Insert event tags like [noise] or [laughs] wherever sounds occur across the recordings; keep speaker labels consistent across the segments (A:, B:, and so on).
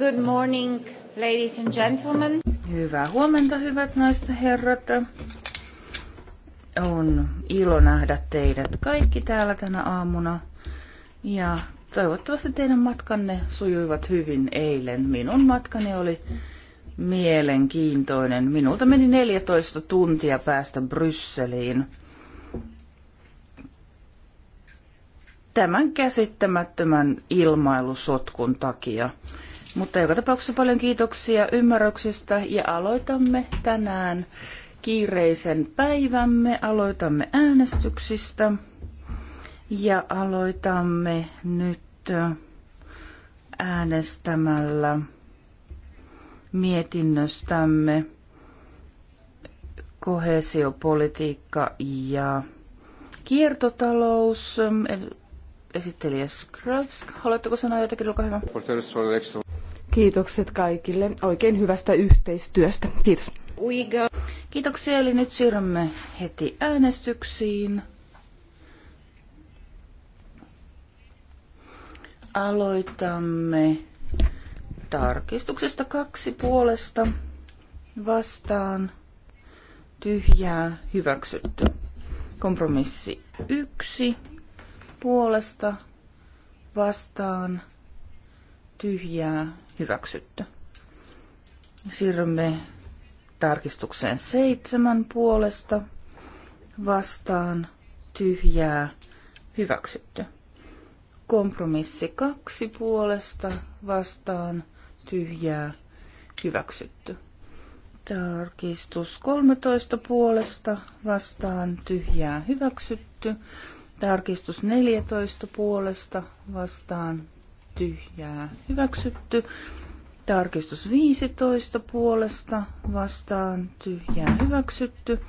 A: Good morning, ladies and gentlemen. Hyvää huomenta, hyvät naiset ja herrat. On ilo nähdä teidät kaikki täällä tänä aamuna. Ja toivottavasti teidän matkanne sujuivat hyvin eilen. Minun matkani oli mielenkiintoinen. Minulta meni 14 tuntia päästä Brysseliin. tämän käsittämättömän ilmailusotkun takia. Mutta joka tapauksessa paljon kiitoksia ymmärryksestä ja aloitamme tänään kiireisen päivämme. Aloitamme äänestyksistä ja aloitamme nyt äänestämällä mietinnöstämme kohesiopolitiikka ja kiertotalous esittelijä Scrubs. Haluatteko sanoa jotakin, olkaa hyvä. Kiitokset kaikille oikein hyvästä yhteistyöstä. Kiitos. Kiitoksia, eli nyt siirrymme heti äänestyksiin. Aloitamme tarkistuksesta kaksi puolesta vastaan tyhjää hyväksytty. Kompromissi yksi puolesta vastaan tyhjää hyväksytty. Siirrymme tarkistukseen seitsemän puolesta vastaan tyhjää hyväksytty. Kompromissi kaksi puolesta vastaan tyhjää hyväksytty. Tarkistus 13 puolesta vastaan tyhjää hyväksytty. Tarkistus 14 puolesta vastaan tyhjää hyväksytty. Tarkistus 15 puolesta vastaan tyhjää hyväksytty.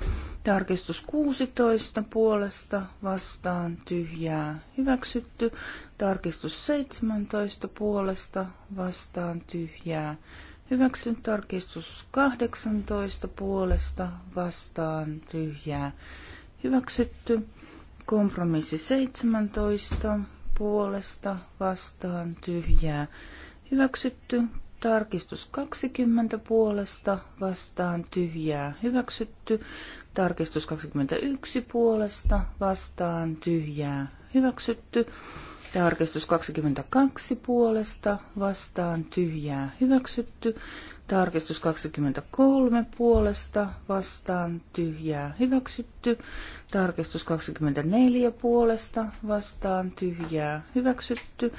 A: Tarkistus 16 puolesta vastaan tyhjää hyväksytty. Tarkistus 17 puolesta vastaan tyhjää hyväksytty. Tarkistus 18 puolesta vastaan tyhjää hyväksytty. Kompromissi 17 puolesta vastaan tyhjää hyväksytty. Tarkistus 20 puolesta vastaan tyhjää hyväksytty. Tarkistus 21 puolesta vastaan tyhjää hyväksytty. Tarkistus 22 puolesta vastaan tyhjää hyväksytty. Tarkistus 23 puolesta vastaan tyhjää hyväksytty. Tarkistus 24 puolesta vastaan tyhjää hyväksytty.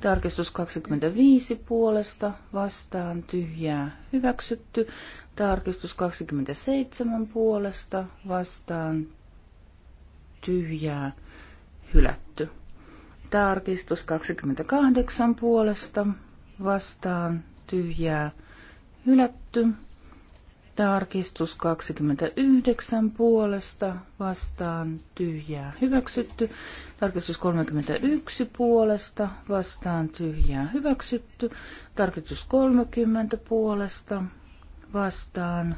A: Tarkistus 25 puolesta vastaan tyhjää hyväksytty. Tarkistus 27 puolesta vastaan tyhjää hylätty. Tarkistus 28 puolesta vastaan tyhjää hylätty hylätty. Tarkistus 29 puolesta vastaan tyhjää hyväksytty. Tarkistus 31 puolesta vastaan tyhjää hyväksytty. Tarkistus 30 puolesta vastaan.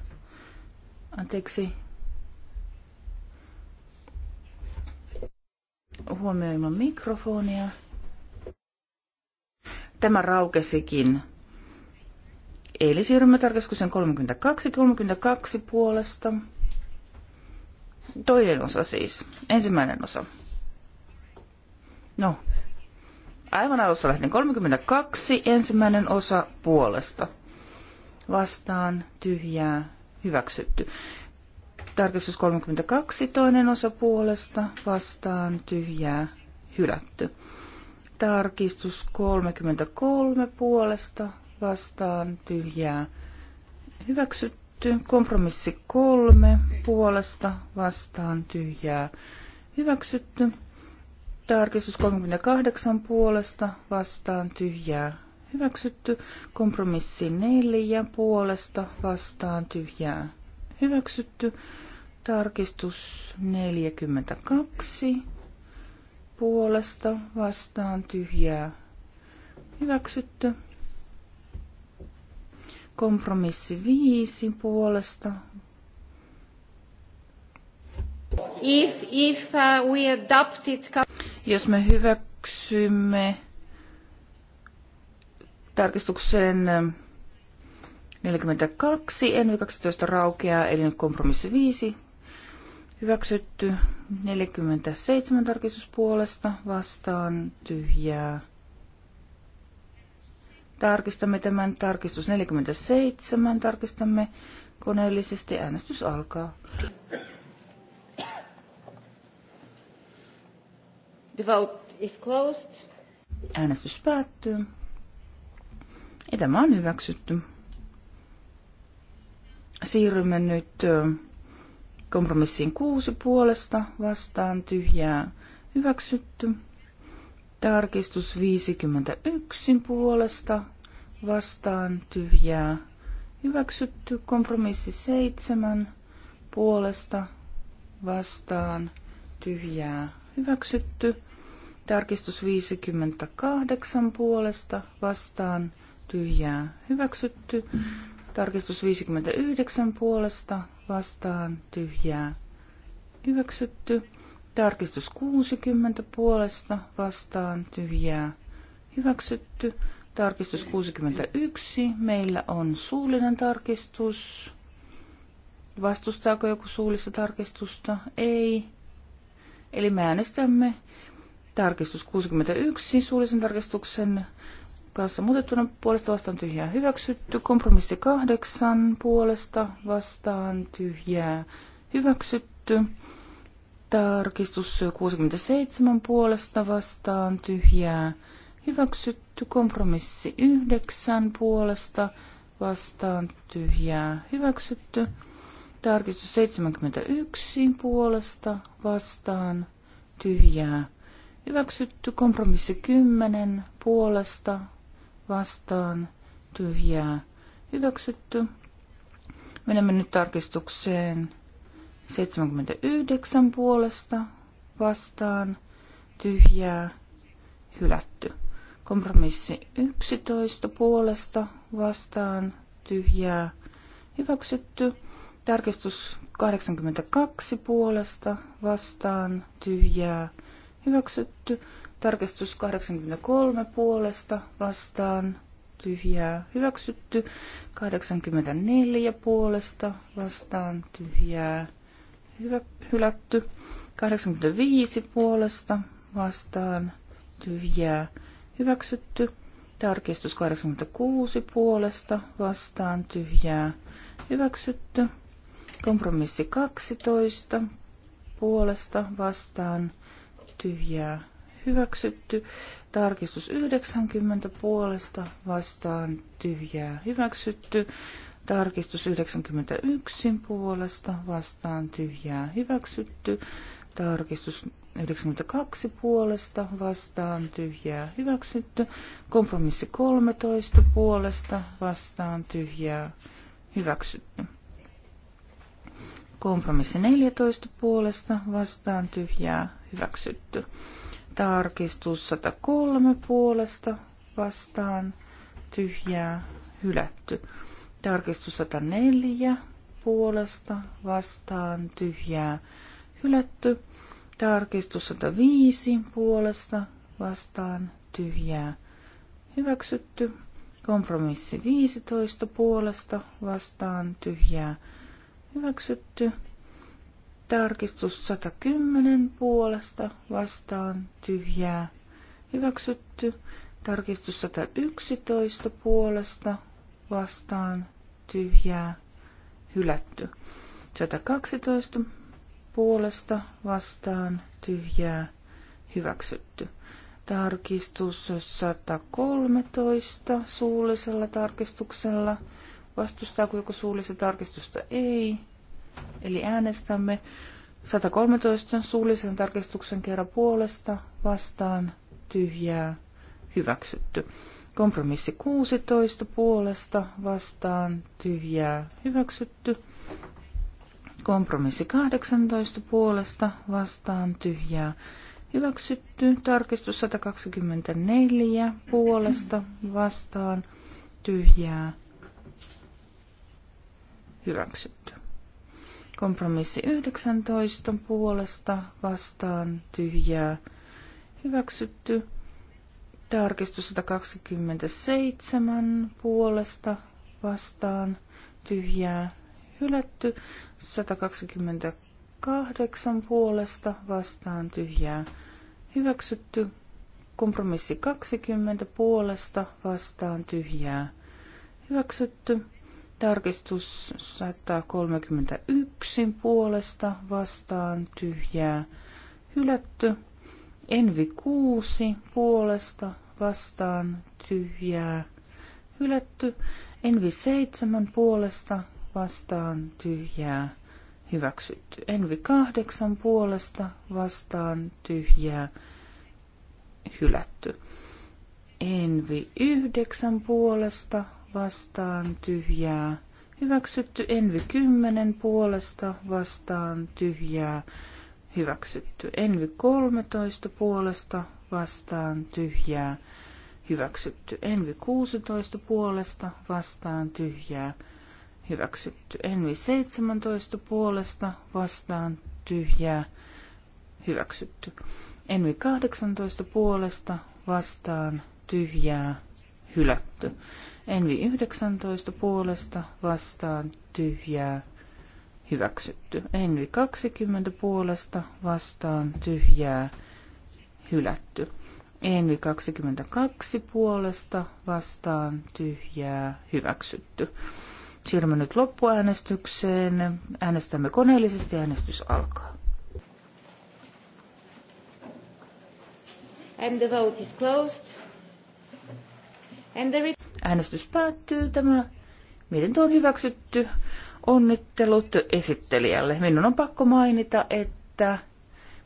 A: Anteeksi. Huomioimaan mikrofonia. Tämä raukesikin Eli siirrymme tarkastuksen 32, 32 puolesta. Toinen osa siis. Ensimmäinen osa. No, aivan alusta lähtien 32, ensimmäinen osa puolesta. Vastaan, tyhjää, hyväksytty. Tarkistus 32, toinen osa puolesta, vastaan, tyhjää, hylätty. Tarkistus 33 puolesta, vastaan tyhjää hyväksytty. Kompromissi kolme puolesta vastaan tyhjää hyväksytty. Tarkistus 38 puolesta vastaan tyhjää hyväksytty. Kompromissi neljä puolesta vastaan tyhjää hyväksytty. Tarkistus 42 puolesta vastaan tyhjää hyväksytty. Kompromissi viisi puolesta. If, if uh, we adopt it... Jos me hyväksymme tarkistuksen 42, ähm, en 12 raukeaa, eli nyt kompromissi 5 hyväksytty. 47 tarkistuspuolesta vastaan tyhjää Tarkistamme tämän. Tarkistus 47. Tarkistamme koneellisesti. Äänestys alkaa.
B: The vote is closed.
A: Äänestys päättyy. Ja tämä on hyväksytty. Siirrymme nyt kompromissiin kuusi puolesta vastaan tyhjää hyväksytty. Tarkistus 51 puolesta vastaan tyhjää. Hyväksytty kompromissi 7 puolesta vastaan tyhjää. Hyväksytty tarkistus 58 puolesta vastaan tyhjää. Hyväksytty tarkistus 59 puolesta vastaan tyhjää. Hyväksytty Tarkistus 60 puolesta vastaan tyhjää hyväksytty. Tarkistus 61. Meillä on suullinen tarkistus. Vastustaako joku suullista tarkistusta? Ei. Eli me äänestämme tarkistus 61 suullisen tarkistuksen kanssa muutettuna puolesta vastaan tyhjää hyväksytty. Kompromissi 8 puolesta vastaan tyhjää hyväksytty. Tarkistus 67 puolesta vastaan tyhjää. Hyväksytty kompromissi 9 puolesta vastaan tyhjää. Hyväksytty. Tarkistus 71 puolesta vastaan tyhjää. Hyväksytty kompromissi 10 puolesta vastaan tyhjää. Hyväksytty. Menemme nyt tarkistukseen 79 puolesta vastaan tyhjää hylätty. Kompromissi 11 puolesta vastaan tyhjää hyväksytty. Tarkistus 82 puolesta vastaan tyhjää hyväksytty. Tarkistus 83 puolesta vastaan tyhjää hyväksytty. 84 puolesta vastaan tyhjää hyvä, hylätty. 85 puolesta vastaan tyhjää hyväksytty. Tarkistus 86 puolesta vastaan tyhjää hyväksytty. Kompromissi 12 puolesta vastaan tyhjää hyväksytty. Tarkistus 90 puolesta vastaan tyhjää hyväksytty. Tarkistus 91 puolesta vastaan tyhjää hyväksytty. Tarkistus 92 puolesta vastaan tyhjää hyväksytty. Kompromissi 13 puolesta vastaan tyhjää hyväksytty. Kompromissi 14 puolesta vastaan tyhjää hyväksytty. Tarkistus 103 puolesta vastaan tyhjää hylätty. Tarkistus 104 puolesta vastaan tyhjää hylätty. Tarkistus 105 puolesta vastaan tyhjää hyväksytty. Kompromissi 15 puolesta vastaan tyhjää hyväksytty. Tarkistus 110 puolesta vastaan tyhjää hyväksytty. Tarkistus 111 puolesta vastaan tyhjää hylätty. 112 puolesta vastaan tyhjää hyväksytty. Tarkistus 113 suullisella tarkistuksella. Vastustaako joku suullista tarkistusta? Ei. Eli äänestämme 113 suullisen tarkistuksen kerran puolesta vastaan tyhjää hyväksytty. Kompromissi 16 puolesta vastaan tyhjää hyväksytty. Kompromissi 18 puolesta vastaan tyhjää hyväksytty. Tarkistus 124 puolesta vastaan tyhjää hyväksytty. Kompromissi 19 puolesta vastaan tyhjää hyväksytty. Tarkistus 127 puolesta vastaan tyhjää hylätty. 128 puolesta vastaan tyhjää hyväksytty. Kompromissi 20 puolesta vastaan tyhjää hyväksytty. Tarkistus 131 puolesta vastaan tyhjää hylätty. Envi 6 puolesta vastaan tyhjää hylätty. Envi 7 puolesta vastaan tyhjää hyväksytty. Envi 8 puolesta vastaan tyhjää hylätty. Envi 9 puolesta vastaan tyhjää hyväksytty. Envi 10 puolesta vastaan tyhjää hyväksytty. Envi 13 puolesta vastaan tyhjää hyväksytty. Envi 16 puolesta vastaan tyhjää hyväksytty. Envi 17 puolesta vastaan tyhjää hyväksytty. Envi 18 puolesta vastaan tyhjää hylätty. Envi 19 puolesta vastaan tyhjää hyväksytty. Envi 20 puolesta vastaan tyhjää hylätty. Envi 22 puolesta vastaan tyhjää hyväksytty. Siirrymme nyt loppuäänestykseen. Äänestämme koneellisesti. Äänestys alkaa.
B: And the vote is closed. And the...
A: Äänestys päättyy. Tämä mietintö on hyväksytty. Onnittelut esittelijälle. Minun on pakko mainita, että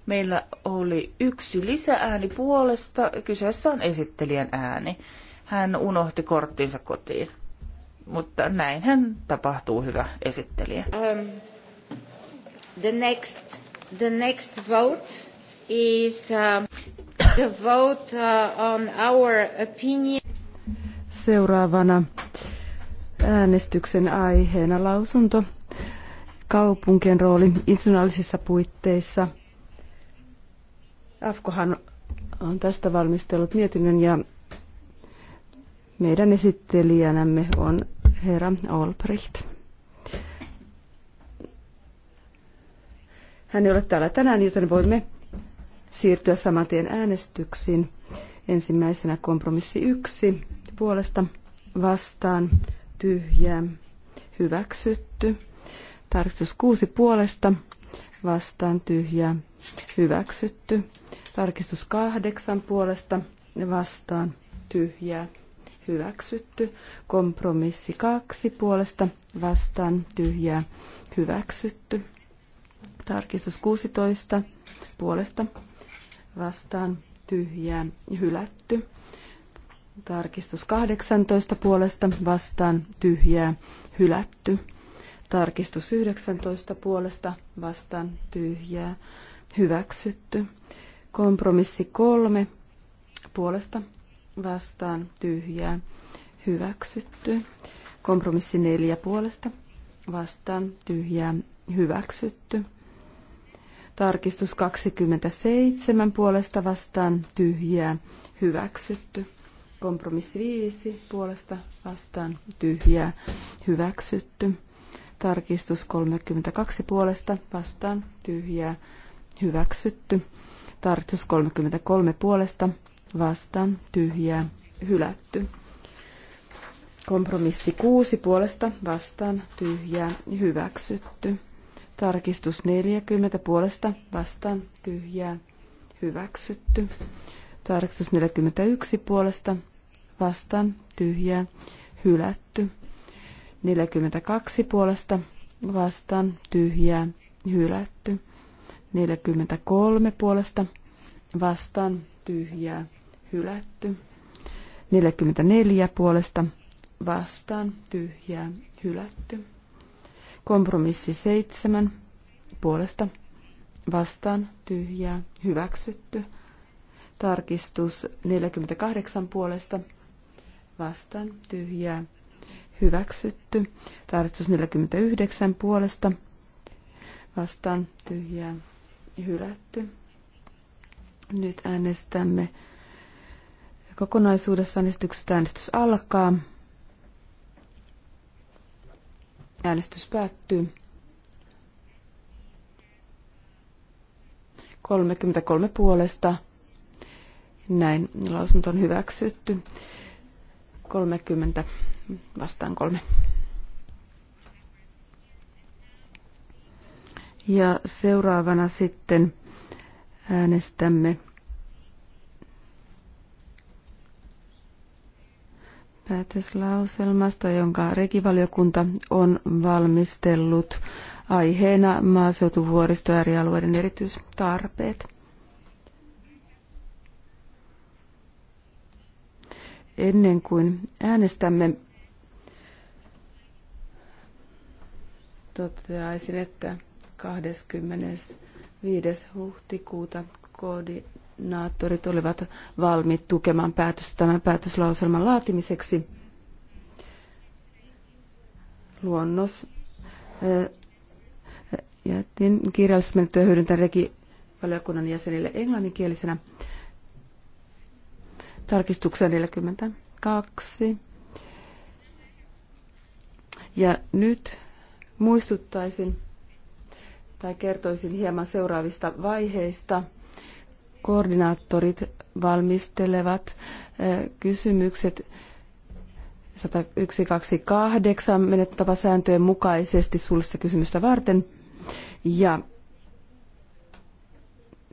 A: Meillä oli yksi lisäääni puolesta. Kyseessä on esittelijän ääni. Hän unohti korttinsa kotiin. Mutta näin hän tapahtuu, hyvä esittelijä. Um, the, next, the next vote is uh, the vote uh, on our opinion.
C: Seuraavana äänestyksen aiheena lausunto kaupunkien rooli institutionaalisissa puitteissa Afkohan on tästä valmistellut mietinnön ja meidän esittelijänämme on herra Olbricht. Hän ei ole täällä tänään, joten voimme siirtyä saman tien äänestyksiin. Ensimmäisenä kompromissi yksi puolesta vastaan tyhjää hyväksytty. Tarkistus kuusi puolesta vastaan tyhjää Hyväksytty. Tarkistus kahdeksan puolesta vastaan tyhjää. Hyväksytty. Kompromissi kaksi puolesta vastaan tyhjää. Hyväksytty. Tarkistus 16 puolesta vastaan tyhjää. Hylätty. Tarkistus 18 puolesta vastaan tyhjää. Hylätty. Tarkistus 19 puolesta vastaan tyhjää hyväksytty. Kompromissi kolme puolesta vastaan tyhjää hyväksytty. Kompromissi neljä puolesta vastaan tyhjää hyväksytty. Tarkistus 27 puolesta vastaan tyhjää hyväksytty. Kompromissi 5 puolesta vastaan tyhjää hyväksytty. Tarkistus 32 puolesta vastaan tyhjää hyväksytty. Tarkistus 33 puolesta vastaan tyhjää hylätty. Kompromissi 6 puolesta vastaan tyhjää hyväksytty. Tarkistus 40 puolesta vastaan tyhjää hyväksytty. Tarkistus 41 puolesta vastaan tyhjää hylätty. 42 puolesta vastaan tyhjää hylätty. 43 puolesta vastaan tyhjää hylätty. 44 puolesta vastaan tyhjää hylätty. Kompromissi 7 puolesta vastaan tyhjää hyväksytty. Tarkistus 48 puolesta vastaan tyhjää hyväksytty. Tarkistus 49 puolesta vastaan tyhjää hylätty. Nyt äänestämme kokonaisuudessa äänestyksestä. Äänestys alkaa. Äänestys päättyy. 33 puolesta. Näin lausunto on hyväksytty. 30 vastaan 3 Ja seuraavana sitten äänestämme päätöslauselmasta, jonka regivaliokunta on valmistellut aiheena maaseutuvuoristo äärialueiden erityistarpeet. Ennen kuin äänestämme, toteaisin, että 25. huhtikuuta koordinaattorit olivat valmiit tukemaan päätöstä tämän päätöslauselman laatimiseksi. Luonnos eh, jätin kirjallisesti menettyä hyödyntäen valiokunnan jäsenille englanninkielisenä. Tarkistuksia 42. Ja nyt muistuttaisin tai kertoisin hieman seuraavista vaiheista. Koordinaattorit valmistelevat eh, kysymykset 10128 sääntöjen mukaisesti suullista kysymystä varten. Ja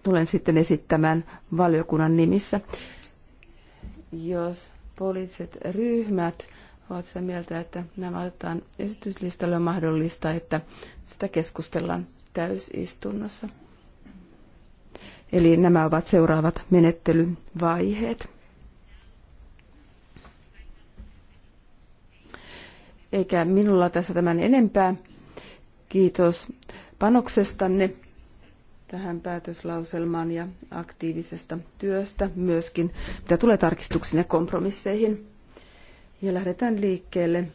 C: tulen sitten esittämään valiokunnan nimissä. Jos poliittiset ryhmät ovat sitä mieltä, että nämä otetaan esityslistalle, on mahdollista, että sitä keskustellaan täysistunnossa. Eli nämä ovat seuraavat menettelyvaiheet. Eikä minulla tässä tämän enempää. Kiitos panoksestanne tähän päätöslauselmaan ja aktiivisesta työstä myöskin, mitä tulee tarkistuksiin ja kompromisseihin. Ja lähdetään liikkeelle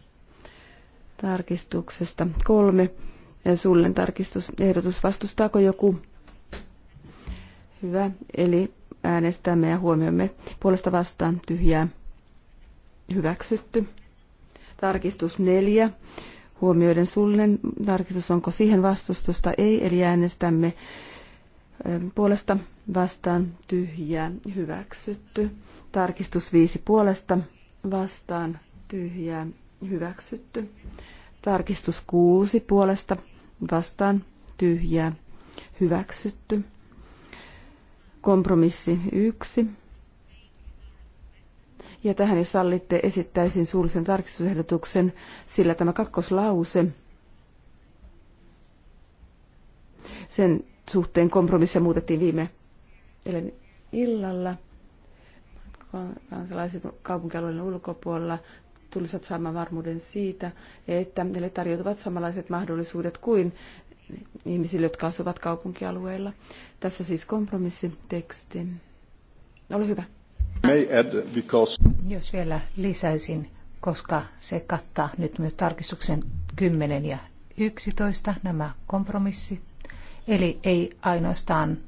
C: tarkistuksesta kolme suullinen tarkistusehdotus. Vastustaako joku? Hyvä. Eli äänestämme ja huomioimme puolesta vastaan tyhjää hyväksytty. Tarkistus neljä. Huomioiden suullinen tarkistus, onko siihen vastustusta? Ei, eli äänestämme ähm, puolesta vastaan tyhjää hyväksytty. Tarkistus viisi puolesta vastaan tyhjää hyväksytty. Tarkistus kuusi puolesta vastaan tyhjää hyväksytty. Kompromissi yksi. Ja tähän, jos sallitte, esittäisin suullisen tarkistusehdotuksen, sillä tämä kakkoslause, sen suhteen kompromissia muutettiin viime eilen illalla kansalaiset kaupunkialueen ulkopuolella tulisivat saamaan varmuuden siitä, että ne tarjoutuvat samanlaiset mahdollisuudet kuin ihmisille, jotka asuvat kaupunkialueilla. Tässä siis kompromissiteksti. Ole hyvä. Jos vielä lisäisin, koska
B: se kattaa nyt myös tarkistuksen 10 ja 11 nämä kompromissit. Eli ei ainoastaan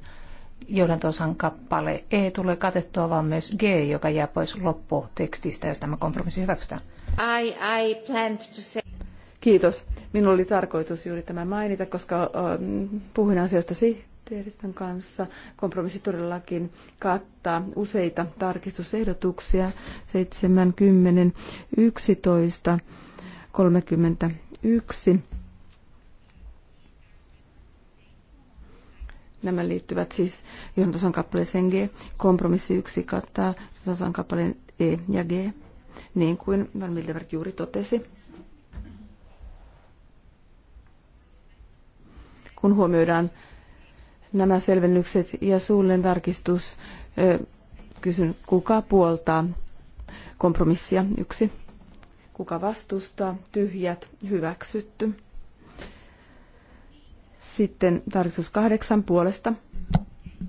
B: johdantosan kappale E tulee katettua, vaan myös G, joka jää pois lopputekstistä, jos tämä kompromissi hyväksytään. I, I planned to say...
C: Kiitos. Minulla oli tarkoitus juuri tämä mainita, koska ähm, puhuin asiasta sihteeristön kanssa. Kompromissi todellakin kattaa useita tarkistusehdotuksia, 70, 11, 31 Nämä liittyvät siis tasan kappaleeseen G. Kompromissi 1 kattaa tasan kappaleen E ja G, niin kuin Van Mildeberg juuri totesi. Kun huomioidaan nämä selvennykset ja suullinen tarkistus, kysyn, kuka puoltaa kompromissia yksi, kuka vastustaa, tyhjät, hyväksytty. Sitten tarkistus kahdeksan puolesta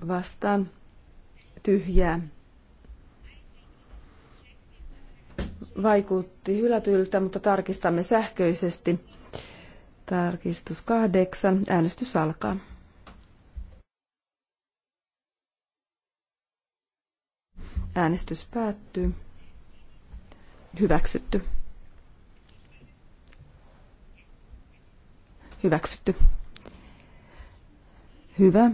C: vastaan tyhjää. Vaikutti hylätyltä, mutta tarkistamme sähköisesti. Tarkistus kahdeksan. Äänestys alkaa. Äänestys päättyy. Hyväksytty. Hyväksytty. Hyvä.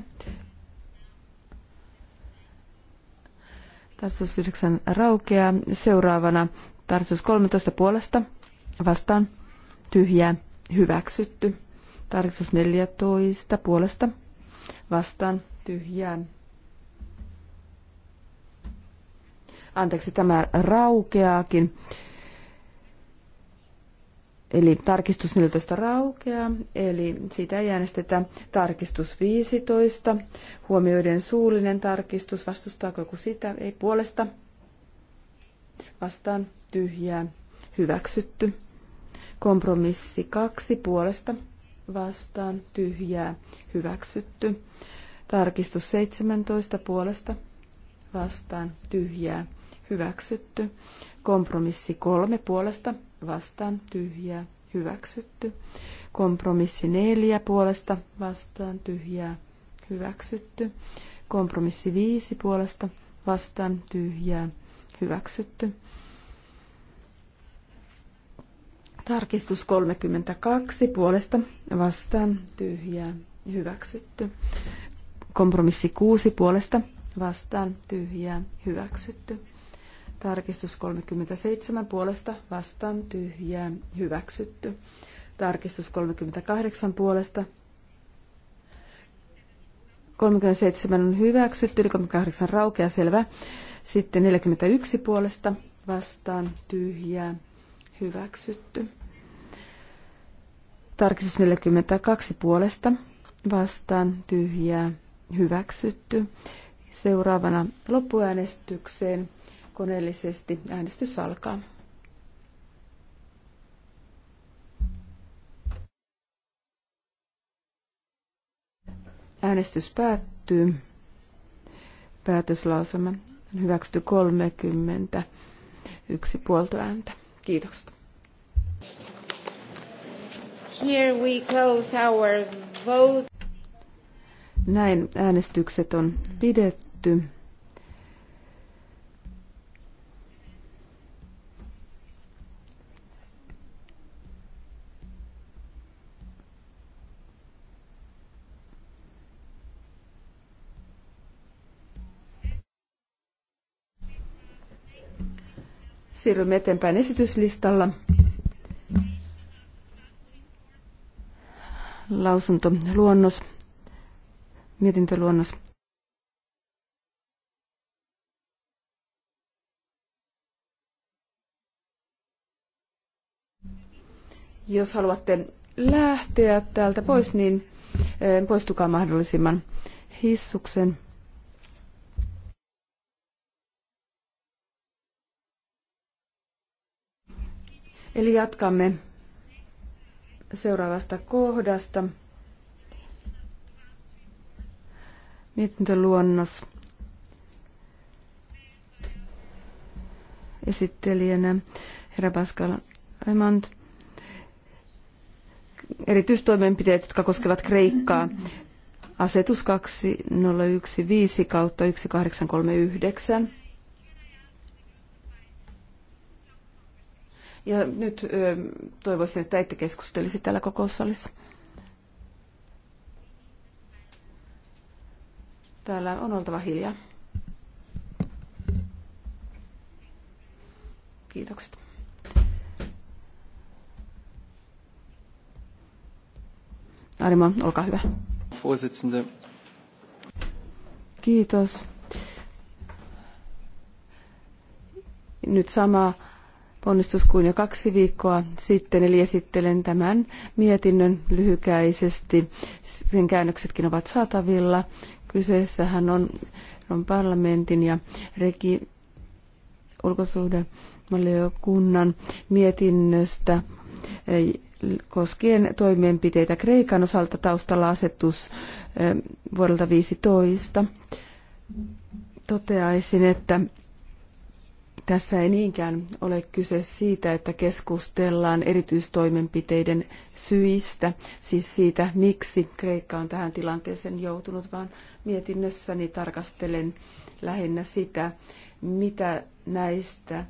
C: Tartsus 9 raukeaa. Seuraavana tartsus 13 puolesta vastaan tyhjää hyväksytty. Tarkistus 14 puolesta vastaan tyhjää. Anteeksi, tämä raukeaakin. Eli tarkistus 14 raukeaa, eli siitä ei äänestetä tarkistus 15, huomioiden suullinen tarkistus, vastustaako joku sitä, ei puolesta, vastaan tyhjää, hyväksytty. Kompromissi 2 puolesta, vastaan tyhjää, hyväksytty. Tarkistus 17 puolesta, vastaan tyhjää, hyväksytty. Kompromissi 3 puolesta, vastaan tyhjää hyväksytty. Kompromissi neljä puolesta vastaan tyhjää hyväksytty. Kompromissi viisi puolesta vastaan tyhjää hyväksytty. Tarkistus 32 puolesta vastaan tyhjää hyväksytty. Kompromissi 6 puolesta vastaan tyhjää hyväksytty. Tarkistus 37 puolesta vastaan tyhjää hyväksytty. Tarkistus 38 puolesta 37 on hyväksytty, 38 raukea, selvä. Sitten 41 puolesta vastaan tyhjää hyväksytty. Tarkistus 42 puolesta vastaan tyhjää hyväksytty. Seuraavana loppuäänestykseen koneellisesti. Äänestys alkaa. Äänestys päättyy. Päätöslausuma on hyväksytty 30. Yksi ääntä. Kiitokset.
B: Here we close our vote.
C: Näin äänestykset on pidetty. Siirrymme eteenpäin esityslistalla. Lausunto, luonnos, mietintöluonnos. Jos haluatte lähteä täältä pois, niin eh, poistukaa mahdollisimman hissuksen. Eli jatkamme seuraavasta kohdasta. Mietintöluonnos esittelijänä herra Pascal Raymond. Erityistoimenpiteet, jotka koskevat Kreikkaa. Asetus 2015 kautta 1839. Ja nyt toivoisin, että ette keskustelisi täällä kokoussalissa. Täällä on oltava hiljaa. Kiitokset. Arimo, olkaa hyvä. Kiitos. Nyt sama ponnistus kuin jo kaksi viikkoa sitten, eli esittelen tämän mietinnön lyhykäisesti. Sen käännöksetkin ovat saatavilla. Kyseessähän on, on parlamentin ja regi ulkosuhdevaliokunnan mietinnöstä eh, koskien toimenpiteitä Kreikan osalta taustalla asetus eh, vuodelta 15. Toteaisin, että tässä ei niinkään ole kyse siitä, että keskustellaan erityistoimenpiteiden syistä, siis siitä, miksi Kreikka on tähän tilanteeseen joutunut, vaan mietinnössäni tarkastelen lähinnä sitä, mitä näistä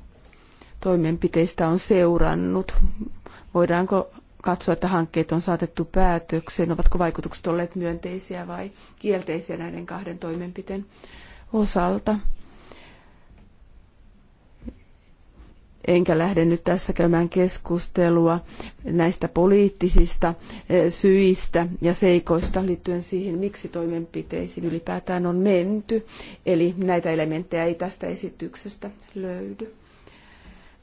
C: toimenpiteistä on seurannut. Voidaanko katsoa, että hankkeet on saatettu päätökseen, ovatko vaikutukset olleet myönteisiä vai kielteisiä näiden kahden toimenpiteen osalta. enkä lähde nyt tässä käymään keskustelua näistä poliittisista eh, syistä ja seikoista liittyen siihen, miksi toimenpiteisiin ylipäätään on menty. Eli näitä elementtejä ei tästä esityksestä löydy.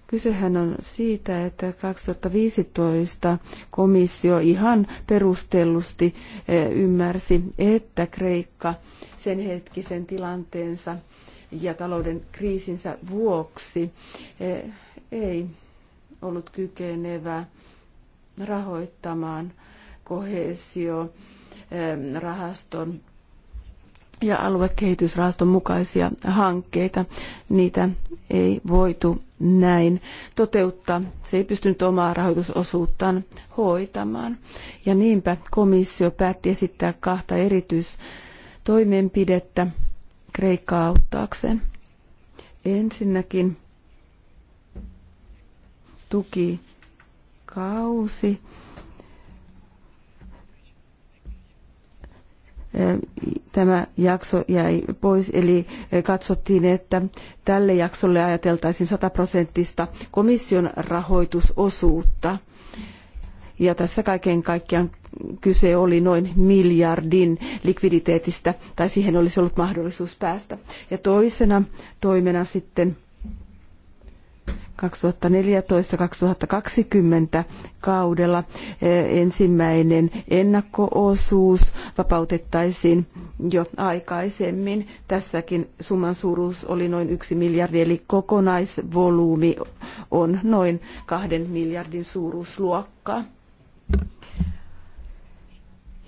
C: Kysehän on siitä, että 2015 komissio ihan perustellusti eh, ymmärsi, että Kreikka sen hetkisen tilanteensa ja talouden kriisinsä vuoksi eh, ei ollut kykenevä rahoittamaan kohesio ähm, rahaston ja aluekehitysrahaston mukaisia hankkeita. Niitä ei voitu näin toteuttaa. Se ei pystynyt omaa rahoitusosuuttaan hoitamaan. Ja niinpä komissio päätti esittää kahta erityistoimenpidettä Kreikkaa auttaakseen. Ensinnäkin tukikausi. Tämä jakso jäi pois, eli katsottiin, että tälle jaksolle ajateltaisiin 100 prosenttista komission rahoitusosuutta. Ja tässä kaiken kaikkiaan kyse oli noin miljardin likviditeetistä, tai siihen olisi ollut mahdollisuus päästä. Ja toisena toimena sitten 2014-2020 kaudella eh, ensimmäinen ennakkoosuus vapautettaisiin jo aikaisemmin. Tässäkin summan suuruus oli noin yksi miljardi, eli kokonaisvolyymi on noin kahden miljardin suuruusluokkaa.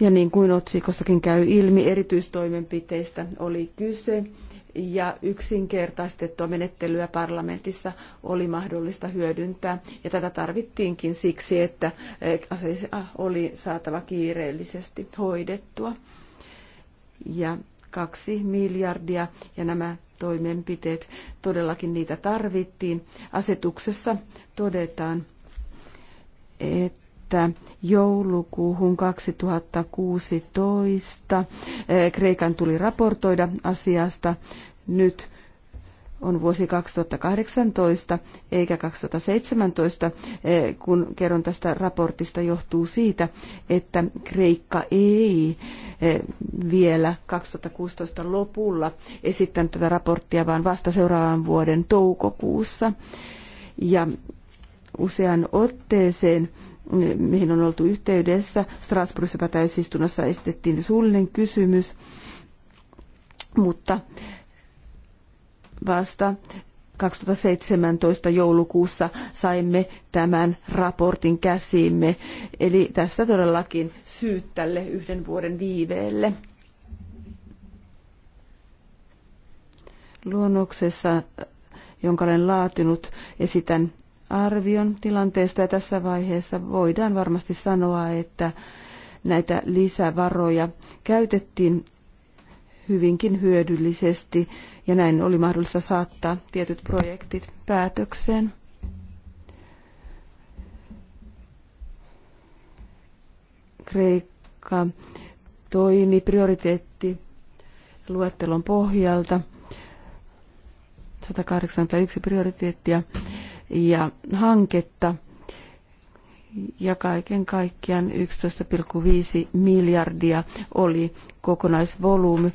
C: Ja niin kuin otsikossakin käy ilmi, erityistoimenpiteistä oli kyse ja yksinkertaistettua menettelyä parlamentissa oli mahdollista hyödyntää. Ja tätä tarvittiinkin siksi, että eh, asia ah, oli saatava kiireellisesti hoidettua. Ja kaksi miljardia ja nämä toimenpiteet, todellakin niitä tarvittiin. Asetuksessa todetaan, että että joulukuuhun 2016 eh, Kreikan tuli raportoida asiasta. Nyt on vuosi 2018 eikä 2017, eh, kun kerron tästä raportista, johtuu siitä, että Kreikka ei eh, vielä 2016 lopulla esittänyt tätä raporttia, vaan vasta seuraavan vuoden toukokuussa. Ja usean otteeseen mihin on oltu yhteydessä. Strasbourgissa täysistunnossa esitettiin suullinen kysymys, mutta vasta 2017 joulukuussa saimme tämän raportin käsiimme. Eli tässä todellakin syyt tälle yhden vuoden viiveelle. Luonnoksessa, jonka olen laatinut, esitän arvion tilanteesta ja tässä vaiheessa voidaan varmasti sanoa, että näitä lisävaroja käytettiin hyvinkin hyödyllisesti ja näin oli mahdollista saattaa tietyt projektit päätökseen. Kreikka toimi prioriteetti luettelon pohjalta. 181 prioriteettia ja hanketta. Ja kaiken kaikkiaan 11,5 miljardia oli kokonaisvolyymi 2007-2014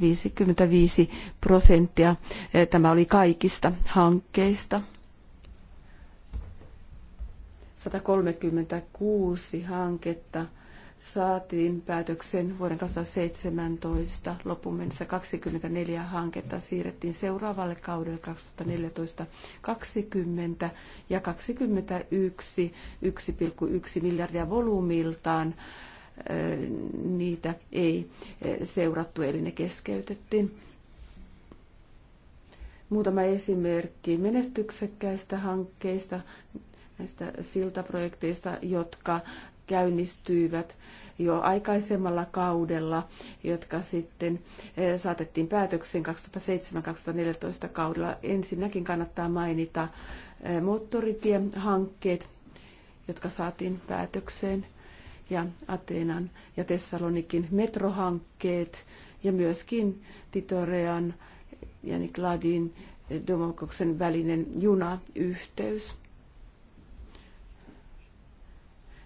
C: 55 prosenttia. Eh, tämä oli kaikista hankkeista. 136 hanketta saatiin päätöksen vuoden 2017 loppuun mennessä 24 hanketta siirrettiin seuraavalle kaudelle 2014-2020 ja 21 1,1 miljardia volyymiltaan niitä ei seurattu eli ne keskeytettiin. Muutama esimerkki menestyksekkäistä hankkeista näistä siltaprojekteista, jotka käynnistyivät jo aikaisemmalla kaudella, jotka sitten eh, saatettiin päätökseen 2007-2014 kaudella. Ensinnäkin kannattaa mainita eh, moottoritiehankkeet, jotka saatiin päätökseen, ja Ateenan ja Tessalonikin metrohankkeet, ja myöskin Titorean ja Nikladin eh, Domokoksen välinen junayhteys.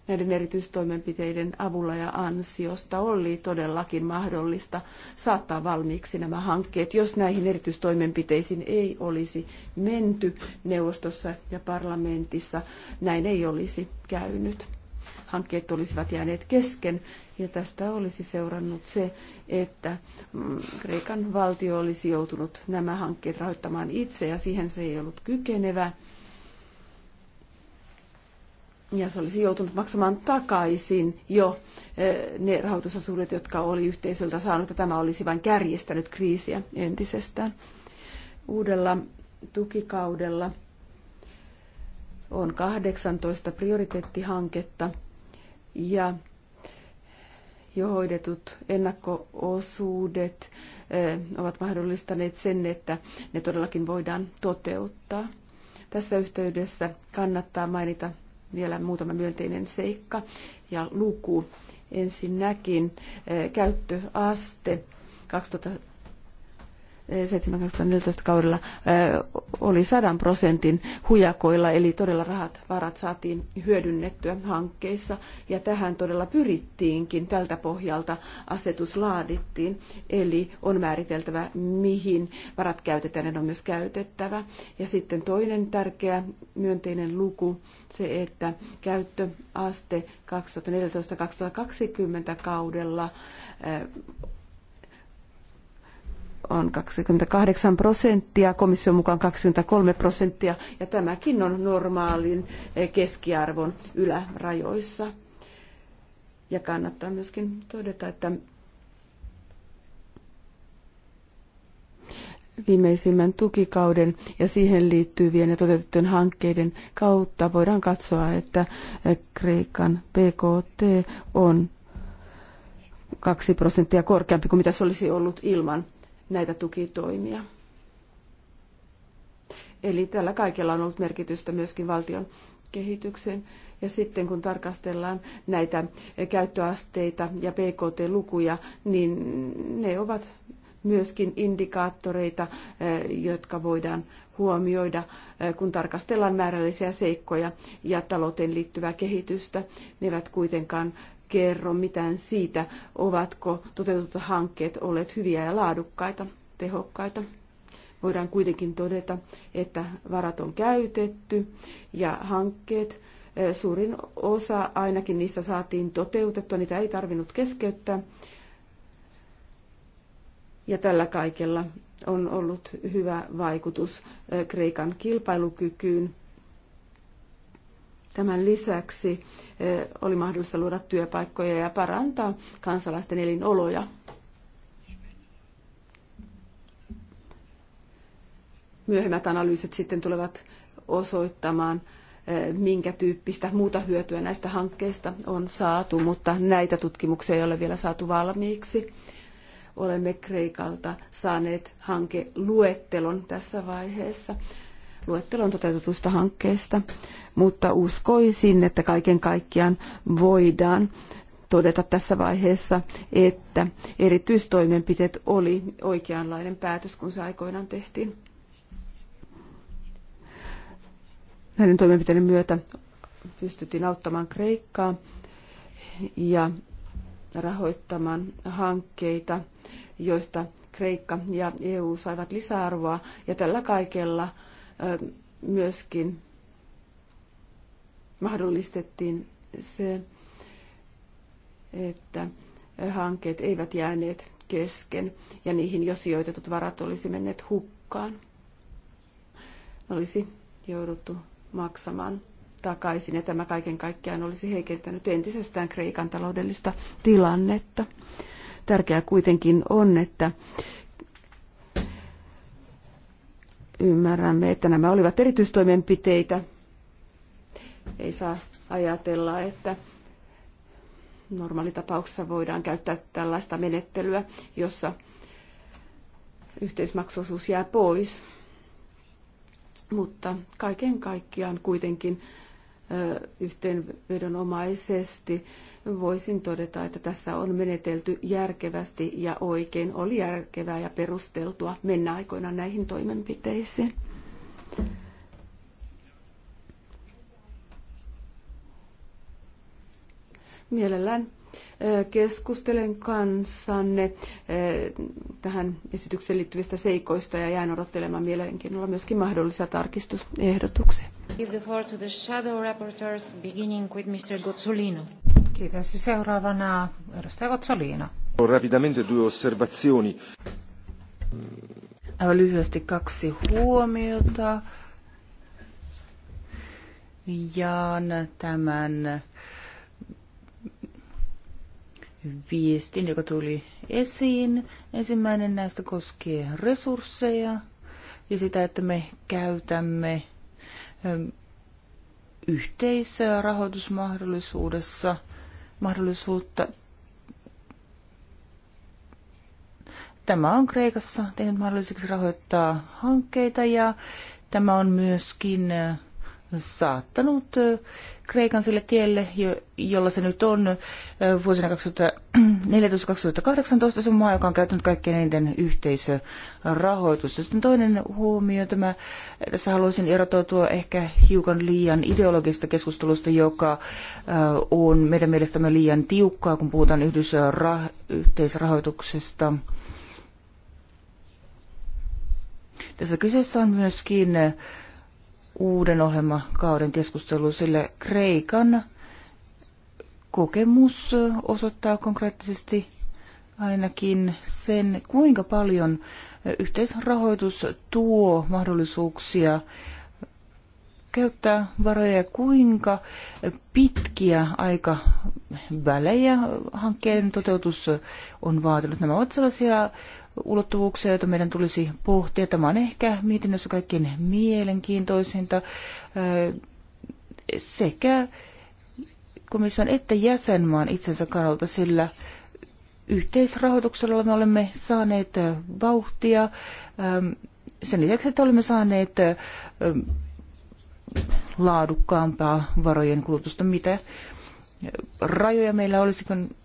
C: näiden erityistoimenpiteiden avulla ja ansiosta oli todellakin mahdollista saattaa valmiiksi nämä hankkeet. Jos näihin erityistoimenpiteisiin ei olisi menty neuvostossa ja parlamentissa, näin ei olisi käynyt. Hankkeet olisivat jääneet kesken ja tästä olisi seurannut se, että mm, Kreikan valtio olisi joutunut nämä hankkeet rahoittamaan itse ja siihen se ei ollut kykenevä ja se olisi joutunut maksamaan takaisin jo eh, ne rahoitusosuudet, jotka oli yhteisöltä saanut, ja tämä olisi vain kärjistänyt kriisiä entisestään. Uudella tukikaudella on 18 prioriteettihanketta, ja jo hoidetut ennakkoosuudet eh, ovat mahdollistaneet sen, että ne todellakin voidaan toteuttaa. Tässä yhteydessä kannattaa mainita vielä muutama myönteinen seikka ja luku. Ensinnäkin eh, käyttöaste 2000 2014 kaudella oli 100 prosentin hujakoilla, eli todella rahat, varat saatiin hyödynnettyä hankkeissa, ja tähän todella pyrittiinkin, tältä pohjalta asetus laadittiin, eli on määriteltävä, mihin varat käytetään, ja ne on myös käytettävä. Ja sitten toinen tärkeä myönteinen luku, se, että käyttöaste 2014-2020 kaudella on 28 prosenttia, komission mukaan 23 prosenttia, ja tämäkin on normaalin eh, keskiarvon ylärajoissa. Ja kannattaa myöskin todeta, että viimeisimmän tukikauden ja siihen liittyvien ja toteutettujen hankkeiden kautta voidaan katsoa, että eh, Kreikan BKT on 2 prosenttia korkeampi kuin mitä se olisi ollut ilman näitä tukitoimia. Eli tällä kaikella on ollut merkitystä myöskin valtion kehitykseen. Ja sitten kun tarkastellaan näitä käyttöasteita ja PKT-lukuja, niin ne ovat myöskin indikaattoreita, eh, jotka voidaan huomioida, eh, kun tarkastellaan määrällisiä seikkoja ja talouteen liittyvää kehitystä. Ne eivät kuitenkaan kerro mitään siitä, ovatko toteutetut hankkeet olleet hyviä ja laadukkaita, tehokkaita. Voidaan kuitenkin todeta, että varat on käytetty ja hankkeet, eh, suurin osa ainakin niistä saatiin toteutettua, niitä ei tarvinnut keskeyttää. Ja tällä kaikella on ollut hyvä vaikutus eh, Kreikan kilpailukykyyn Tämän lisäksi eh, oli mahdollista luoda työpaikkoja ja parantaa kansalaisten elinoloja. Myöhemmät analyysit sitten tulevat osoittamaan, eh, minkä tyyppistä muuta hyötyä näistä hankkeista on saatu, mutta näitä tutkimuksia ei ole vielä saatu valmiiksi. Olemme Kreikalta saaneet hankeluettelon tässä vaiheessa. Luettelon toteutetusta hankkeesta mutta uskoisin, että kaiken kaikkiaan voidaan todeta tässä vaiheessa, että erityistoimenpiteet oli oikeanlainen päätös, kun se aikoinaan tehtiin. Näiden toimenpiteiden myötä pystyttiin auttamaan Kreikkaa ja rahoittamaan hankkeita, joista Kreikka ja EU saivat lisäarvoa. Ja tällä kaikella myöskin mahdollistettiin se, että hankkeet eivät jääneet kesken ja niihin jo sijoitetut varat olisi menneet hukkaan. Olisi jouduttu maksamaan takaisin ja tämä kaiken kaikkiaan olisi heikentänyt entisestään Kreikan taloudellista tilannetta. Tärkeää kuitenkin on, että ymmärrämme, että nämä olivat erityistoimenpiteitä, ei saa ajatella, että normaalitapauksessa voidaan käyttää tällaista menettelyä, jossa yhteismaksuosuus jää pois. Mutta kaiken kaikkiaan kuitenkin yhteenvedonomaisesti voisin todeta, että tässä on menetelty järkevästi ja oikein. Oli järkevää ja perusteltua mennä aikoinaan näihin toimenpiteisiin. Mielellään keskustelen kanssanne tähän esitykseen liittyvistä seikoista ja jään odottelemaan mielenkiinnolla myöskin mahdollisia tarkistusehdotuksia.
B: Kiitos. Seuraavana edustaja Gozzolino.
C: Rapidamente due osservazioni.
A: Aivan lyhyesti kaksi huomiota. Jaan tämän viestin, joka tuli esiin. Ensimmäinen näistä koskee resursseja ja sitä, että me käytämme ja ähm, rahoitusmahdollisuudessa mahdollisuutta. Tämä on Kreikassa tehnyt mahdolliseksi rahoittaa hankkeita ja tämä on myöskin äh, saattanut Kreikan sille tielle, jolla se nyt on vuosina 2014-2018. Se on maa, joka on käyttänyt kaikkein eniten yhteisörahoitusta. Sitten toinen huomio, mä tässä haluaisin erotautua ehkä hiukan liian ideologista keskustelusta, joka on meidän mielestämme liian tiukkaa, kun puhutaan yhteisrahoituksesta. Tässä kyseessä on myöskin uuden ohjelmakauden keskusteluun, sillä Kreikan kokemus osoittaa konkreettisesti ainakin sen, kuinka paljon yhteisrahoitus tuo mahdollisuuksia käyttää varoja, kuinka pitkiä välejä hankkeen toteutus on vaatinut. Nämä ovat sellaisia ulottuvuuksia, joita meidän tulisi pohtia. Tämä on ehkä mietinnössä kaikkein mielenkiintoisinta äh, sekä komission että jäsenmaan itsensä kannalta, sillä yhteisrahoituksella me olemme saaneet vauhtia. Ähm, sen lisäksi, että olemme saaneet äh, laadukkaampaa varojen kulutusta, mitä rajoja meillä olisikin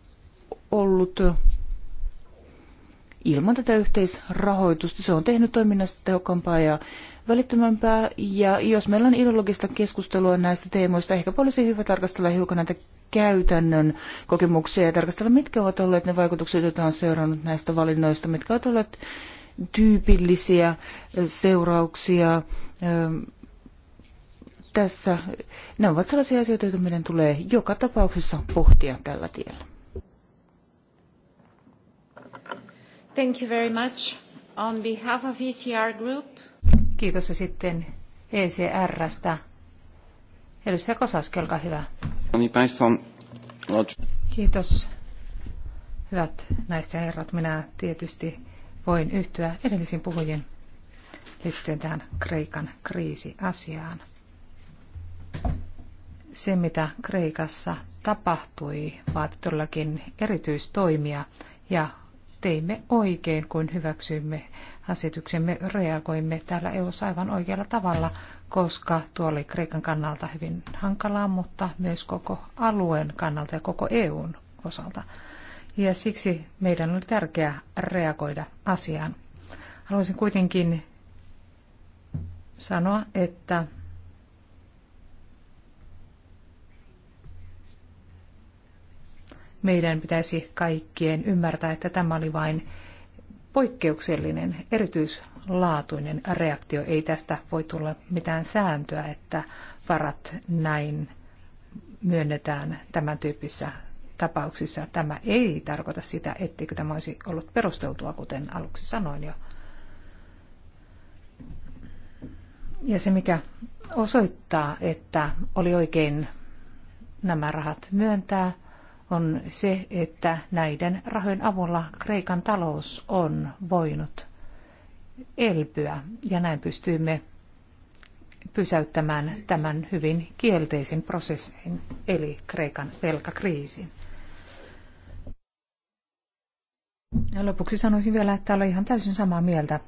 A: ollut ilman tätä yhteisrahoitusta. Se on tehnyt toiminnasta tehokkaampaa ja välittömämpää. Ja jos meillä on ideologista keskustelua näistä teemoista, ehkä olisi hyvä tarkastella hiukan näitä käytännön kokemuksia ja tarkastella, mitkä ovat olleet ne vaikutukset, joita on seurannut näistä valinnoista, mitkä ovat olleet tyypillisiä seurauksia ähm, tässä. Ne ovat sellaisia asioita, joita meidän tulee joka tapauksessa pohtia tällä tiellä.
B: Thank you very ECR e Group. Kiitos ja sitten ECRstä. Edustaja Kosaski, olkaa hyvä. No, Kiitos. Hyvät naiset ja herrat, minä tietysti voin yhtyä edellisiin puhujien liittyen tähän Kreikan kriisiasiaan. Se, mitä Kreikassa tapahtui, vaati todellakin erityistoimia ja teimme oikein, kun hyväksyimme asetuksemme, reagoimme täällä eu aivan oikealla tavalla, koska tuo oli Kreikan kannalta hyvin hankalaa, mutta myös koko alueen kannalta ja koko EUn osalta. Ja siksi meidän oli tärkeää reagoida asiaan. Haluaisin kuitenkin sanoa, että meidän pitäisi kaikkien ymmärtää, että tämä oli vain poikkeuksellinen, erityislaatuinen reaktio. Ei tästä voi tulla mitään sääntöä, että varat näin myönnetään tämän tyyppisissä tapauksissa. Tämä ei tarkoita sitä, etteikö tämä olisi ollut perusteltua, kuten aluksi sanoin jo. Ja se, mikä osoittaa, että oli oikein nämä rahat myöntää, on se, että näiden rahojen avulla Kreikan talous on voinut elpyä ja näin pystyimme pysäyttämään tämän hyvin kielteisen prosessin eli Kreikan velkakriisin. Ja lopuksi sanoisin vielä, että olen ihan täysin samaa mieltä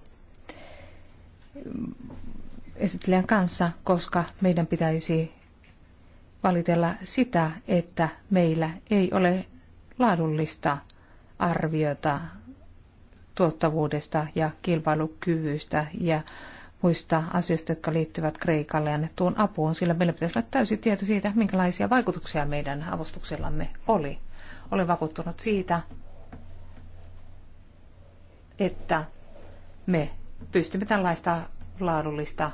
B: esittelijän kanssa, koska meidän pitäisi valitella sitä, että meillä ei ole laadullista arviota tuottavuudesta ja kilpailukyvystä ja muista asioista, jotka liittyvät Kreikalle annettuun apuun, sillä meillä pitäisi olla täysin tieto siitä, minkälaisia vaikutuksia meidän avustuksellamme oli. Olen vakuuttunut siitä, että me pystymme tällaista laadullista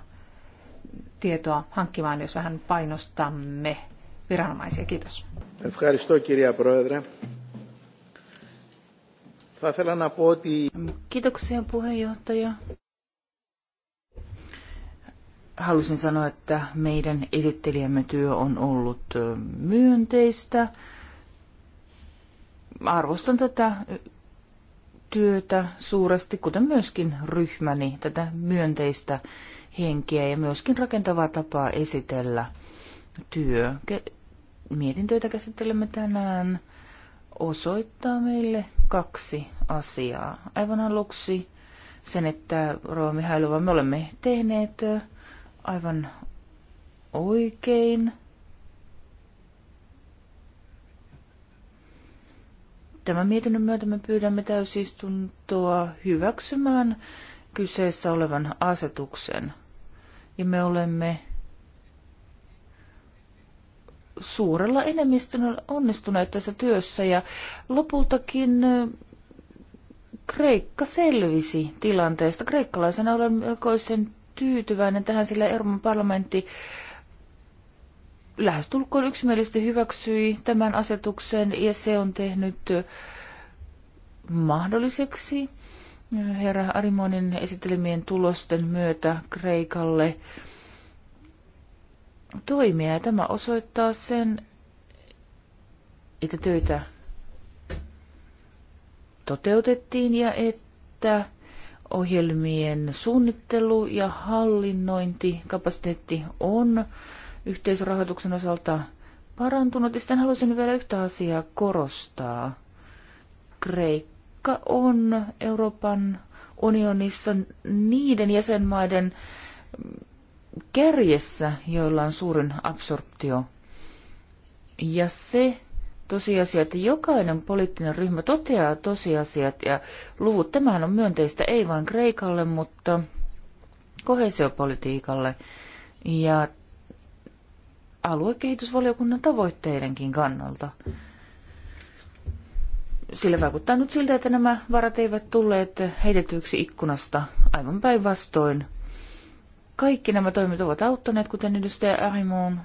B: tietoa hankkimaan, jos vähän painostamme viranomaisia. Kiitos. Kiitoksia puheenjohtaja.
A: Halusin sanoa, että meidän esittelijämme työ on ollut myönteistä. Arvostan tätä työtä suuresti, kuten myöskin ryhmäni tätä myönteistä henkeä ja myöskin rakentavaa tapaa esitellä työ. Mietintöitä käsittelemme tänään osoittaa meille kaksi asiaa. Aivan aluksi sen, että Roomi Häilova, me olemme tehneet aivan oikein. Tämän mietinnön myötä me pyydämme täysistuntoa hyväksymään kyseessä olevan asetuksen ja me olemme suurella enemmistöllä onnistuneet tässä työssä ja lopultakin Kreikka selvisi tilanteesta. Kreikkalaisena olen melkoisen tyytyväinen tähän, sillä Euroopan parlamentti lähestulkoon yksimielisesti hyväksyi tämän asetuksen ja se on tehnyt mahdolliseksi herra Arimonin esittelemien tulosten myötä Kreikalle toimia. Ja tämä osoittaa sen, että töitä toteutettiin ja että ohjelmien suunnittelu ja hallinnointi, kapasiteetti on yhteisrahoituksen osalta parantunut. Ja sitten haluaisin vielä yhtä asiaa korostaa. Kreikka jotka on Euroopan unionissa niiden jäsenmaiden kärjessä, joilla on suurin absorptio. Ja se tosiasia, että jokainen poliittinen ryhmä toteaa tosiasiat ja luvut, tämähän on myönteistä ei vain Kreikalle, mutta kohesiopolitiikalle ja aluekehitysvaliokunnan tavoitteidenkin kannalta sillä vaikuttaa nyt siltä, että nämä varat eivät tulleet heitetyiksi ikkunasta aivan päinvastoin. Kaikki nämä toimet ovat auttaneet, kuten edustaja Arimoon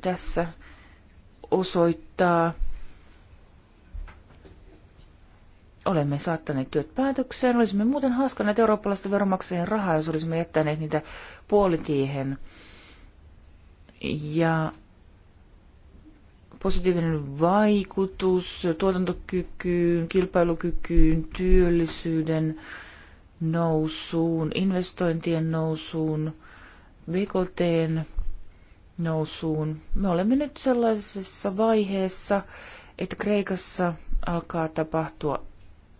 A: tässä osoittaa. Olemme saattaneet työt päätökseen. Olisimme muuten haskaneet eurooppalaisten veronmaksajien rahaa, jos olisimme jättäneet niitä puolitiehen. Ja positiivinen vaikutus tuotantokykyyn, kilpailukykyyn, työllisyyden nousuun, investointien nousuun, BKT nousuun. Me olemme nyt sellaisessa vaiheessa, että Kreikassa alkaa tapahtua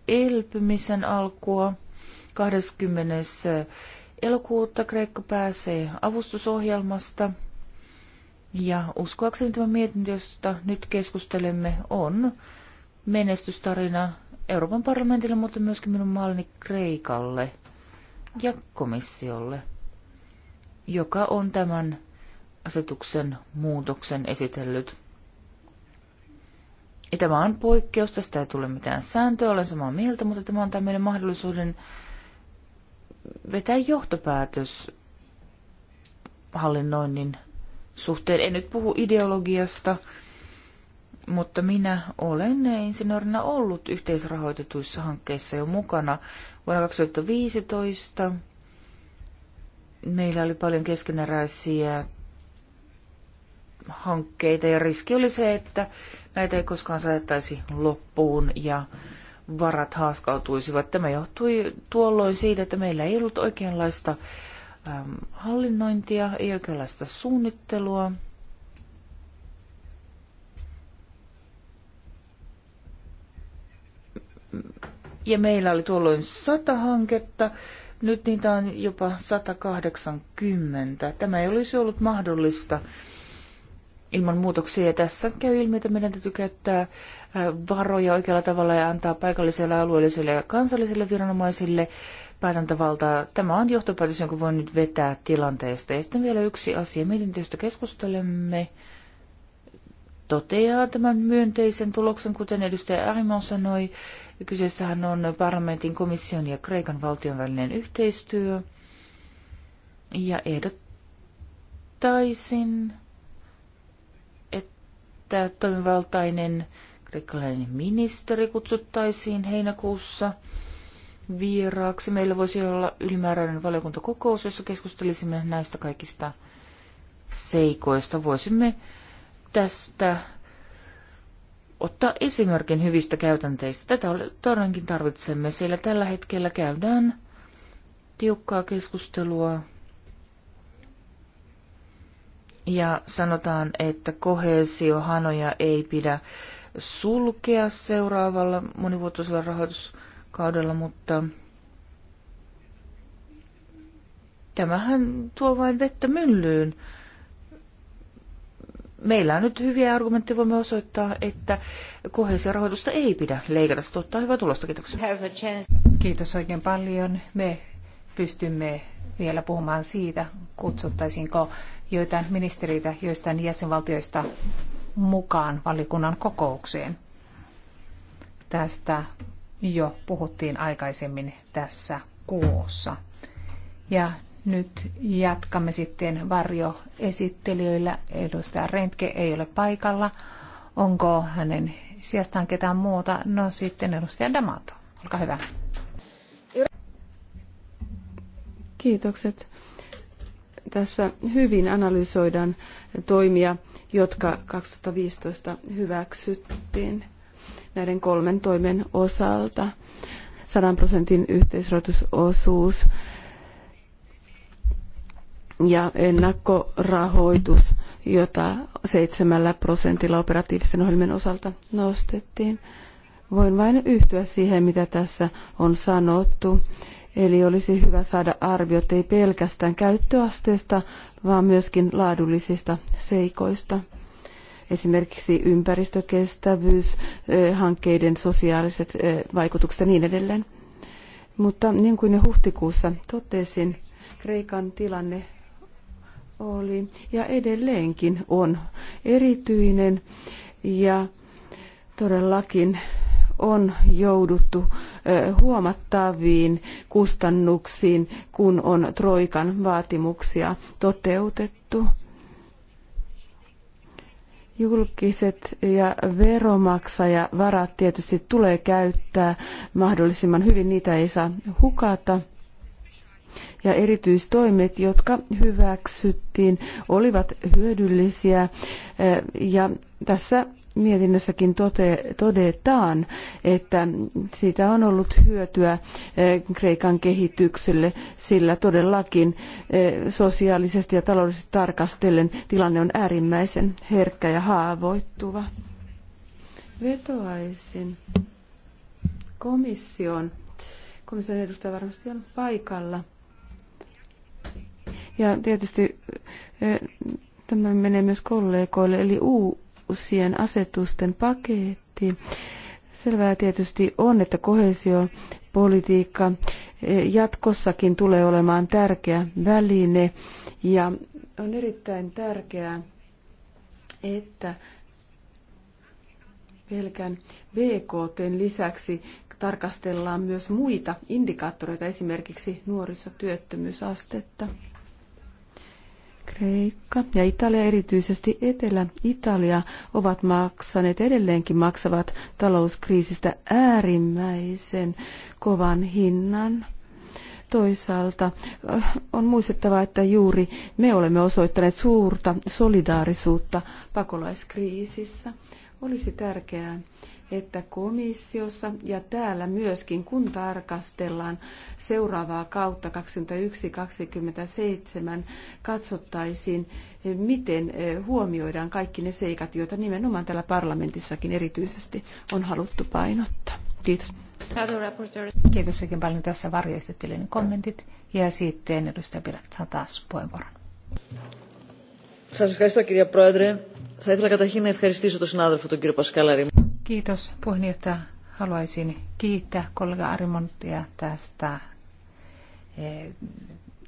A: elpymisen alkua. 20. elokuuta Kreikka pääsee avustusohjelmasta – ja uskoakseni tämä mietintö, josta nyt keskustelemme, on menestystarina Euroopan parlamentille, mutta myöskin minun maalini Kreikalle ja komissiolle, joka on tämän asetuksen muutoksen esitellyt. Ja tämä on poikkeus, tästä ei tule mitään sääntöä, olen samaa mieltä, mutta tämä antaa meille mahdollisuuden vetää johtopäätös hallinnoinnin suhteen. En nyt puhu ideologiasta, mutta minä olen insinöörinä ollut yhteisrahoitetuissa hankkeissa jo mukana. Vuonna 2015 meillä oli paljon keskeneräisiä hankkeita ja riski oli se, että näitä ei koskaan saattaisi loppuun ja varat haaskautuisivat. Tämä johtui tuolloin siitä, että meillä ei ollut oikeanlaista Ähm, hallinnointia, ei oikeanlaista suunnittelua. Ja meillä oli tuolloin 100 hanketta, nyt niitä on jopa 180. Tämä ei olisi ollut mahdollista ilman muutoksia. Ja tässä käy ilmi, että meidän täytyy käyttää äh, varoja oikealla tavalla ja antaa paikalliselle, alueelliselle ja kansallisille viranomaisille päätäntävaltaa. Tämä on johtopäätös, jonka voin nyt vetää tilanteesta. Ja sitten vielä yksi asia. Mietintöistä keskustelemme toteaa tämän myönteisen tuloksen, kuten edustaja Arimon sanoi. Kyseessähän on parlamentin, komission ja Kreikan valtion välinen yhteistyö. Ja ehdottaisin, että toimivaltainen kreikkalainen ministeri kutsuttaisiin heinäkuussa – vieraaksi. Meillä voisi olla ylimääräinen valiokuntakokous, jossa keskustelisimme näistä kaikista seikoista. Voisimme tästä ottaa esimerkin hyvistä käytänteistä. Tätä todellakin tarvitsemme, sillä tällä hetkellä käydään tiukkaa keskustelua ja sanotaan, että kohesiohanoja ei pidä sulkea seuraavalla monivuotoisella rahoitus kaudella, mutta tämähän tuo vain vettä myllyyn. Meillä on nyt hyviä argumentteja, voimme osoittaa, että rahoitusta ei pidä
B: leikata. Se tuottaa hyvää tulosta. Kiitoksia. Kiitos oikein paljon. Me pystymme vielä puhumaan siitä, kutsuttaisinko joitain ministeriitä joistain jäsenvaltioista mukaan valiokunnan kokoukseen. Tästä jo puhuttiin aikaisemmin tässä kuussa. Ja nyt jatkamme sitten varjoesittelijöillä. Edustaja Rentke ei ole paikalla. Onko hänen sijastaan ketään muuta? No
C: sitten edustaja Damato. Olkaa hyvä. Kiitokset. Tässä hyvin analysoidaan toimia, jotka 2015 hyväksyttiin näiden kolmen toimen osalta. 100 prosentin yhteisrahoitusosuus ja ennakkorahoitus, jota seitsemällä prosentilla operatiivisten ohjelmien osalta nostettiin. Voin vain yhtyä siihen, mitä tässä on sanottu. Eli olisi hyvä saada arviot ei pelkästään käyttöasteesta, vaan myöskin laadullisista seikoista esimerkiksi ympäristökestävyys, hankkeiden sosiaaliset vaikutukset ja niin edelleen. Mutta niin kuin jo huhtikuussa totesin, Kreikan tilanne oli ja edelleenkin on erityinen ja todellakin on jouduttu huomattaviin kustannuksiin, kun on Troikan vaatimuksia toteutettu. Julkiset ja veromaksajavarat tietysti tulee käyttää mahdollisimman hyvin, niitä ei saa hukata. Ja erityistoimet, jotka hyväksyttiin, olivat hyödyllisiä ja tässä mietinnössäkin tote, todetaan, että siitä on ollut hyötyä eh, Kreikan kehitykselle, sillä todellakin eh, sosiaalisesti ja taloudellisesti tarkastellen tilanne on äärimmäisen herkkä ja haavoittuva. Vetoaisin komission. Komission edustaja varmasti on paikalla. Ja tietysti eh, tämä menee myös kollegoille, eli uusien asetusten paketti. Selvää tietysti on, että kohesiopolitiikka eh, jatkossakin tulee olemaan tärkeä väline ja on erittäin tärkeää, että pelkän BKTn lisäksi tarkastellaan myös muita indikaattoreita, esimerkiksi nuorisotyöttömyysastetta. työttömyysastetta. Kreikka ja Italia, erityisesti Etelä-Italia, ovat maksaneet, edelleenkin maksavat talouskriisistä äärimmäisen kovan hinnan. Toisaalta äh, on muistettava, että juuri me olemme osoittaneet suurta solidaarisuutta pakolaiskriisissä. Olisi tärkeää, että komissiossa ja täällä myöskin, kun tarkastellaan seuraavaa kautta 21-27, katsottaisiin, miten eh, huomioidaan kaikki ne seikat, joita nimenomaan täällä parlamentissakin erityisesti on haluttu painottaa. Kiitos. Kiitos oikein paljon tässä varjoistettelin kommentit. Ja
B: sitten edustaja Pirat saa taas puheenvuoron.
C: Σας ευχαριστώ κυρία Πρόεδρε.
B: Θα ήθελα καταρχήν να ευχαριστήσω τον συνάδελφο τον κύριο Πασκάλαρη. Kiitos puheenjohtaja. Haluaisin kiittää kollega Arimontia tästä eh,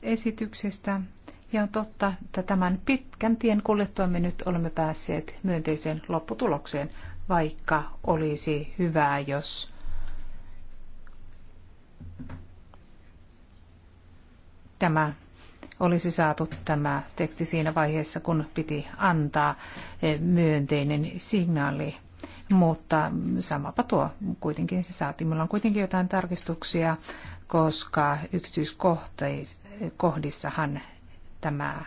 B: esityksestä. Ja on totta, että tämän pitkän tien kuljettuamme nyt olemme päässeet myönteiseen lopputulokseen, vaikka olisi hyvää, jos tämä olisi saatu tämä teksti siinä vaiheessa, kun piti antaa eh, myönteinen signaali mutta samapa tuo kuitenkin se saatiin. Meillä on kuitenkin jotain tarkistuksia, koska yksityiskohdissahan tämä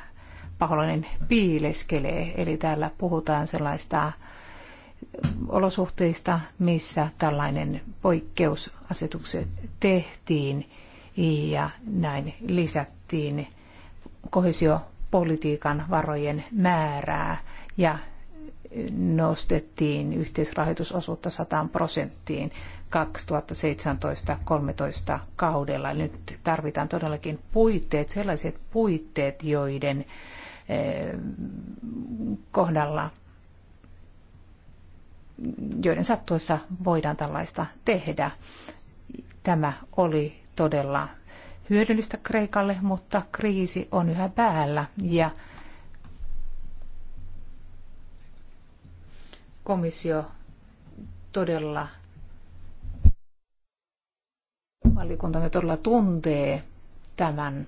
B: paholainen piileskelee. Eli täällä puhutaan sellaista olosuhteista, missä tällainen poikkeusasetukset tehtiin ja näin lisättiin kohesiopolitiikan varojen määrää ja nostettiin yhteisrahoitusosuutta 100 prosenttiin 2017-2013 kaudella. nyt tarvitaan todellakin puitteet, sellaiset puitteet, joiden eh, kohdalla joiden sattuessa voidaan tällaista tehdä. Tämä oli todella hyödyllistä Kreikalle, mutta kriisi on yhä päällä ja komissio todella, valiokuntamme todella tuntee tämän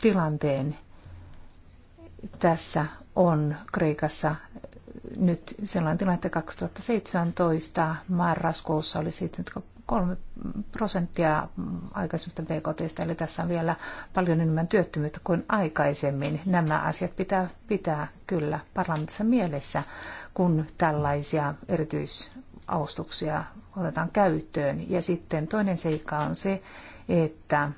B: tilanteen. Tässä on Kreikassa nyt sellainen tilanne, että 2017 marraskuussa oli sitten kolme prosenttia aikaisemmista BKT, eli tässä on vielä paljon enemmän työttömyyttä kuin aikaisemmin. Nämä asiat pitää pitää kyllä parlamentissa mielessä, kun tällaisia erityisavustuksia otetaan käyttöön. Ja sitten toinen seikka on se, että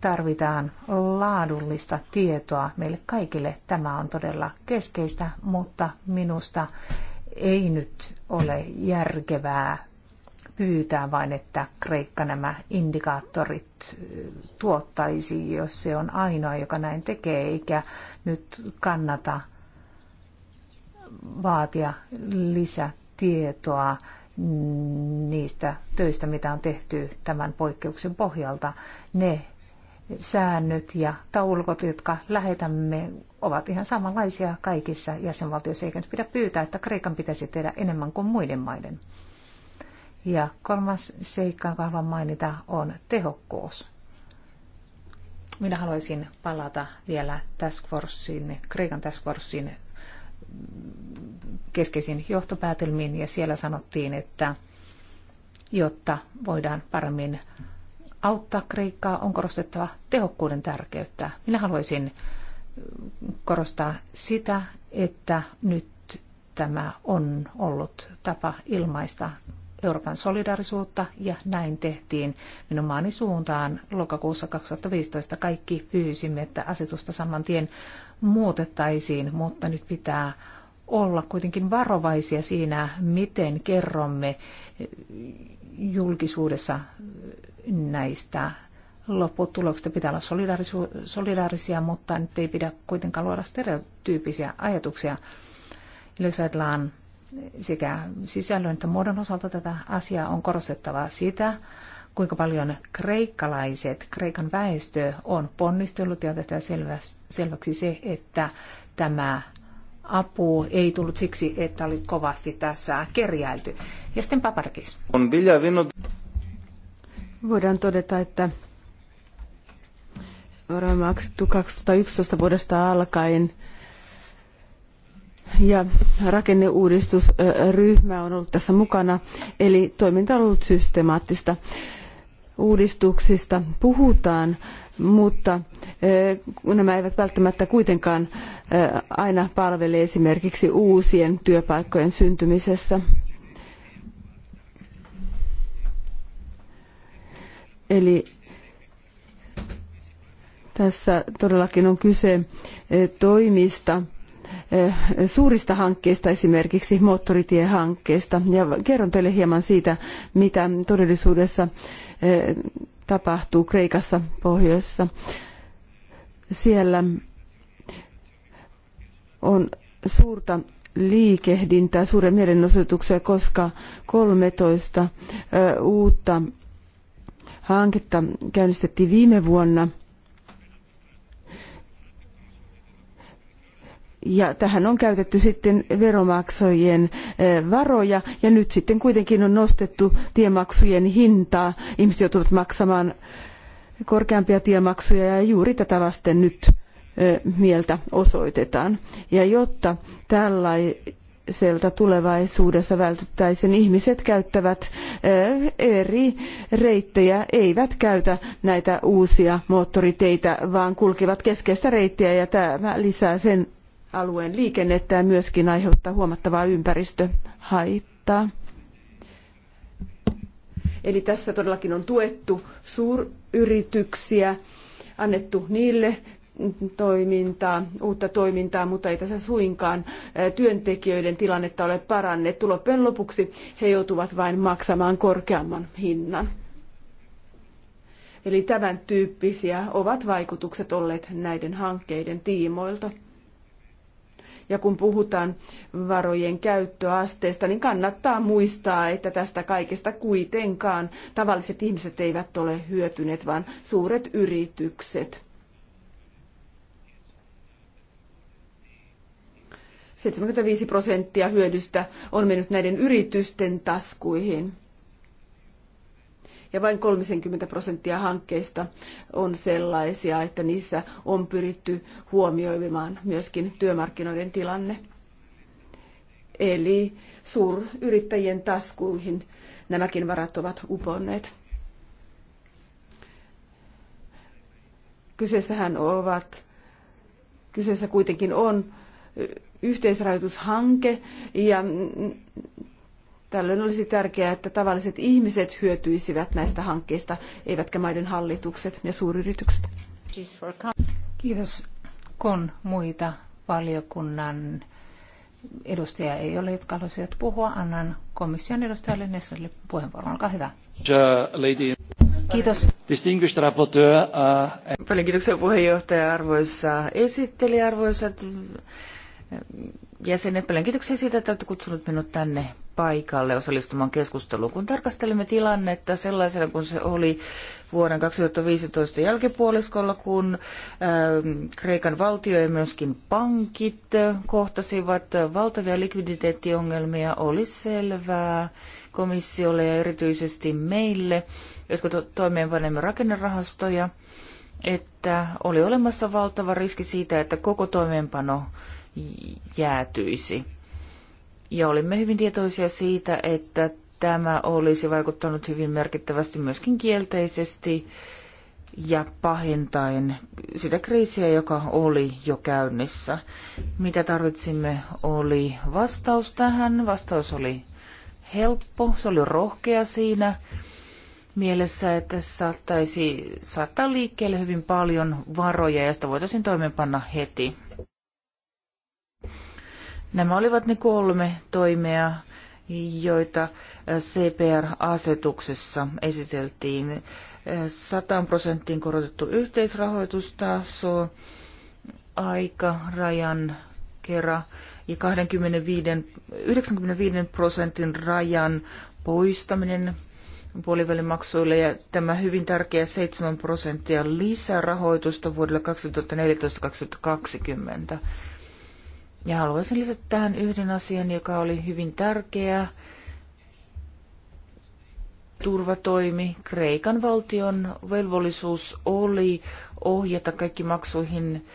B: tarvitaan laadullista tietoa meille kaikille. Tämä on todella keskeistä, mutta minusta ei nyt ole järkevää pyytää vain, että Kreikka nämä indikaattorit tuottaisi, jos se on ainoa, joka näin tekee, eikä nyt kannata vaatia lisätietoa niistä töistä, mitä on tehty tämän poikkeuksen pohjalta. Ne säännöt ja taulukot, jotka lähetämme, ovat ihan samanlaisia kaikissa jäsenvaltioissa, eikä nyt pidä pyytää, että Kreikan pitäisi tehdä enemmän kuin muiden maiden. Ja kolmas seikka, jonka haluan mainita, on tehokkuus. Minä haluaisin palata vielä task forcein, Kreikan task forcein keskeisiin johtopäätelmiin, ja siellä sanottiin, että jotta voidaan paremmin auttaa Kreikkaa, on korostettava tehokkuuden tärkeyttä. Minä haluaisin korostaa sitä, että nyt tämä on ollut tapa ilmaista Euroopan solidarisuutta ja näin tehtiin minun maani suuntaan lokakuussa 2015. Kaikki pyysimme, että asetusta saman tien muutettaisiin, mutta nyt pitää olla kuitenkin varovaisia siinä, miten kerromme julkisuudessa näistä lopputulokset pitää olla solidaarisia, mutta nyt ei pidä kuitenkaan luoda stereotyyppisiä ajatuksia. Eli jos ajatellaan sekä sisällön että muodon osalta tätä asiaa on korostettava sitä, kuinka paljon kreikkalaiset, Kreikan väestö on ponnistellut ja otetaan selväksi se, että tämä apu ei tullut siksi, että oli kovasti tässä
C: kerjäilty. Ja sitten Paparkis. Voidaan todeta, että varoja 2011 vuodesta alkaen. Ja rakenneuudistusryhmä on ollut tässä mukana, eli toiminta on ollut systemaattista. Uudistuksista puhutaan, mutta nämä eivät välttämättä kuitenkaan aina palvele esimerkiksi uusien työpaikkojen syntymisessä. Eli tässä todellakin on kyse eh, toimista, eh, suurista hankkeista, esimerkiksi moottoritiehankkeista. Ja kerron teille hieman siitä, mitä todellisuudessa eh, tapahtuu Kreikassa pohjoisessa. Siellä on suurta liikehdintää, suuria mielenosoituksia, koska 13 uutta hanketta käynnistettiin viime vuonna – ja tähän on käytetty sitten veromaksajien eh, varoja ja nyt sitten kuitenkin on nostettu tiemaksujen hintaa. Ihmiset joutuvat maksamaan korkeampia tiemaksuja ja juuri tätä vasten nyt eh, mieltä osoitetaan. Ja jotta tällaiselta tulevaisuudessa vältyttäisiin, ihmiset käyttävät eh, eri reittejä, eivät käytä näitä uusia moottoriteitä, vaan kulkevat keskeistä reittiä ja tämä lisää sen alueen liikennettä ja myöskin aiheuttaa huomattavaa ympäristöhaittaa. Eli tässä todellakin on tuettu suuryrityksiä, annettu niille toimintaa, uutta toimintaa, mutta ei tässä suinkaan työntekijöiden tilannetta ole parannettu. Loppujen lopuksi he joutuvat vain maksamaan korkeamman hinnan. Eli tämän tyyppisiä ovat vaikutukset olleet näiden hankkeiden tiimoilta. Ja kun puhutaan varojen käyttöasteesta, niin kannattaa muistaa, että tästä kaikesta kuitenkaan tavalliset ihmiset eivät ole hyötyneet, vaan suuret yritykset. Seitsemänkymmentäviisi prosenttia hyödystä on mennyt näiden yritysten taskuihin ja vain 30 prosenttia hankkeista on sellaisia, että niissä on pyritty huomioimaan myöskin työmarkkinoiden tilanne. Eli suuryrittäjien taskuihin nämäkin varat ovat uponneet. Kyseessähän ovat, kyseessä kuitenkin on yhteisrajoitushanke ja Tällöin olisi tärkeää, että tavalliset ihmiset hyötyisivät näistä hankkeista, eivätkä maiden hallitukset ja suuryritykset.
B: Kiitos, kun muita valiokunnan edustajia ei ole, jotka haluaisivat puhua. Annan komission edustajalle Nesselille puheenvuoron. Olkaa hyvä. Kiitos.
A: Distinguished rapporteur. Uh, Paljon kiitoksia puheenjohtaja, arvoisa esittelijä, arvoisat jäsenet. Paljon kiitoksia siitä, että olette kutsunut minut tänne paikalle osallistumaan keskusteluun. Kun tarkastelimme tilannetta sellaisena kuin se oli vuoden 2015 jälkipuoliskolla, kun ähm, Kreikan valtio ja myöskin pankit kohtasivat valtavia likviditeettiongelmia, oli selvää komissiolle ja erityisesti meille, jotka to- toimeenpanemme rakennerahastoja, että oli olemassa valtava riski siitä, että koko toimeenpano jäätyisi. Ja olimme hyvin tietoisia siitä, että tämä olisi vaikuttanut hyvin merkittävästi myöskin kielteisesti ja pahentain sitä kriisiä, joka oli jo käynnissä. Mitä tarvitsimme oli vastaus tähän. Vastaus oli helppo, se oli rohkea siinä mielessä, että saattaisi saattaa liikkeelle hyvin paljon varoja ja sitä voitaisiin toimeenpanna heti. Nämä olivat ne kolme toimea, joita CPR-asetuksessa esiteltiin. 100 prosenttiin korotettu yhteisrahoitustaso, aikarajan kera ja 25, 95 prosentin rajan poistaminen puolivälimaksuille ja tämä hyvin tärkeä 7 prosenttia lisärahoitusta vuodelle 2014-2020. Ja haluaisin lisätä tähän yhden asian, joka oli hyvin tärkeä turvatoimi. Kreikan valtion velvollisuus oli ohjata kaikki maksuihin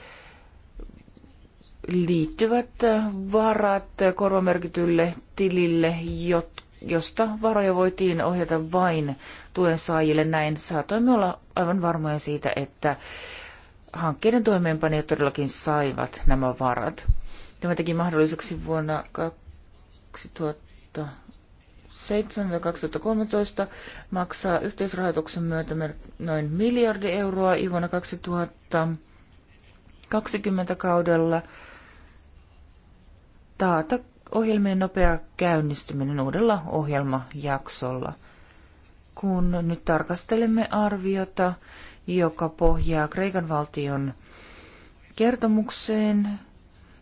A: liittyvät varat korvamerkitylle tilille, josta varoja voitiin ohjata vain tuen saajille. Näin saatoimme olla aivan varmoja siitä, että hankkeiden toimeenpanijat todellakin saivat nämä varat. Tämä teki mahdolliseksi vuonna 2007 2013 maksaa yhteisrahoituksen myötä noin miljardi euroa ja vuonna 2020 kaudella taata ohjelmien nopea käynnistyminen uudella ohjelmajaksolla. Kun nyt tarkastelemme arviota, joka pohjaa Kreikan valtion kertomukseen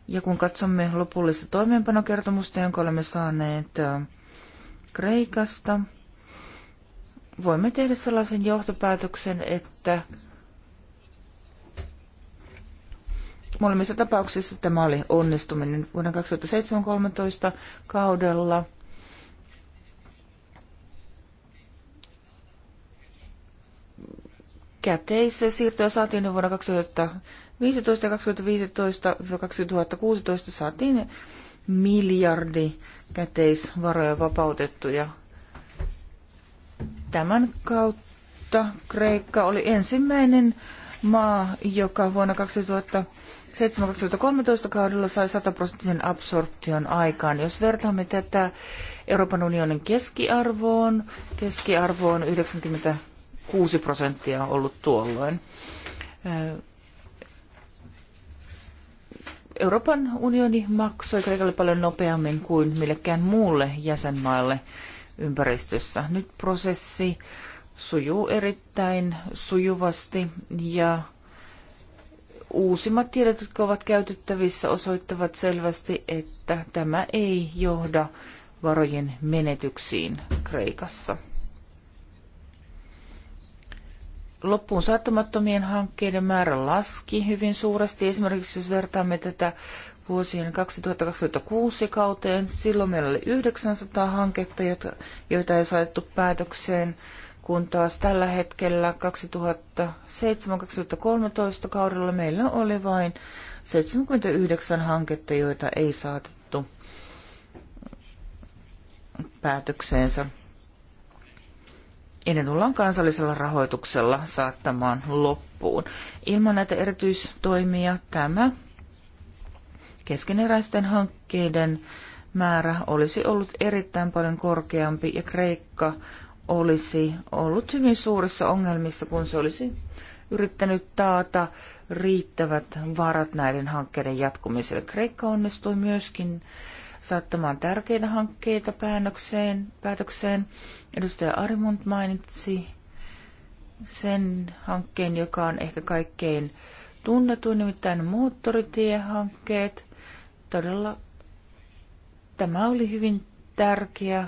A: ja kun katsomme lopullista toimeenpanokertomusta, jonka olemme saaneet äh, Kreikasta, voimme tehdä sellaisen johtopäätöksen, että molemmissa tapauksissa tämä oli onnistuminen vuoden 2007-2013 kaudella. siirtoja saatiin jo vuonna 2000 2015 2016 saatiin miljardi käteisvaroja vapautettuja. Tämän kautta Kreikka oli ensimmäinen maa, joka vuonna 2007-2013 kaudella sai 100 prosenttisen absorption aikaan. Jos vertaamme tätä Euroopan unionin keskiarvoon, keskiarvo on 96 prosenttia ollut tuolloin. Euroopan unioni maksoi Kreikalle paljon nopeammin kuin millekään muulle jäsenmaalle ympäristössä. Nyt prosessi sujuu erittäin sujuvasti ja uusimmat tiedot, jotka ovat käytettävissä, osoittavat selvästi, että tämä ei johda varojen menetyksiin Kreikassa loppuun saattamattomien hankkeiden määrä laski hyvin suuresti. Esimerkiksi jos vertaamme tätä vuosien 2026 kauteen, silloin meillä oli 900 hanketta, joita, joita ei saatettu päätökseen, kun taas tällä hetkellä 2007-2013 kaudella meillä oli vain 79 hanketta, joita ei saatettu päätökseensä ja ne tullaan kansallisella rahoituksella saattamaan loppuun. Ilman näitä erityistoimia tämä keskeneräisten hankkeiden määrä olisi ollut erittäin paljon korkeampi ja Kreikka olisi ollut hyvin suurissa ongelmissa, kun se olisi yrittänyt taata riittävät varat näiden hankkeiden jatkumiselle. Kreikka onnistui myöskin äh, saattamaan tärkeitä hankkeita päätökseen. päätökseen. Edustaja Arimund mainitsi sen hankkeen, joka on ehkä kaikkein tunnetuin, nimittäin moottoritiehankkeet. Todella tämä oli hyvin tärkeä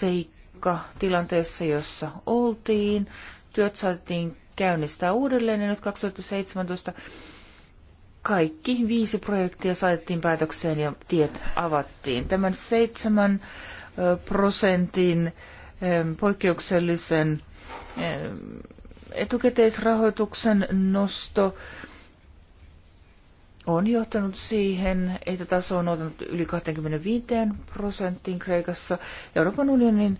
A: seikka tilanteessa, jossa oltiin. Työt saatiin käynnistää uudelleen ja nyt 2017 kaikki viisi projektia saatettiin päätökseen ja tiet avattiin. Tämän seitsemän prosentin poikkeuksellisen etukäteisrahoituksen nosto on johtanut siihen, että taso on otanut yli 25 prosenttiin Kreikassa. Euroopan unionin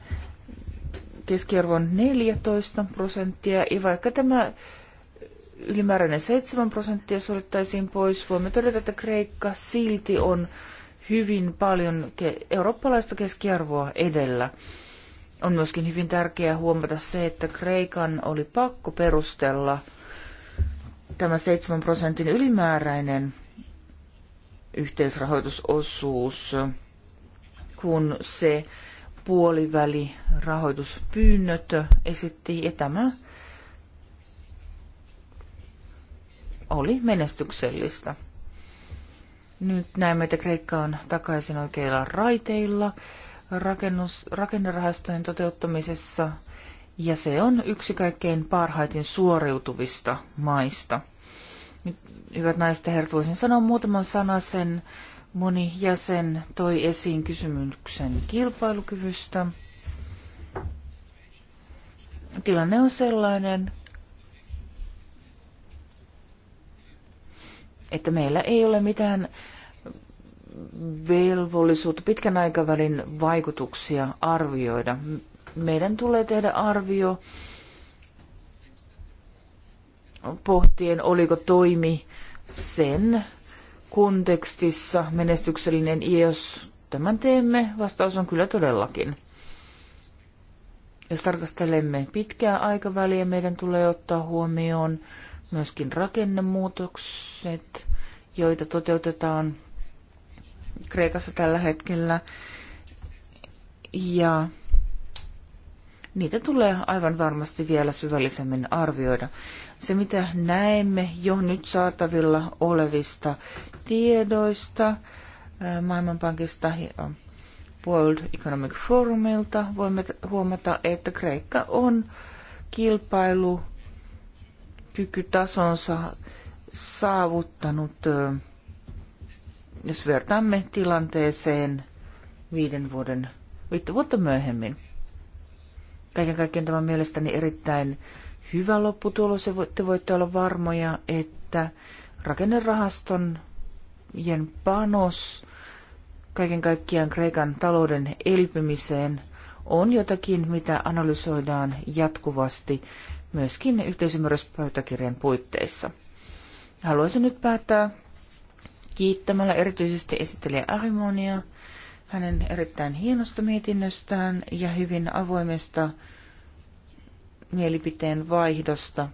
A: keskiarvo on 14 prosenttia, ja vaikka tämä ylimääräinen 7 prosenttia suljettaisiin pois. Voimme todeta, että Kreikka silti on hyvin paljon eurooppalaista keskiarvoa edellä. On myöskin hyvin tärkeää huomata se, että Kreikan oli pakko perustella tämä 7 prosentin ylimääräinen yhteisrahoitusosuus, kun se puoliväli rahoituspyynnöt esitti, ja tämä oli menestyksellistä. Nyt näemme, että Kreikka on takaisin oikeilla raiteilla rakennus, rakennerahastojen toteuttamisessa, ja se on yksi kaikkein parhaiten suoriutuvista maista. Nyt, hyvät naiset ja herrat, voisin sanoa muutaman sana sen. Moni jäsen toi esiin kysymyksen kilpailukyvystä. Tilanne on sellainen, että meillä ei ole mitään velvollisuutta pitkän aikavälin vaikutuksia arvioida. Meidän tulee tehdä arvio pohtien, oliko toimi sen kontekstissa menestyksellinen, jos tämän teemme, vastaus on kyllä todellakin. Jos tarkastelemme pitkää aikaväliä, meidän tulee ottaa huomioon myöskin rakennemuutokset, joita toteutetaan Kreikassa tällä hetkellä. Ja niitä tulee aivan varmasti vielä syvällisemmin arvioida. Se, mitä näemme jo nyt saatavilla olevista tiedoista Maailmanpankista ja World Economic Forumilta, voimme huomata, että Kreikka on kilpailu kykytasonsa saavuttanut, jos vertaamme tilanteeseen viiden vuoden, viittä vuotta myöhemmin. Kaiken kaikkiaan tämä on mielestäni erittäin hyvä lopputulos ja te voitte olla varmoja, että rakennerahaston panos kaiken kaikkiaan Kreikan talouden elpymiseen on jotakin, mitä analysoidaan jatkuvasti myöskin yhteisymmärryspöytäkirjan puitteissa. Haluaisin nyt päättää kiittämällä erityisesti esittelijä Arimonia hänen erittäin hienosta mietinnöstään ja hyvin avoimesta mielipiteen vaihdosta.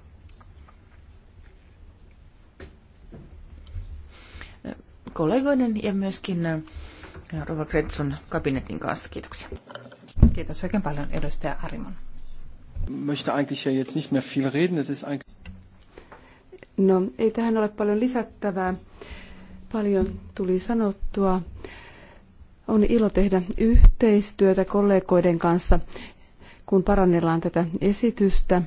A: kollegoiden ja myöskin äh, Rova Kretsun kabinetin kanssa. Kiitoksia.
B: Kiitos oikein paljon edustaja Arimon möchte eigentlich ja jetzt nicht mehr viel reden. Es ist eigentlich...
C: No, ei tähän ole paljon lisättävää. Paljon tuli sanottua. On ilo tehdä yhteistyötä kollegoiden kanssa, kun parannellaan tätä esitystä.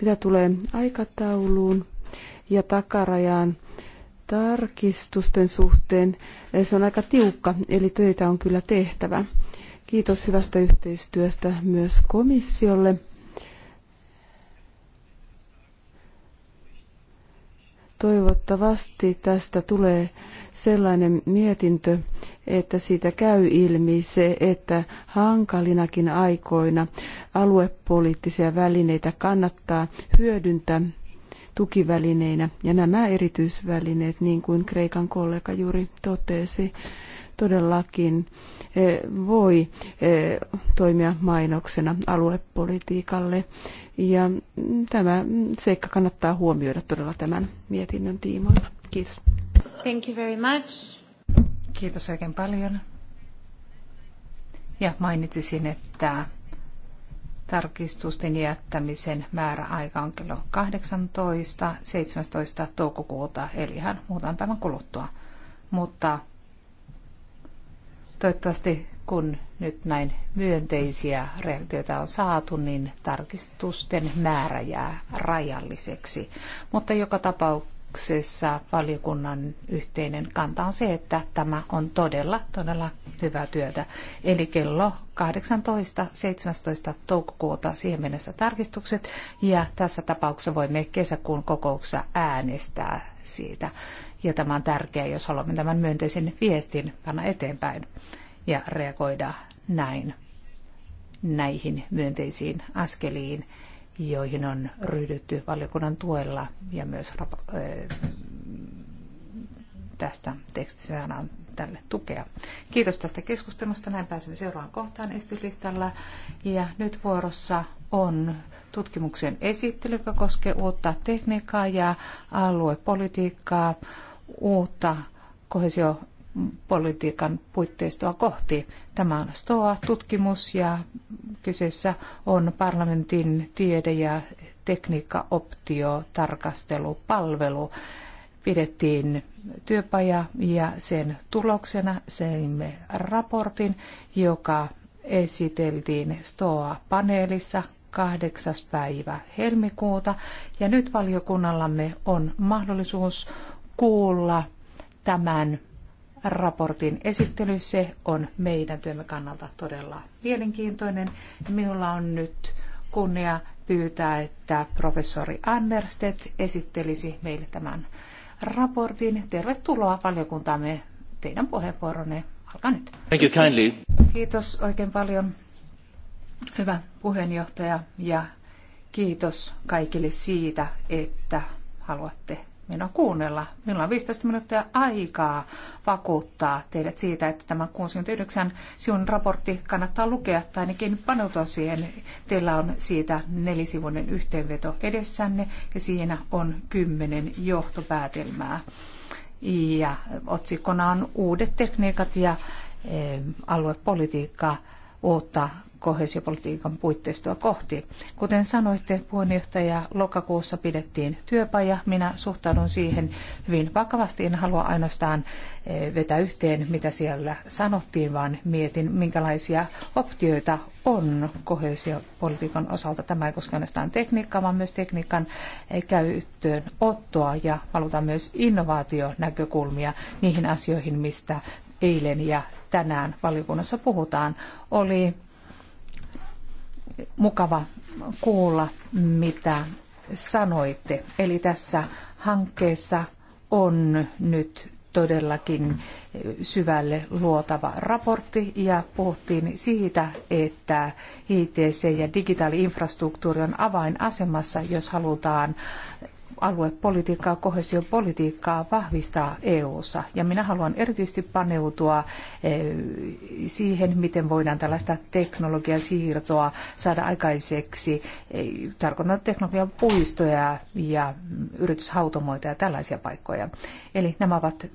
C: Mitä tulee aikatauluun ja takarajaan tarkistusten suhteen, se on aika tiukka, eli töitä on kyllä tehtävä. Kiitos hyvästä yhteistyöstä myös komissiolle. Toivottavasti tästä tulee sellainen mietintö, että siitä käy ilmi se, että hankalinakin aikoina aluepoliittisia välineitä kannattaa hyödyntää tukivälineinä. Ja nämä erityisvälineet, niin kuin Kreikan kollega juuri totesi, todellakin eh, voi eh, toimia mainoksena aluepolitiikalle. Ja tämä seikka kannattaa huomioida todella tämän mietinnön tiimoilla. Kiitos.
B: Thank you very much. Kiitos oikein paljon. Ja mainitsisin, että tarkistusten jättämisen määräaika on kello 18.17. toukokuuta, eli ihan muutaman päivän kuluttua. Mutta Toivottavasti kun nyt näin myönteisiä reaktioita on saatu, niin tarkistusten määrä jää rajalliseksi. Mutta joka tapauksessa valiokunnan yhteinen kanta on se, että tämä on todella, todella hyvää työtä. Eli kello 18.17. 17. toukokuuta siihen mennessä tarkistukset ja tässä tapauksessa voimme kesäkuun kokouksessa äänestää siitä ja tämä on tärkeää, jos haluamme tämän myönteisen viestin panna eteenpäin ja reagoida näin näihin myönteisiin askeliin, joihin on ryhdytty valiokunnan tuella ja myös eh, tästä tekstistä saadaan tälle tukea. Kiitos tästä keskustelusta. Näin pääsemme seuraavaan kohtaan esityslistalla. Ja nyt vuorossa on tutkimuksen esittely, joka koskee uutta tekniikkaa ja aluepolitiikkaa uutta kohesiopolitiikan puitteistoa kohti. Tämä on STOA-tutkimus ja kyseessä on parlamentin tiede- ja tarkastelupalvelu Pidettiin työpaja ja sen tuloksena seimme raportin, joka esiteltiin STOA-paneelissa 8. päivä helmikuuta ja nyt valiokunnallamme on mahdollisuus kuulla tämän raportin esittely. Se on meidän työmme kannalta todella mielenkiintoinen. Minulla on nyt kunnia pyytää, että professori Anderstedt esittelisi meille tämän raportin. Tervetuloa valiokuntaamme. Teidän puheenvuoronne alkaa nyt. Thank you kindly. Kiitos oikein paljon, hyvä puheenjohtaja, ja kiitos kaikille siitä, että haluatte minua kuunnella. Minulla on 15 minuuttia aikaa vakuuttaa teidät siitä, että tämä 69 sivun raportti kannattaa lukea tai ainakin paneutua siihen. Teillä on siitä nelisivuinen yhteenveto edessänne ja siinä on kymmenen johtopäätelmää. Ja otsikkona on uudet tekniikat ja eh, aluepolitiikkaa uutta kohesiopolitiikan puitteistoa kohti. Kuten sanoitte, puheenjohtaja lokakuussa pidettiin työpaja. Minä suhtaudun siihen hyvin vakavasti. En halua ainoastaan eh, vetää yhteen, mitä siellä sanottiin, vaan mietin, minkälaisia optioita on kohesiopolitiikan osalta. Tämä ei koske ainoastaan tekniikkaa, vaan myös tekniikan eh, käyttöön ottoa ja halutaan myös innovaationäkökulmia niihin asioihin, mistä eilen ja tänään valiokunnassa puhutaan, oli mukava kuulla, mitä sanoitte. Eli tässä hankkeessa on nyt todellakin syvälle luotava raportti ja puhuttiin siitä, että ITC ja digitaali-infrastruktuuri on avainasemassa, jos halutaan aluepolitiikkaa, kohesiopolitiikkaa vahvistaa EU-ssa. Ja minä haluan erityisesti paneutua eh, siihen, miten voidaan tällaista teknologiasiirtoa saada aikaiseksi. Eh, tarkoitan teknologian puistoja ja yrityshautomoita ja tällaisia paikkoja. Eli nämä ovat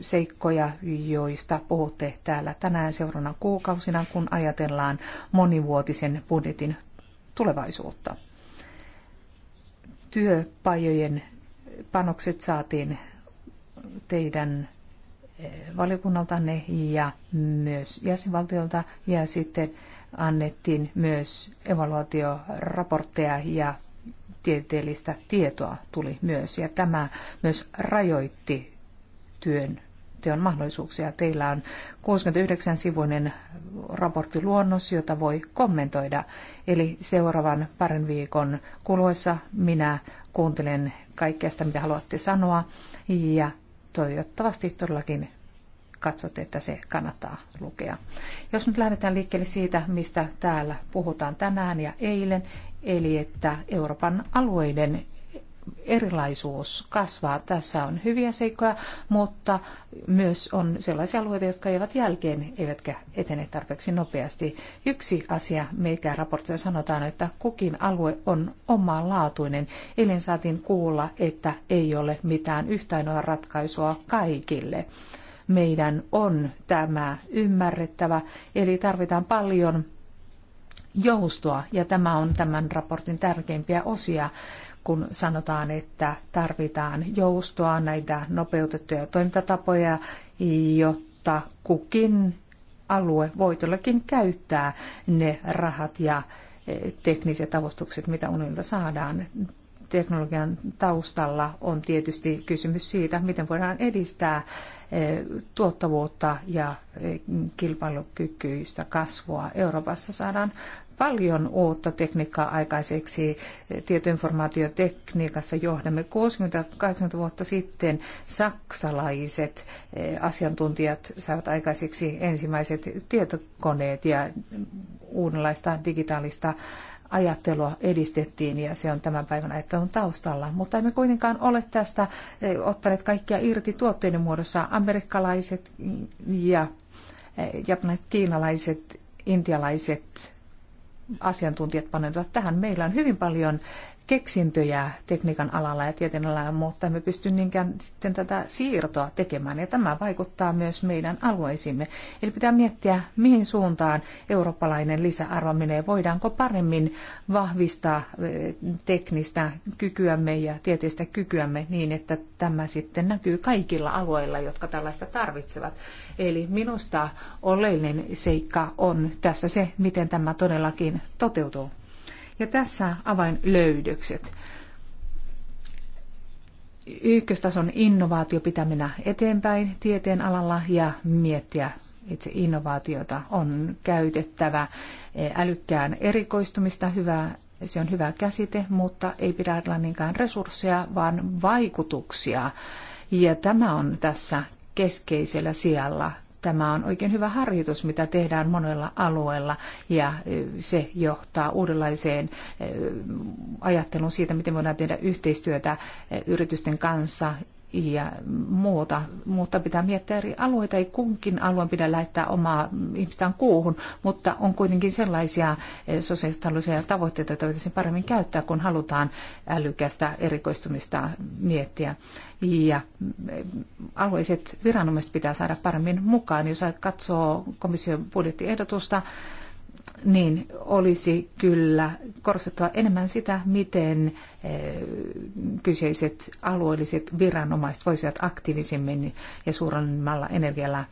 B: seikkoja, joista puhutte täällä tänään seurana kuukausina, kun ajatellaan monivuotisen budjetin tulevaisuutta työpajojen panokset saatiin teidän eh, valiokunnaltanne ja myös jäsenvaltiolta ja sitten annettiin myös evaluaatioraportteja ja tieteellistä tietoa tuli myös ja tämä myös rajoitti työn työn mahdollisuuksia. Teillä on 69-sivuinen raporttiluonnos, jota voi kommentoida. Eli seuraavan parin viikon kuluessa minä kuuntelen kaikkea sitä, mitä haluatte sanoa. Ja toivottavasti todellakin katsotte, että se kannattaa lukea. Jos nyt lähdetään liikkeelle siitä, mistä täällä puhutaan tänään ja eilen, eli että Euroopan alueiden erilaisuus kasvaa. Tässä on hyviä seikkoja, mutta myös on sellaisia alueita, jotka eivät jälkeen eivätkä etene tarpeeksi nopeasti. Yksi asia, mikä raportissa sanotaan, että kukin alue on omanlaatuinen. Eilen saatiin kuulla, että ei ole mitään yhtä ainoa ratkaisua kaikille. Meidän on tämä ymmärrettävä, eli tarvitaan paljon joustoa, ja tämä on tämän raportin tärkeimpiä osia kun sanotaan, että tarvitaan joustoa, näitä nopeutettuja toimintatapoja, jotta kukin alue voi todellakin käyttää ne rahat ja e, tekniset avustukset, mitä unilta saadaan. Teknologian taustalla on tietysti kysymys siitä, miten voidaan edistää e, tuottavuutta ja e, kilpailukykyistä kasvua. Euroopassa saadaan paljon uutta tekniikkaa aikaiseksi. Tietoinformaatiotekniikassa johdamme 60-80 vuotta sitten saksalaiset eh, asiantuntijat saivat aikaiseksi ensimmäiset tietokoneet ja uudenlaista digitaalista ajattelua edistettiin ja se on tämän päivän ajattelun taustalla. Mutta emme kuitenkaan ole tästä eh, ottaneet kaikkia irti tuotteiden muodossa. Amerikkalaiset ja eh, japanilaiset, kiinalaiset, intialaiset asiantuntijat paneutuvat tähän. Meillä on hyvin paljon keksintöjä tekniikan alalla ja tieteen alalla, mutta emme pysty niinkään sitten tätä siirtoa tekemään. Ja tämä vaikuttaa myös meidän alueisimme. Eli pitää miettiä, mihin suuntaan eurooppalainen lisäarvo menee. Voidaanko paremmin vahvistaa eh, teknistä kykyämme ja tieteistä kykyämme niin, että tämä sitten näkyy kaikilla alueilla, jotka tällaista tarvitsevat. Eli minusta oleellinen seikka on tässä se, miten tämä todellakin toteutuu. Ja tässä avainlöydökset. Ykköstason innovaatio pitää mennä eteenpäin tieteen alalla ja miettiä itse innovaatiota. On käytettävä eh, älykkään erikoistumista, hyvää se on hyvä käsite, mutta ei pidä olla niinkään resursseja, vaan vaikutuksia. Ja tämä on tässä keskeisellä sijalla. Tämä on oikein hyvä harjoitus, mitä tehdään monella alueella ja se johtaa uudenlaiseen ajatteluun siitä, miten voidaan tehdä yhteistyötä yritysten kanssa ja muuta. Mutta pitää miettiä eri alueita. Ei kunkin alueen pidä lähettää omaa ihmistään kuuhun, mutta on kuitenkin sellaisia eh, sosiaalisia tavoitteita, joita voitaisiin paremmin käyttää, kun halutaan älykästä erikoistumista miettiä. Ja eh, alueiset viranomaiset pitää saada paremmin mukaan. Jos katsoo komission budjettiehdotusta, niin olisi kyllä korostettava enemmän sitä, miten eh, kyseiset alueelliset viranomaiset voisivat aktiivisemmin ja suuremmalla energialla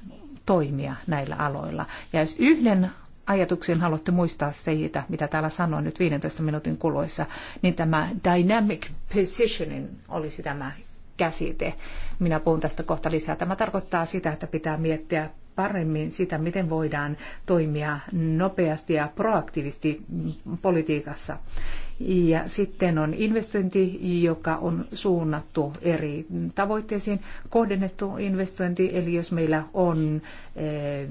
B: toimia näillä aloilla. Ja jos yhden ajatuksen haluatte muistaa siitä, mitä täällä sanoin nyt 15 minuutin kuluessa, niin tämä dynamic positioning olisi tämä käsite. Minä puhun tästä kohta lisää. Tämä tarkoittaa sitä, että pitää miettiä paremmin sitä, miten voidaan toimia nopeasti ja proaktiivisesti politiikassa. Ja sitten on investointi, joka on suunnattu eri tavoitteisiin, kohdennettu investointi, eli jos meillä on eh,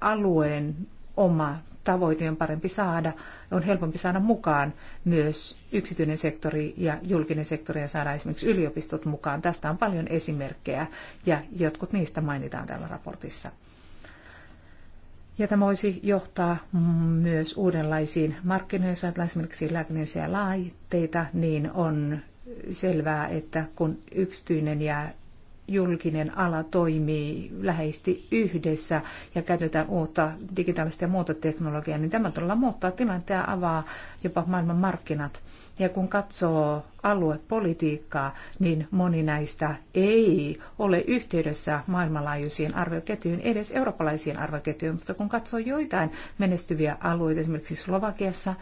B: alueen oma tavoite on parempi saada, on helpompi saada mukaan myös yksityinen sektori ja julkinen sektori ja saada esimerkiksi yliopistot mukaan. Tästä on paljon esimerkkejä ja jotkut niistä mainitaan täällä raportissa. Ja tämä voisi johtaa myös uudenlaisiin markkinoihin, jos esimerkiksi lääkinnällisiä laitteita, niin on selvää, että kun yksityinen ja julkinen ala toimii läheisesti yhdessä ja käytetään uutta digitaalista ja muuta teknologiaa, niin tämä todella muuttaa tilanteen ja avaa jopa maailman markkinat. Ja kun katsoo aluepolitiikkaa, niin moni näistä ei ole yhteydessä maailmanlaajuisiin arvoketjuihin, edes eurooppalaisiin arvoketjuihin, mutta kun katsoo joitain menestyviä alueita, esimerkiksi Slovakiassa,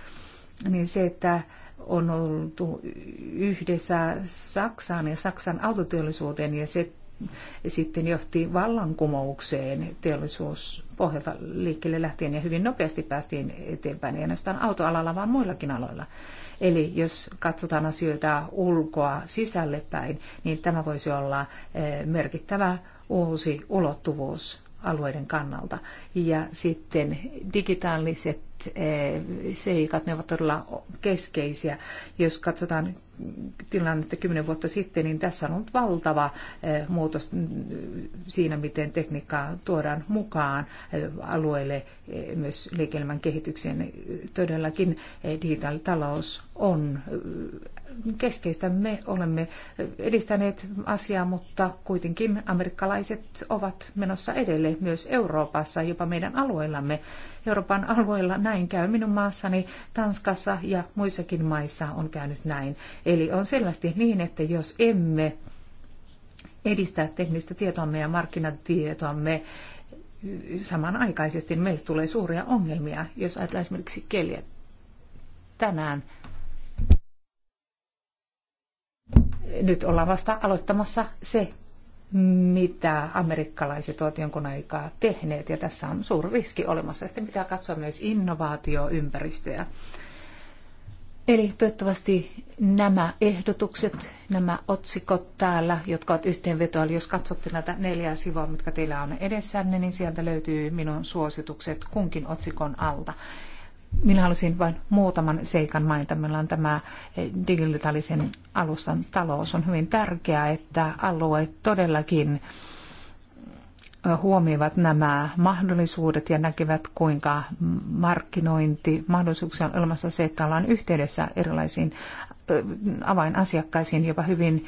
B: niin se, että on oltu yhdessä Saksaan ja Saksan autoteollisuuteen ja se sitten johti vallankumoukseen pohjalta liikkeelle lähtien ja hyvin nopeasti päästiin eteenpäin, ei ainoastaan autoalalla, vaan muillakin aloilla. Eli jos katsotaan asioita ulkoa sisälle päin, niin tämä voisi olla eh, merkittävä uusi ulottuvuus alueiden kannalta. Ja sitten digitaaliset eh, seikat, ne ovat todella keskeisiä. Jos katsotaan tilannetta kymmenen vuotta sitten, niin tässä on ollut valtava eh, muutos siinä, miten tekniikkaa tuodaan mukaan eh, alueelle myös liike kehitykseen. Todellakin digitaalitalous on keskeistä. Me olemme edistäneet asiaa, mutta kuitenkin amerikkalaiset ovat menossa edelleen myös Euroopassa, jopa meidän alueillamme. Euroopan alueella näin käy minun maassani, Tanskassa ja muissakin maissa on käynyt näin. Eli on selvästi niin, että jos emme edistää teknistä tietoamme ja markkinatietoamme, samanaikaisesti meille tulee suuria ongelmia, jos ajatellaan esimerkiksi keliä tänään nyt ollaan vasta aloittamassa se, mitä amerikkalaiset ovat jonkun aikaa tehneet, ja tässä on suuri riski olemassa. Sitten pitää katsoa myös innovaatioympäristöä. Eli toivottavasti nämä ehdotukset, nämä otsikot täällä, jotka ovat yhteenvetoa, eli jos katsotte näitä neljää sivua, mitkä teillä on edessänne, niin sieltä löytyy minun suositukset kunkin otsikon alta. Minä haluaisin vain muutaman seikan mainita. Meillä on tämä eh, digitaalisen alustan talous. On hyvin tärkeää, että alueet todellakin eh, huomioivat nämä mahdollisuudet ja näkevät, kuinka markkinointi, mahdollisuuksia on olemassa se, että ollaan yhteydessä erilaisiin Äh, avainasiakkaisiin jopa hyvin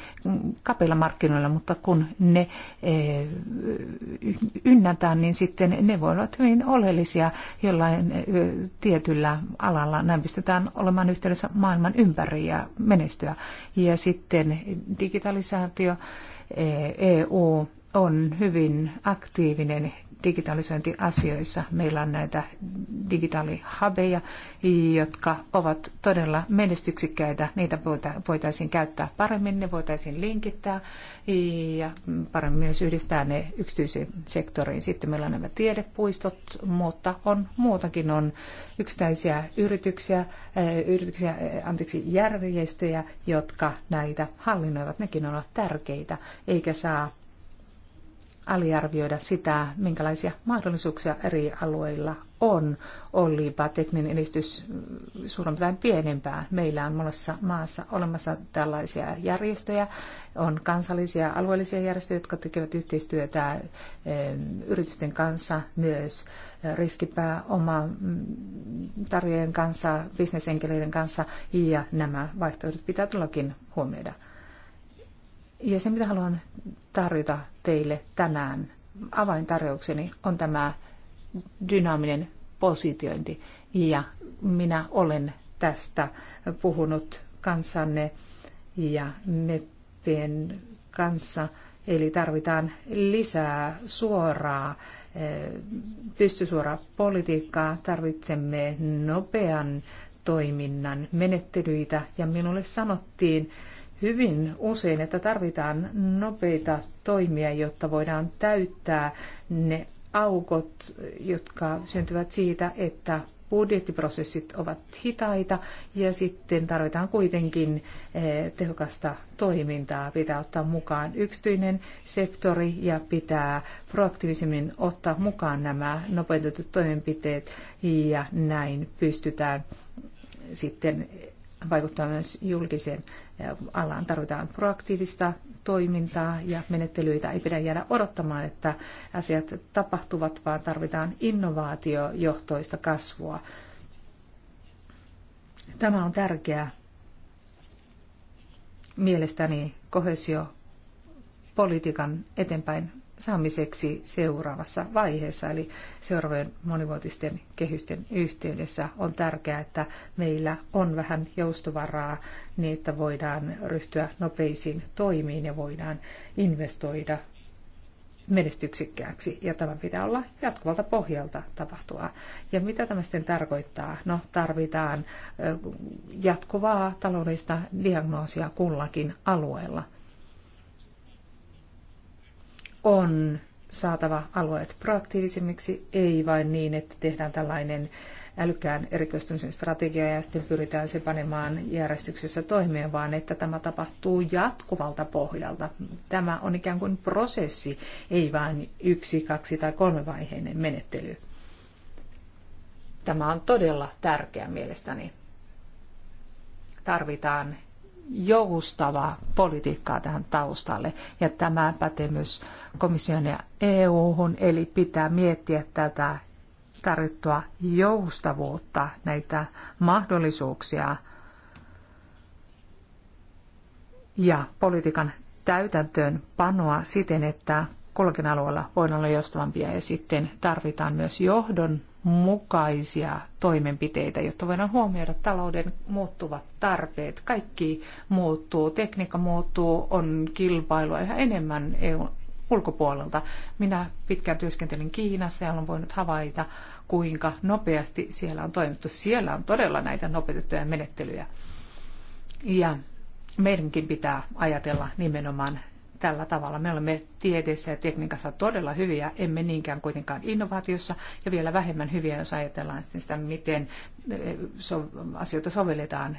B: kapeilla markkinoilla, mutta kun ne äh, ynnätään, niin sitten ne voivat hyvin oleellisia jollain äh, tietyllä alalla. Näin pystytään olemaan yhteydessä maailman ympäri ja menestyä. Ja sitten digitalisaatio, EU on hyvin aktiivinen digitalisointiasioissa. Meillä on näitä digitaalihabeja, jotka ovat todella menestyksikkäitä. Niitä voitaisiin käyttää paremmin, ne voitaisiin linkittää ja paremmin myös yhdistää ne yksityiseen sektoriin. Sitten meillä on nämä tiedepuistot, mutta on muutakin. On yksittäisiä yrityksiä, eh, yrityksiä eh, anteeksi, järjestöjä, jotka näitä hallinnoivat. Nekin ovat tärkeitä, eikä saa aliarvioida sitä, minkälaisia mahdollisuuksia eri alueilla on, olipa tekninen edistys suurempi tai pienempää. Meillä on monessa maassa olemassa tällaisia järjestöjä, on kansallisia alueellisia järjestöjä, jotka tekevät yhteistyötä eh, yritysten kanssa, myös oma tarjojen kanssa, bisnesenkeleiden kanssa, ja nämä vaihtoehdot pitää todellakin huomioida. Ja se, mitä haluan tarjota teille tänään avaintarjoukseni on tämä dynaaminen positiointi. Ja minä olen tästä puhunut kanssanne ja meppien kanssa. Eli tarvitaan lisää suoraa, eh, pystysuoraa politiikkaa. Tarvitsemme nopean toiminnan menettelyitä. Ja minulle sanottiin, hyvin usein, että tarvitaan nopeita toimia, jotta voidaan täyttää ne aukot, jotka syntyvät siitä, että budjettiprosessit ovat hitaita ja sitten tarvitaan kuitenkin eh, tehokasta toimintaa. Pitää ottaa mukaan yksityinen sektori ja pitää proaktiivisemmin ottaa mukaan nämä nopeutetut toimenpiteet ja näin pystytään sitten vaikuttamaan myös julkiseen alaan tarvitaan proaktiivista toimintaa ja menettelyitä. Ei pidä jäädä odottamaan, että asiat tapahtuvat, vaan tarvitaan innovaatiojohtoista kasvua. Tämä on tärkeää. Mielestäni kohesio politiikan eteenpäin saamiseksi seuraavassa vaiheessa, eli seuraavien monivuotisten kehysten yhteydessä on tärkeää, että meillä on vähän joustovaraa niin, että voidaan ryhtyä nopeisiin toimiin ja voidaan investoida menestyksikkääksi. ja tämä pitää olla jatkuvalta pohjalta tapahtua. Ja mitä tämä sitten tarkoittaa? No tarvitaan jatkuvaa taloudellista diagnoosia kullakin alueella – on saatava alueet proaktiivisemmiksi, ei vain niin, että tehdään tällainen älykkään erikoistumisen strategia ja sitten pyritään se panemaan järjestyksessä toimeen, vaan että tämä tapahtuu jatkuvalta pohjalta. Tämä on ikään kuin prosessi, ei vain yksi, kaksi tai vaiheinen menettely. Tämä on todella tärkeä mielestäni. Tarvitaan joustavaa politiikkaa tähän taustalle. Ja tämä pätee myös komission ja EU-hun, eli pitää miettiä tätä tarjottua joustavuutta, näitä mahdollisuuksia ja politiikan täytäntöön panoa siten, että kullakin alueella voidaan olla joustavampia ja sitten tarvitaan myös johdon mukaisia toimenpiteitä, jotta voidaan huomioida talouden muuttuvat tarpeet. Kaikki muuttuu, tekniikka muuttuu, on kilpailua yhä enemmän EU ulkopuolelta. Minä pitkään työskentelin Kiinassa ja olen voinut havaita, kuinka nopeasti siellä on toimittu. Siellä on todella näitä nopeutettuja menettelyjä. Ja meidänkin pitää ajatella nimenomaan tällä tavalla. Me olemme tieteessä ja tekniikassa todella hyviä, emme niinkään kuitenkaan innovaatiossa ja vielä vähemmän hyviä, jos ajatellaan sitä, miten eh, asioita sovelletaan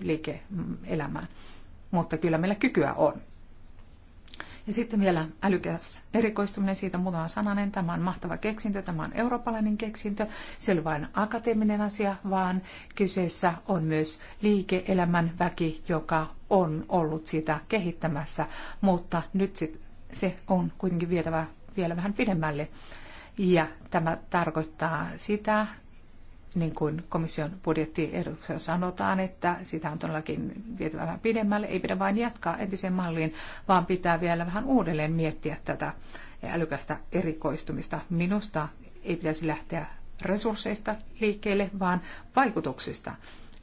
B: liike-elämään. Mm, Mutta kyllä meillä kykyä on. Ja sitten vielä älykäs erikoistuminen siitä muutama sananen. Tämä on mahtava keksintö, tämä on eurooppalainen keksintö. Se oli vain akateeminen asia, vaan kyseessä on myös liike-elämän väki, joka on ollut sitä kehittämässä, mutta nyt sit se on kuitenkin vietävä vielä vähän pidemmälle. Ja tämä tarkoittaa sitä, niin kuin komission budjettiehdotuksessa sanotaan, että sitä on todellakin viety vähän pidemmälle. Ei pidä vain jatkaa entiseen malliin, vaan pitää vielä vähän uudelleen miettiä tätä älykästä erikoistumista. Minusta ei pitäisi lähteä resursseista liikkeelle, vaan vaikutuksista.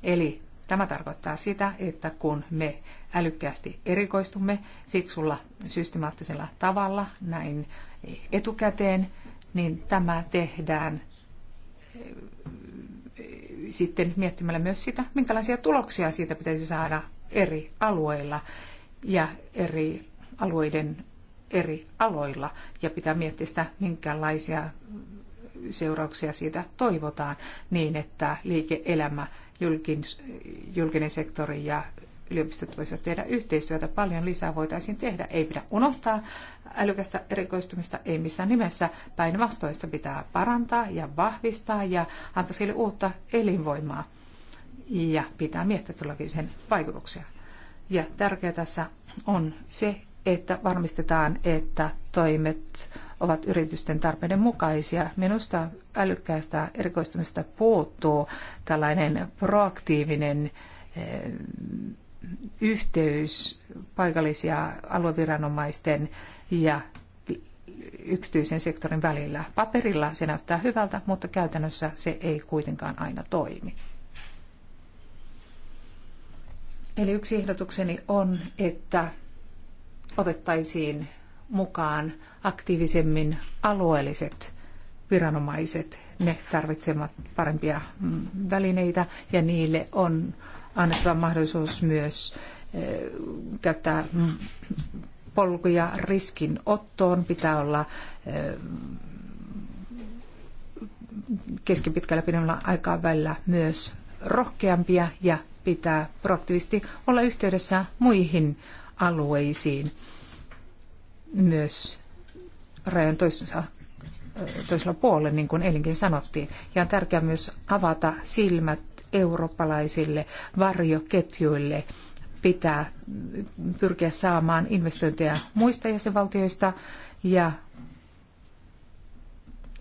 B: Eli tämä tarkoittaa sitä, että kun me älykkäästi erikoistumme fiksulla systemaattisella tavalla näin etukäteen, niin tämä tehdään – sitten miettimällä myös sitä, minkälaisia tuloksia siitä pitäisi saada eri alueilla ja eri alueiden eri aloilla ja pitää miettiä sitä, minkälaisia seurauksia siitä toivotaan niin, että liike-elämä, julkinen sektori ja yliopistot voisivat tehdä yhteistyötä. Paljon lisää voitaisiin tehdä. Ei pidä unohtaa älykästä erikoistumista, ei missään nimessä. Päinvastoin sitä pitää parantaa ja vahvistaa ja antaa sille uutta elinvoimaa. Ja pitää miettiä tullakin sen vaikutuksia. Ja tärkeää tässä on se, että varmistetaan, että toimet ovat yritysten tarpeiden mukaisia. Minusta älykkäästä erikoistumista puuttuu tällainen proaktiivinen eh, yhteys paikallisia alueviranomaisten ja yksityisen sektorin välillä. Paperilla se näyttää hyvältä, mutta käytännössä se ei kuitenkaan aina toimi. Eli yksi ehdotukseni on, että otettaisiin mukaan aktiivisemmin alueelliset viranomaiset. Ne tarvitsevat parempia mm, välineitä ja niille on annettava mahdollisuus myös eh, käyttää mm, polkuja riskinottoon. Pitää olla eh, keskipitkällä pidemmällä aikaa välillä myös rohkeampia ja pitää proaktiivisesti olla yhteydessä muihin alueisiin myös rajan toisessa, eh, toisella puolella, niin kuin eilenkin sanottiin. Ja on tärkeää myös avata silmät eurooppalaisille varjoketjuille pitää pyrkiä saamaan investointeja muista jäsenvaltioista ja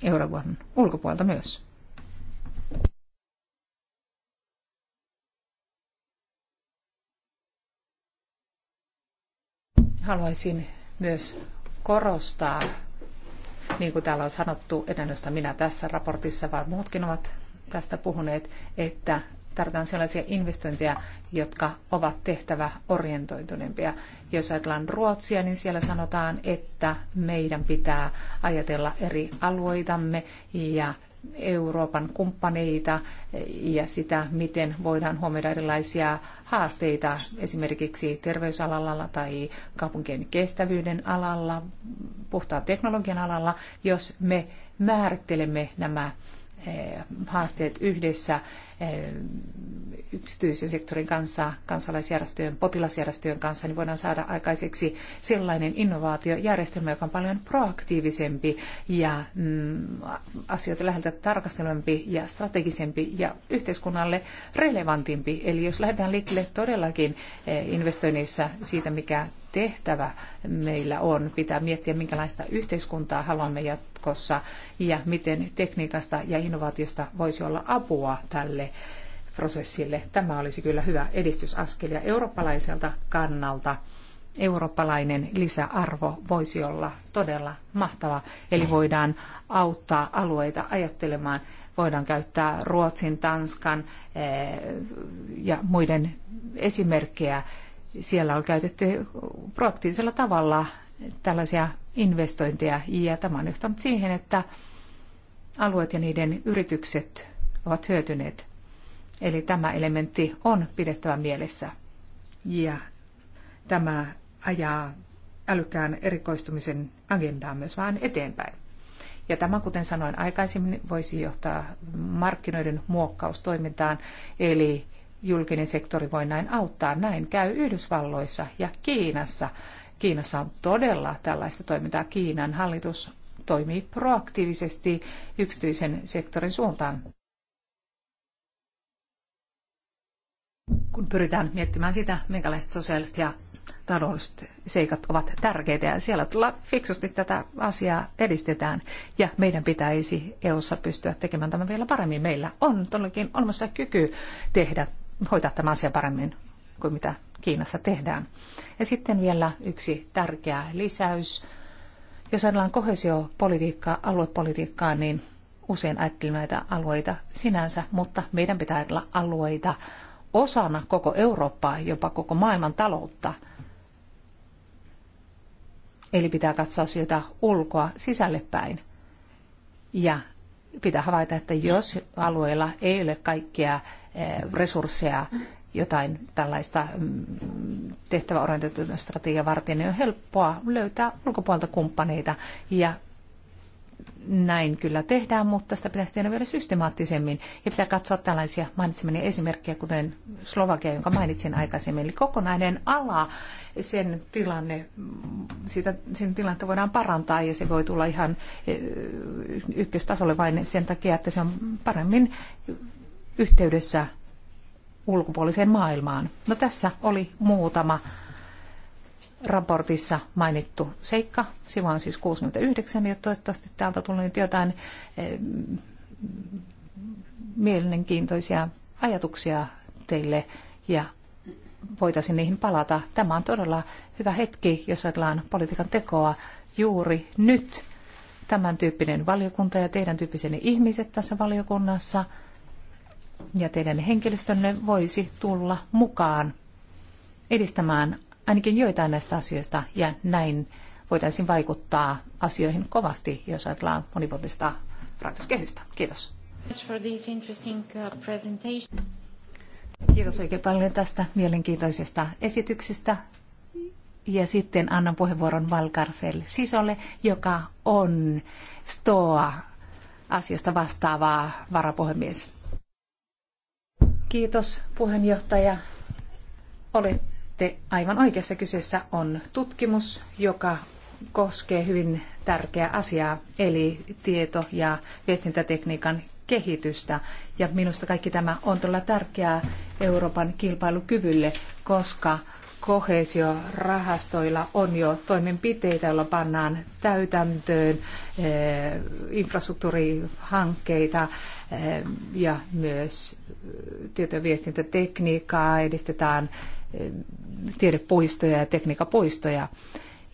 B: Euroopan ulkopuolelta myös. Haluaisin myös korostaa, niin kuin täällä on sanottu, en ainoastaan minä tässä raportissa, vaan muutkin ovat tästä puhuneet, että tarvitaan sellaisia investointeja, jotka ovat tehtävä orientoituneempia. Jos ajatellaan Ruotsia, niin siellä sanotaan, että meidän pitää ajatella eri alueitamme ja Euroopan kumppaneita ja sitä, miten voidaan huomioida erilaisia haasteita esimerkiksi terveysalalla tai kaupunkien kestävyyden alalla, puhtaan teknologian alalla, jos me määrittelemme nämä Eh, haasteet yhdessä eh, yksityisen sektorin kanssa, kansalaisjärjestöjen, potilasjärjestöjen kanssa, niin voidaan saada aikaiseksi sellainen innovaatiojärjestelmä, joka on paljon proaktiivisempi ja mm, asioita läheltä tarkastelempi ja strategisempi ja yhteiskunnalle relevantimpi. Eli jos lähdetään liikkeelle todellakin eh, investoinneissa siitä, mikä tehtävä meillä on. Pitää miettiä, minkälaista yhteiskuntaa haluamme jatkossa ja miten tekniikasta ja innovaatiosta voisi olla apua tälle prosessille. Tämä olisi kyllä hyvä edistysaskel ja eurooppalaiselta kannalta eurooppalainen lisäarvo voisi olla todella mahtava. Eli voidaan auttaa alueita ajattelemaan, voidaan käyttää Ruotsin, Tanskan eh, ja muiden esimerkkejä siellä on käytetty proaktiivisella tavalla tällaisia investointeja ja tämä on johtanut siihen, että alueet ja niiden yritykset ovat hyötyneet. Eli tämä elementti on pidettävä mielessä ja tämä ajaa älykään erikoistumisen agendaa myös vähän eteenpäin. Ja tämä, kuten sanoin aikaisemmin, voisi johtaa markkinoiden muokkaustoimintaan, eli julkinen sektori voi näin auttaa. Näin käy Yhdysvalloissa ja Kiinassa. Kiinassa on todella tällaista toimintaa. Kiinan hallitus toimii proaktiivisesti yksityisen sektorin suuntaan. Kun pyritään miettimään sitä, minkälaiset sosiaaliset ja taloudelliset seikat ovat tärkeitä ja siellä tulla fiksusti tätä asiaa edistetään ja meidän pitäisi EUssa pystyä tekemään tämä vielä paremmin. Meillä on todellakin olemassa kyky tehdä hoitaa tämä asia paremmin kuin mitä Kiinassa tehdään. Ja sitten vielä yksi tärkeä lisäys. Jos ajatellaan kohesiopolitiikkaa, aluepolitiikkaa, niin usein ajattelemme näitä alueita sinänsä, mutta meidän pitää ajatella alueita osana koko Eurooppaa, jopa koko maailman taloutta. Eli pitää katsoa sieltä ulkoa sisälle päin. Ja pitää havaita, että jos alueella ei ole kaikkea Eh, resursseja jotain tällaista mm, tehtäväorientoitunutta strategiaa varten, niin on helppoa löytää ulkopuolelta kumppaneita ja näin kyllä tehdään, mutta sitä pitäisi tehdä vielä systemaattisemmin. Ja pitää katsoa tällaisia mainitsemani esimerkkejä, kuten Slovakia, jonka mainitsin aikaisemmin. Eli kokonainen ala, sen, tilanne, sitä, sen tilannetta voidaan parantaa ja se voi tulla ihan eh, ykköstasolle vain sen takia, että se on paremmin yhteydessä ulkopuoliseen maailmaan. No tässä oli muutama raportissa mainittu seikka. Sivu on siis 69 ja toivottavasti täältä tuli nyt jotain eh, mielenkiintoisia ajatuksia teille ja voitaisiin niihin palata. Tämä on todella hyvä hetki, jos ajatellaan politiikan tekoa juuri nyt. Tämän tyyppinen valiokunta ja teidän tyyppisenne ihmiset tässä valiokunnassa – ja teidän henkilöstönne voisi tulla mukaan edistämään ainakin joitain näistä asioista ja näin voitaisiin vaikuttaa asioihin kovasti, jos ajatellaan monivuotista rahoituskehystä. Kiitos. Uh, Kiitos oikein paljon tästä mielenkiintoisesta esityksestä. Ja sitten annan puheenvuoron Valkarfel Sisolle, joka on STOA-asiasta vastaavaa varapuhemies. Kiitos puheenjohtaja. Olette aivan oikeassa. Kyseessä on tutkimus, joka koskee hyvin tärkeää asiaa, eli tieto- ja viestintätekniikan kehitystä. Ja minusta kaikki tämä on todella tärkeää Euroopan kilpailukyvylle, koska kohesiorahastoilla on jo toimenpiteitä, joilla pannaan täytäntöön eh, infrastruktuurihankkeita eh, ja myös eh, tieto- ja viestintätekniikkaa edistetään tiedepuistoja ja tekniikapuistoja.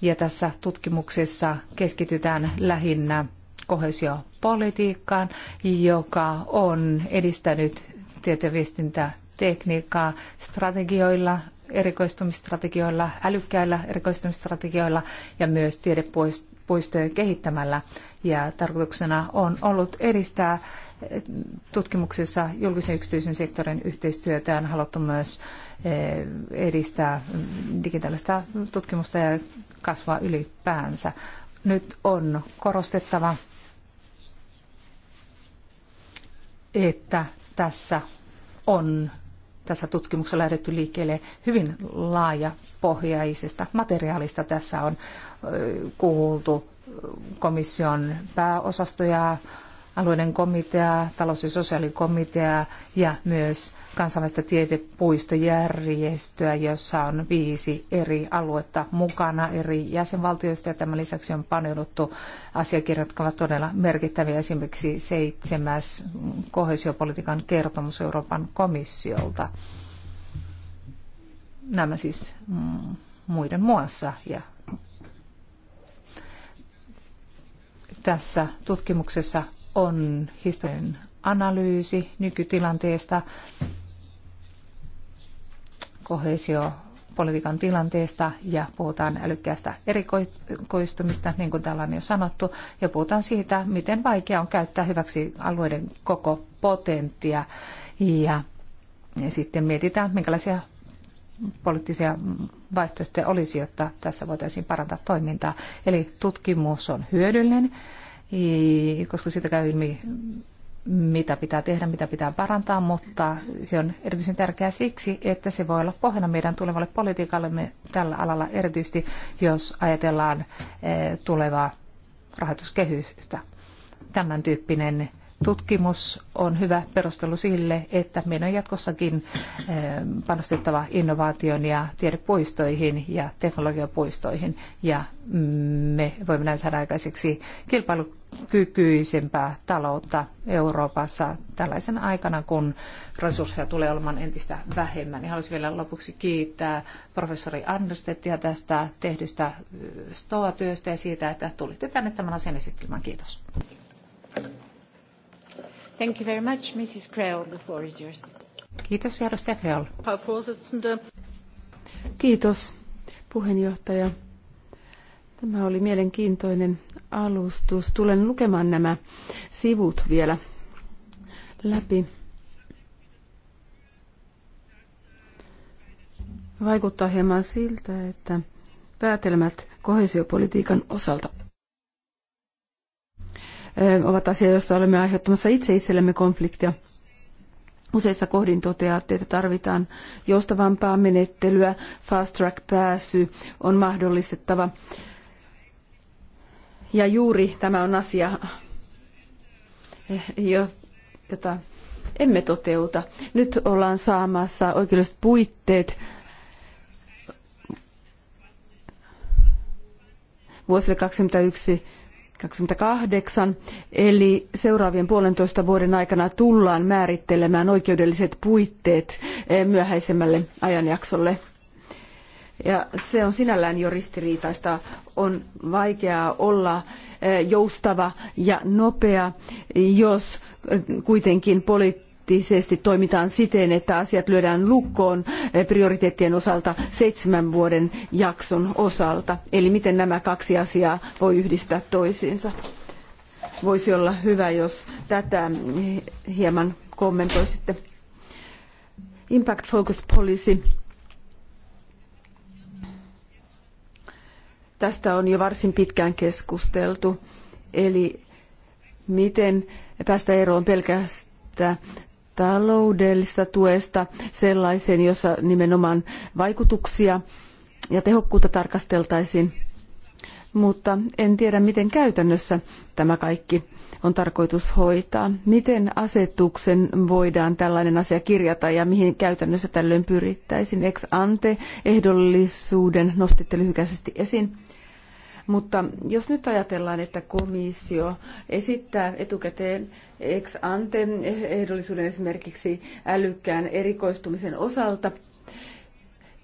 B: Ja tässä tutkimuksessa keskitytään lähinnä kohesiopolitiikkaan, joka on edistänyt tieto- ja viestintätekniikkaa strategioilla, erikoistumistrategioilla, älykkäillä erikoistumistrategioilla ja myös tiedepuistoja kehittämällä. Ja tarkoituksena on ollut edistää tutkimuksessa julkisen ja yksityisen sektorin yhteistyötä on haluttu myös eh, edistää digitaalista tutkimusta ja kasvaa ylipäänsä. Nyt on korostettava, että tässä on tässä tutkimuksessa lähdetty liikkeelle hyvin laajapohjaisesta materiaalista. Tässä on kuultu komission pääosastoja, alueiden komitea, talous- ja sosiaalikomitea ja myös kansainvälistä tiedepuistojärjestöä, jossa on viisi eri aluetta mukana eri jäsenvaltioista. Ja tämän lisäksi on paneuduttu asiakirjat, jotka ovat todella merkittäviä. Esimerkiksi seitsemäs kohesiopolitiikan kertomus Euroopan komissiolta. Nämä siis mm, muiden muassa ja tässä tutkimuksessa on historian analyysi nykytilanteesta, kohesiopolitiikan tilanteesta ja puhutaan älykkäästä erikoistumista, niin kuin täällä on jo sanottu, ja puhutaan siitä, miten vaikea on käyttää hyväksi alueiden koko potentia ja sitten mietitään, minkälaisia poliittisia vaihtoehtoja olisi, jotta tässä voitaisiin parantaa toimintaa. Eli tutkimus on hyödyllinen koska siitä käy ilmi, mitä pitää tehdä, mitä pitää parantaa, mutta se on erityisen tärkeää siksi, että se voi olla pohjana meidän tulevalle politiikallemme tällä alalla, erityisesti jos ajatellaan eh, tulevaa rahoituskehystä. Tämän tyyppinen tutkimus on hyvä perustelu sille, että meidän on jatkossakin eh, panostettava innovaatioon ja tiedepuistoihin ja teknologiapuistoihin ja mm, me voimme näin saada aikaiseksi kilpailukykyisempää taloutta Euroopassa tällaisena aikana, kun resursseja tulee olemaan entistä vähemmän. Niin haluaisin vielä lopuksi kiittää professori Anderstettia tästä tehdystä eh, STOA-työstä ja siitä, että tulitte tänne tämän asian esittelemään. Kiitos. Thank you very much, Mrs. The floor is yours. Kiitos, edustaja Krell.
C: Kiitos, puheenjohtaja. Tämä oli mielenkiintoinen alustus. Tulen lukemaan nämä sivut vielä läpi. Vaikuttaa hieman siltä, että päätelmät koheesiopolitiikan osalta ovat asia, jossa olemme aiheuttamassa itse itsellemme konfliktia. Useissa kohdin toteatte, että tarvitaan joustavampaa menettelyä, fast track pääsy on mahdollistettava. Ja juuri tämä on asia, eh, jota emme toteuta. Nyt ollaan saamassa oikeudelliset puitteet vuosille 2021 2008, eli seuraavien puolentoista vuoden aikana tullaan määrittelemään oikeudelliset puitteet eh, myöhäisemmälle ajanjaksolle. Ja se on sinällään jo ristiriitaista. On vaikeaa olla eh, joustava ja nopea, jos eh, kuitenkin poliittinen poliittisesti toimitaan siten, että asiat lyödään lukkoon eh, prioriteettien osalta seitsemän vuoden jakson osalta. Eli miten nämä kaksi asiaa voi yhdistää toisiinsa? Voisi olla hyvä, jos tätä eh, hieman kommentoisitte. Impact Focus Policy tästä on jo varsin pitkään keskusteltu. Eli miten päästä eroon pelkästään taloudellista tuesta sellaiseen, jossa nimenomaan vaikutuksia ja tehokkuutta tarkasteltaisiin. Mutta en tiedä, miten käytännössä tämä kaikki on tarkoitus hoitaa. Miten asetuksen voidaan tällainen asia kirjata ja mihin käytännössä tällöin pyrittäisiin? Ex ante ehdollisuuden nostitte lyhykäisesti esiin. Mutta jos nyt ajatellaan, että komissio esittää etukäteen ex ante ehdollisuuden esimerkiksi älykkään erikoistumisen osalta,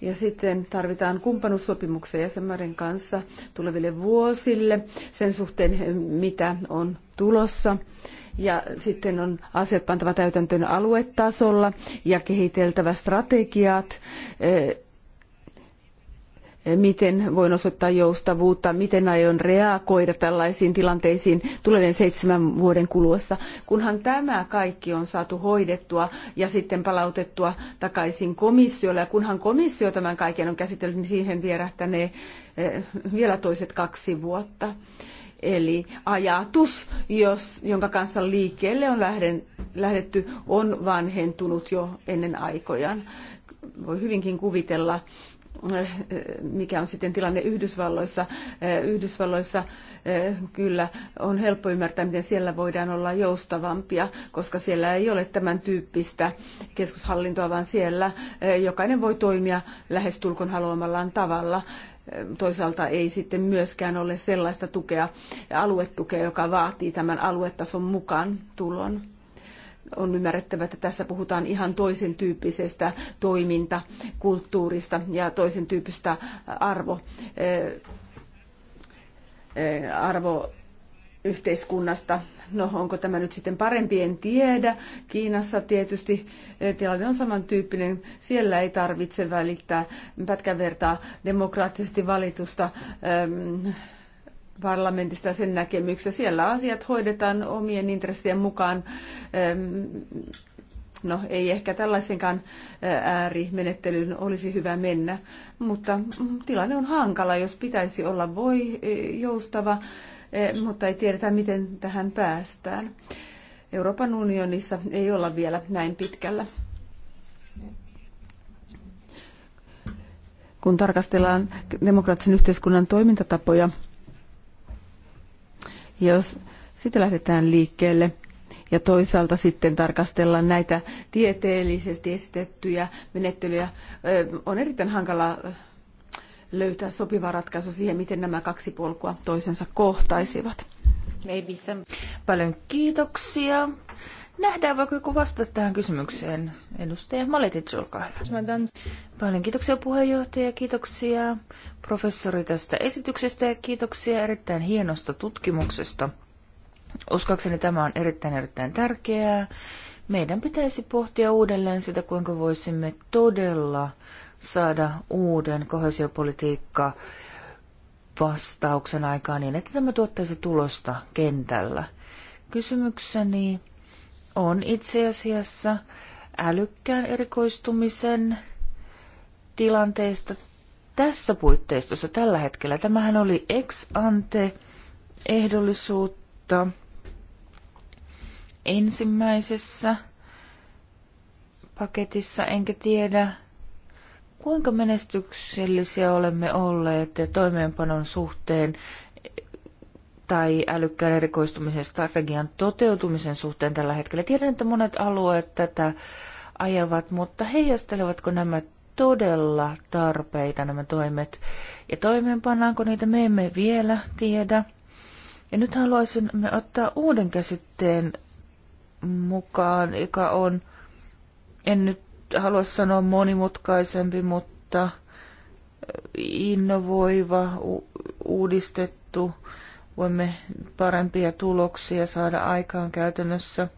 C: ja sitten tarvitaan kumppanuussopimuksia jäsenmaiden kanssa tuleville vuosille sen suhteen, mitä on tulossa. Ja sitten on asiat pantava täytäntöön aluetasolla ja kehiteltävä strategiat eh, miten voin osoittaa joustavuutta, miten aion reagoida tällaisiin tilanteisiin tulevien seitsemän vuoden kuluessa. Kunhan tämä kaikki on saatu hoidettua ja sitten palautettua takaisin komissiolle, ja kunhan komissio tämän kaiken on käsitellyt, niin siihen vierähtänee eh, vielä toiset kaksi vuotta. Eli ajatus, jos, jonka kanssa liikkeelle on lähden, lähdetty, on vanhentunut jo ennen aikojaan. Voi hyvinkin kuvitella, mikä on sitten tilanne Yhdysvalloissa. Yhdysvalloissa eh, kyllä on helppo ymmärtää, miten siellä voidaan olla joustavampia, koska siellä ei ole tämän tyyppistä keskushallintoa, vaan siellä eh, jokainen voi toimia lähestulkon haluamallaan tavalla eh, toisaalta ei sitten myöskään ole sellaista tukea, aluetukea, joka vaatii tämän aluetason mukaan tulon on ymmärrettävä, että tässä puhutaan ihan toisen tyyppisestä toimintakulttuurista ja toisen tyyppistä arvo, eh, arvo yhteiskunnasta. No onko tämä nyt sitten parempi, en tiedä. Kiinassa tietysti eh, tilanne on samantyyppinen. Siellä ei tarvitse välittää pätkän vertaa demokraattisesti valitusta eh, parlamentista sen näkemyksessä. Siellä asiat hoidetaan omien intressien mukaan. No ei ehkä tällaisenkaan eh, äärimenettelyyn olisi hyvä mennä, mutta mm, tilanne on hankala, jos pitäisi olla voi eh, joustava, eh, mutta ei tiedetä, miten tähän päästään. Euroopan unionissa ei olla vielä näin pitkällä. Kun tarkastellaan demokraattisen yhteiskunnan toimintatapoja, jos sitä lähdetään liikkeelle ja toisaalta sitten tarkastellaan näitä tieteellisesti esitettyjä menettelyjä, on erittäin hankala löytää sopiva ratkaisu siihen, miten nämä kaksi polkua toisensa kohtaisivat. Maybe some... Paljon kiitoksia. Nähdään, voiko joku vastata tähän kysymykseen. Edustaja
A: Maletic, olkaa hyvä. Paljon kiitoksia puheenjohtaja, kiitoksia professori tästä esityksestä ja kiitoksia erittäin hienosta tutkimuksesta. Uskakseni tämä on erittäin erittäin tärkeää. Meidän pitäisi pohtia uudelleen sitä, kuinka voisimme todella saada uuden kohesiopolitiikka vastauksen aikaan niin, että tämä tuottaisi tulosta kentällä. Kysymykseni on itse asiassa älykkään erikoistumisen tilanteesta tässä puitteistossa tällä hetkellä. Tämähän oli ex ante ehdollisuutta ensimmäisessä paketissa, enkä tiedä kuinka menestyksellisiä olemme olleet toimeenpanon suhteen tai älykkään erikoistumisen strategian toteutumisen suhteen tällä hetkellä. Tiedän, että monet alueet tätä ajavat, mutta heijastelevatko nämä todella tarpeita nämä toimet ja toimeenpannaanko niitä, me emme vielä tiedä. Ja nyt haluaisin me ottaa uuden käsitteen mukaan, joka on, en nyt halua sanoa monimutkaisempi, mutta innovoiva, uudistettu, voimme parempia tuloksia saada aikaan käytännössä.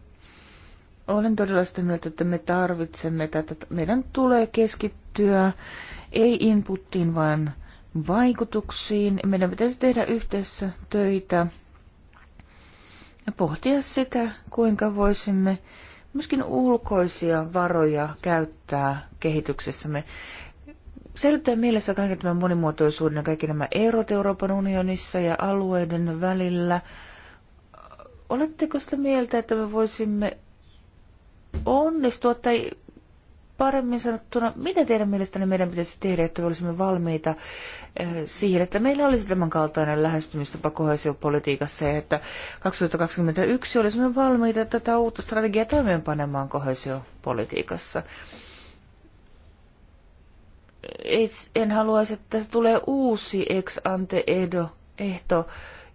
A: Olen todella sitä mieltä, että me tarvitsemme tätä. Meidän tulee keskittyä ei inputtiin, vaan vaikutuksiin. Meidän pitäisi tehdä yhdessä töitä ja pohtia sitä, kuinka voisimme myöskin ulkoisia varoja käyttää kehityksessämme säilyttää mielessä kaiken tämän monimuotoisuuden ja kaikki nämä erot Euroopan unionissa ja alueiden välillä. Oletteko sitä mieltä, että me voisimme onnistua tai paremmin sanottuna, mitä teidän mielestänne meidän pitäisi tehdä, että me olisimme valmiita eh, siihen, että meillä olisi tämän kaltainen lähestymistapa kohesiopolitiikassa ja että 2021 olisimme valmiita tätä uutta strategiaa toimeenpanemaan kohesiopolitiikassa en haluaisi, että tässä tulee uusi ex ante edo ehto,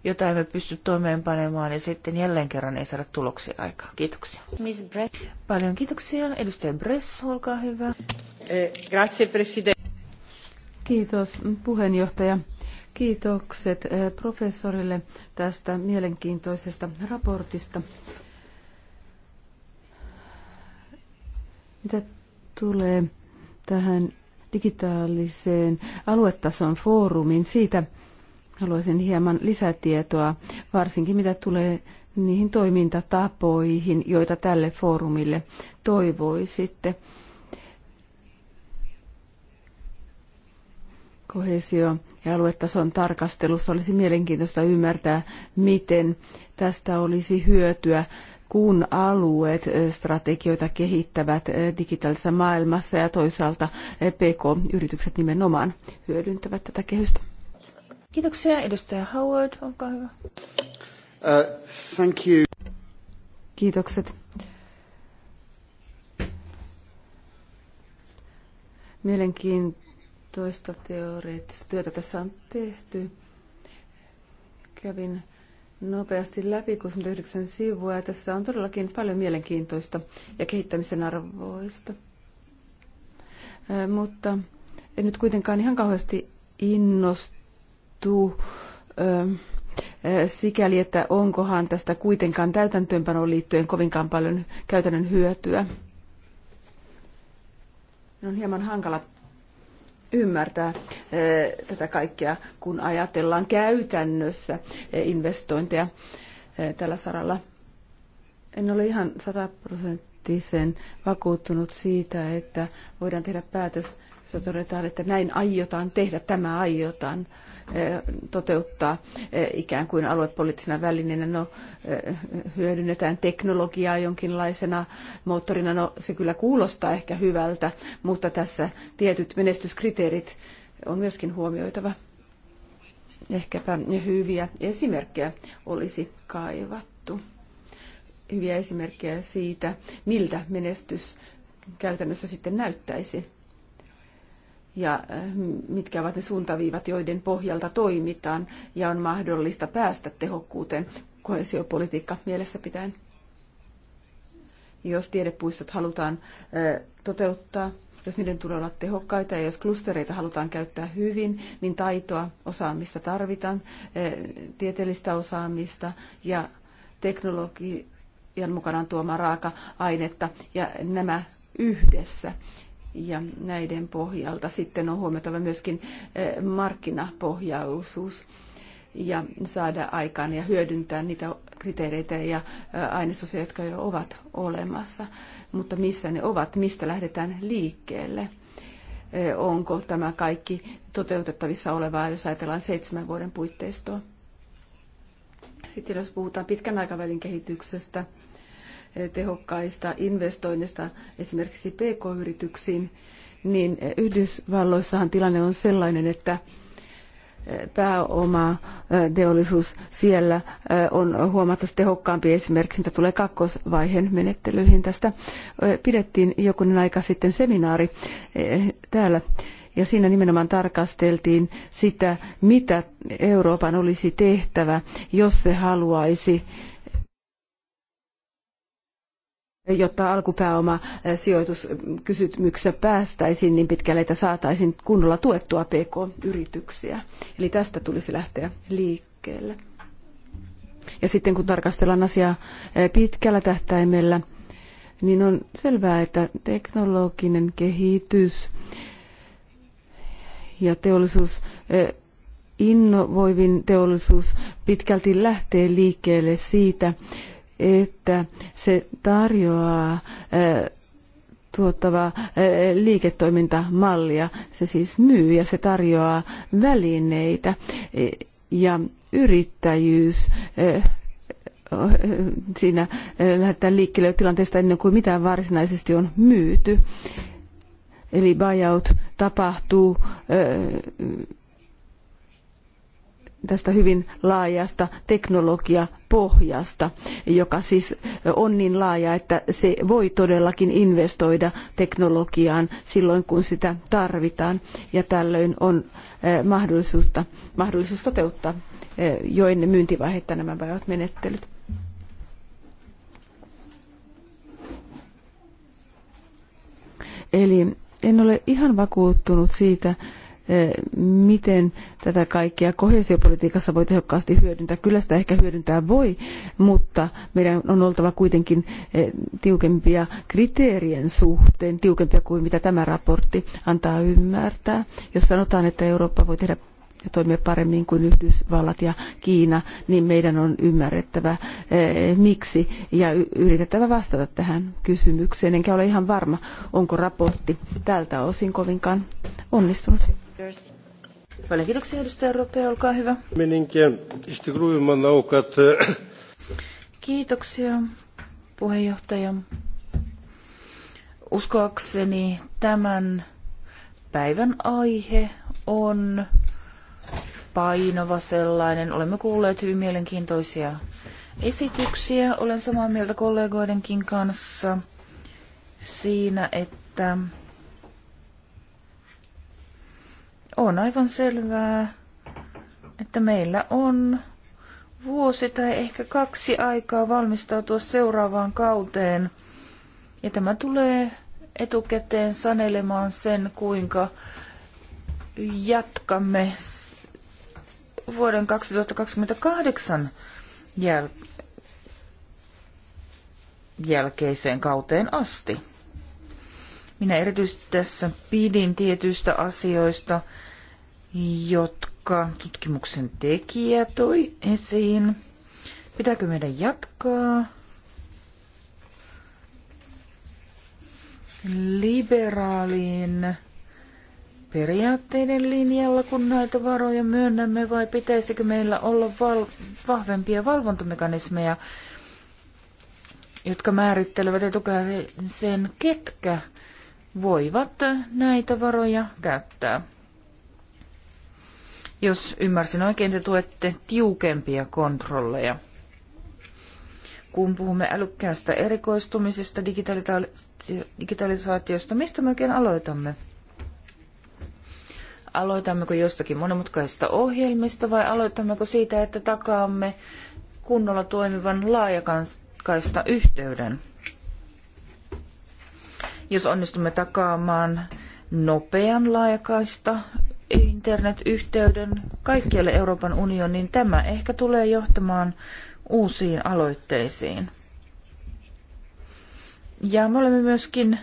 A: jota emme pysty toimeenpanemaan ja sitten jälleen kerran ei saada tuloksia aikaan. Kiitoksia. Miss Brett. Paljon kiitoksia. Edustaja Bress, olkaa
B: hyvä. Eh, grazie, presidente.
C: Kiitos puheenjohtaja. Kiitokset eh, professorille tästä mielenkiintoisesta raportista. Mitä tulee tähän digitaaliseen aluetason foorumiin. Siitä haluaisin hieman lisätietoa, varsinkin mitä tulee niihin toimintatapoihin, joita tälle foorumille toivoisitte. kohesio- ja aluetason tarkastelussa olisi mielenkiintoista ymmärtää, miten tästä olisi hyötyä kun alueet eh, strategioita kehittävät eh, digitaalisessa maailmassa ja toisaalta eh, PK-yritykset nimenomaan hyödyntävät tätä kehystä.
A: Kiitoksia. Edustaja Howard, olkaa hyvä.
C: Uh, thank you. Kiitokset. Mielenkiintoista teoreettista työtä tässä on tehty. Kävin nopeasti läpi 69 sivua ja tässä on todellakin paljon mielenkiintoista ja kehittämisen arvoista. Mutta en nyt kuitenkaan ihan kauheasti innostu sikäli, että onkohan tästä kuitenkaan täytäntöönpanoon liittyen kovinkaan paljon käytännön hyötyä. On hieman hankala ymmärtää eh, tätä kaikkea, kun ajatellaan käytännössä eh, investointeja eh, tällä saralla. En ole ihan 100 prosenttia kriittisen vakuuttunut siitä, että voidaan tehdä päätös, jossa todetaan, että näin aiotaan tehdä, tämä aiotaan eh, toteuttaa eh, ikään kuin aluepoliittisena välineenä. No, eh, hyödynnetään teknologiaa jonkinlaisena moottorina. No, se kyllä kuulostaa ehkä hyvältä, mutta tässä tietyt menestyskriteerit on myöskin huomioitava. Ehkäpä hyviä esimerkkejä olisi kaivattu hyviä esimerkkejä siitä, miltä menestys käytännössä sitten näyttäisi ja äh, mitkä ovat ne suuntaviivat, joiden pohjalta toimitaan ja on mahdollista päästä tehokkuuteen koesiopolitiikka mielessä pitäen. Jos tiedepuistot halutaan äh, toteuttaa, jos niiden tulee olla tehokkaita ja jos klustereita halutaan käyttää hyvin, niin taitoa, osaamista tarvitaan, äh, tieteellistä osaamista ja teknologi- Ian mukanaan tuomaa raaka-ainetta ja nämä yhdessä. Ja näiden pohjalta sitten on huomioitava myöskin eh, markkinapohjaisuus ja saada aikaan ja hyödyntää niitä kriteereitä ja eh, ainesosia, jotka jo ovat olemassa. Mutta missä ne ovat, mistä lähdetään liikkeelle? Eh, onko tämä kaikki toteutettavissa olevaa, jos ajatellaan seitsemän vuoden puitteistoa? Sitten jos puhutaan pitkän aikavälin kehityksestä, eh, tehokkaista investoinnista esimerkiksi PK-yrityksiin, niin eh, Yhdysvalloissahan tilanne on sellainen, että eh, pääoma teollisuus siellä on huomattavasti tehokkaampi esimerkiksi, mitä tulee kakkosvaiheen menettelyihin. Tästä pidettiin jokunen aika sitten seminaari täällä ja siinä nimenomaan tarkasteltiin sitä, mitä Euroopan olisi tehtävä, jos se haluaisi jotta alkupääoma sijoituskysymyksessä päästäisiin niin pitkälle, että saataisiin kunnolla tuettua PK-yrityksiä. Eli tästä tulisi lähteä liikkeelle. Ja sitten kun tarkastellaan asiaa pitkällä tähtäimellä, niin on selvää, että teknologinen kehitys ja teollisuus eh, innovoivin teollisuus pitkälti lähtee liikkeelle siitä, että se tarjoaa eh, tuottavaa eh, liiketoimintamallia. Se siis myy ja se tarjoaa välineitä ja yrittäjyys siinä lähdetään liikkeelle tilanteesta ennen kuin mitään varsinaisesti on myyty eli buyout tapahtuu tästä hyvin laajasta teknologiapohjasta, joka siis on niin laaja, että se voi todellakin investoida teknologiaan silloin, kun sitä tarvitaan. Ja tällöin on mahdollisuutta, mahdollisuus toteuttaa jo ennen myyntivaihetta nämä vajaat menettelyt. Eli en ole ihan vakuuttunut siitä, eh, miten tätä kaikkea kohesiopolitiikassa voi tehokkaasti hyödyntää. Kyllä sitä ehkä hyödyntää voi, mutta meidän on oltava kuitenkin eh, tiukempia kriteerien suhteen, tiukempia kuin mitä tämä raportti antaa ymmärtää. Jos sanotaan, että Eurooppa voi tehdä ja toimia paremmin kuin Yhdysvallat ja Kiina, niin meidän on ymmärrettävä eh, miksi ja yritettävä vastata tähän kysymykseen. Enkä ole ihan varma, onko raportti tältä osin kovinkaan onnistunut.
A: Paljon kiitoksia edustaja Rope, olkaa hyvä. Eh. Kiitoksia puheenjohtaja. Uskoakseni tämän päivän aihe on painava sellainen. Olemme kuulleet hyvin mielenkiintoisia esityksiä. Olen samaa mieltä kollegoidenkin kanssa siinä, että on aivan selvää, että meillä on vuosi tai ehkä kaksi aikaa valmistautua seuraavaan kauteen. Ja tämä tulee etukäteen sanelemaan sen, kuinka jatkamme vuoden 2028 jäl- jälkeiseen kauteen asti. Minä erityisesti tässä pidin tietyistä asioista, jotka tutkimuksen tekijä toi esiin. Pitääkö meidän jatkaa? Liberaalin periaatteiden linjalla, kun näitä varoja myönnämme, vai pitäisikö meillä olla val- vahvempia valvontamekanismeja, jotka määrittelevät etukäteen sen, ketkä voivat näitä varoja käyttää. Jos ymmärsin oikein, te tuette tiukempia kontrolleja. Kun puhumme älykkäästä erikoistumisesta, digitalisaatiosta, mistä me oikein aloitamme? Aloitammeko jostakin monimutkaisesta ohjelmista vai aloitammeko siitä, että takaamme kunnolla toimivan laajakaista yhteyden? Jos onnistumme takaamaan nopean laajakaista internetyhteyden kaikkialle Euroopan unioniin, tämä ehkä tulee johtamaan uusiin aloitteisiin. Ja me olemme myöskin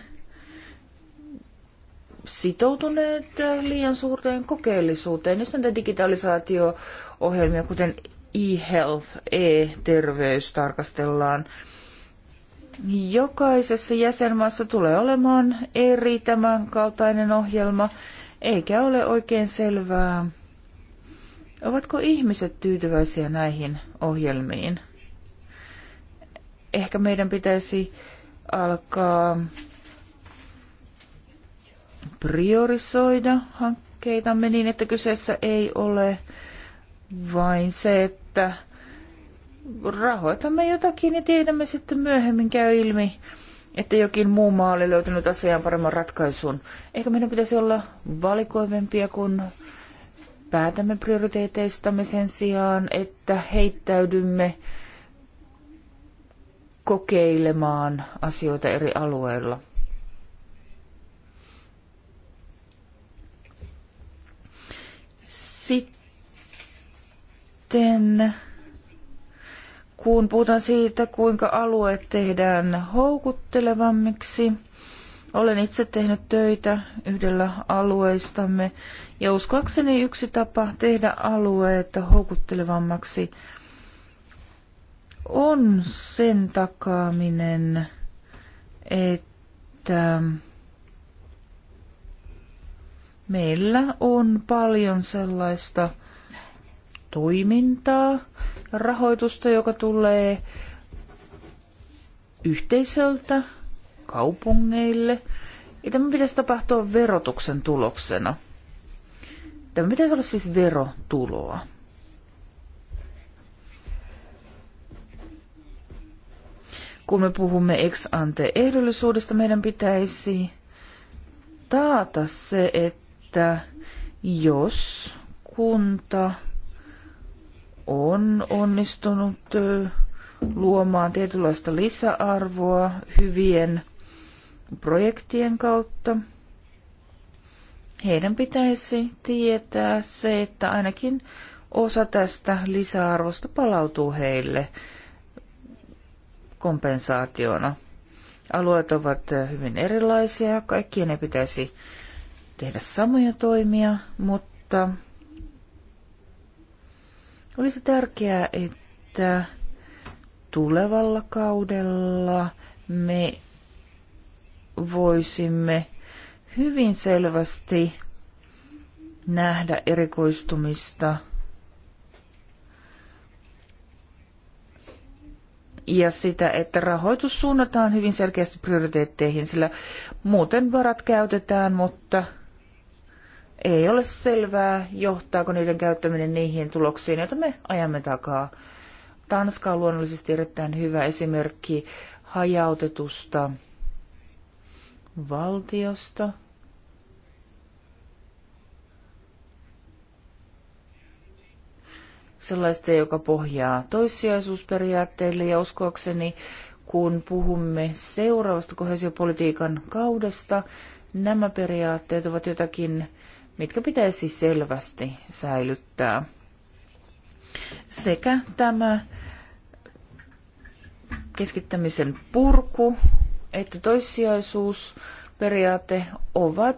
A: sitoutuneet liian suurteen kokeellisuuteen. Jos näitä digitalisaatio-ohjelmia, kuten e-health, e-terveys tarkastellaan, jokaisessa jäsenmaassa tulee olemaan eri tämän kaltainen ohjelma, eikä ole oikein selvää, ovatko ihmiset tyytyväisiä näihin ohjelmiin. Ehkä meidän pitäisi alkaa priorisoida hankkeitamme niin, että kyseessä ei ole vain se, että rahoitamme jotakin ja tiedämme sitten myöhemmin käy ilmi, että jokin muu maa oli löytänyt asiaan paremman ratkaisun. Ehkä meidän pitäisi olla valikoivempia, kun päätämme prioriteeteistamme sen sijaan, että heittäydymme kokeilemaan asioita eri alueilla. Sitten kun puhutaan siitä, kuinka alueet tehdään houkuttelevammiksi, olen itse tehnyt töitä yhdellä alueistamme ja uskoakseni yksi tapa tehdä alueita houkuttelevammaksi on sen takaaminen, että meillä on paljon sellaista toimintaa, rahoitusta, joka tulee yhteisöltä, kaupungeille. Ja tämä pitäisi tapahtua verotuksen tuloksena. Tämä pitäisi olla siis verotuloa. Kun me puhumme ex ante ehdollisuudesta, meidän pitäisi taata se, että että jos kunta on onnistunut luomaan tietynlaista lisäarvoa hyvien projektien kautta, heidän pitäisi tietää se, että ainakin osa tästä lisäarvosta palautuu heille kompensaationa. Alueet ovat hyvin erilaisia, kaikkien ei pitäisi tehdä samoja toimia, mutta olisi tärkeää, että tulevalla kaudella me voisimme hyvin selvästi nähdä erikoistumista ja sitä, että rahoitus suunnataan hyvin selkeästi prioriteetteihin, sillä muuten varat käytetään, mutta ei ole selvää, johtaako niiden käyttäminen niihin tuloksiin, joita me ajamme takaa. Tanska on luonnollisesti erittäin hyvä esimerkki hajautetusta valtiosta. Sellaista, joka pohjaa toissijaisuusperiaatteille ja uskoakseni, kun puhumme seuraavasta kohesiopolitiikan kaudesta, nämä periaatteet ovat jotakin mitkä pitäisi selvästi säilyttää. Sekä tämä keskittämisen purku että toissijaisuus periaate ovat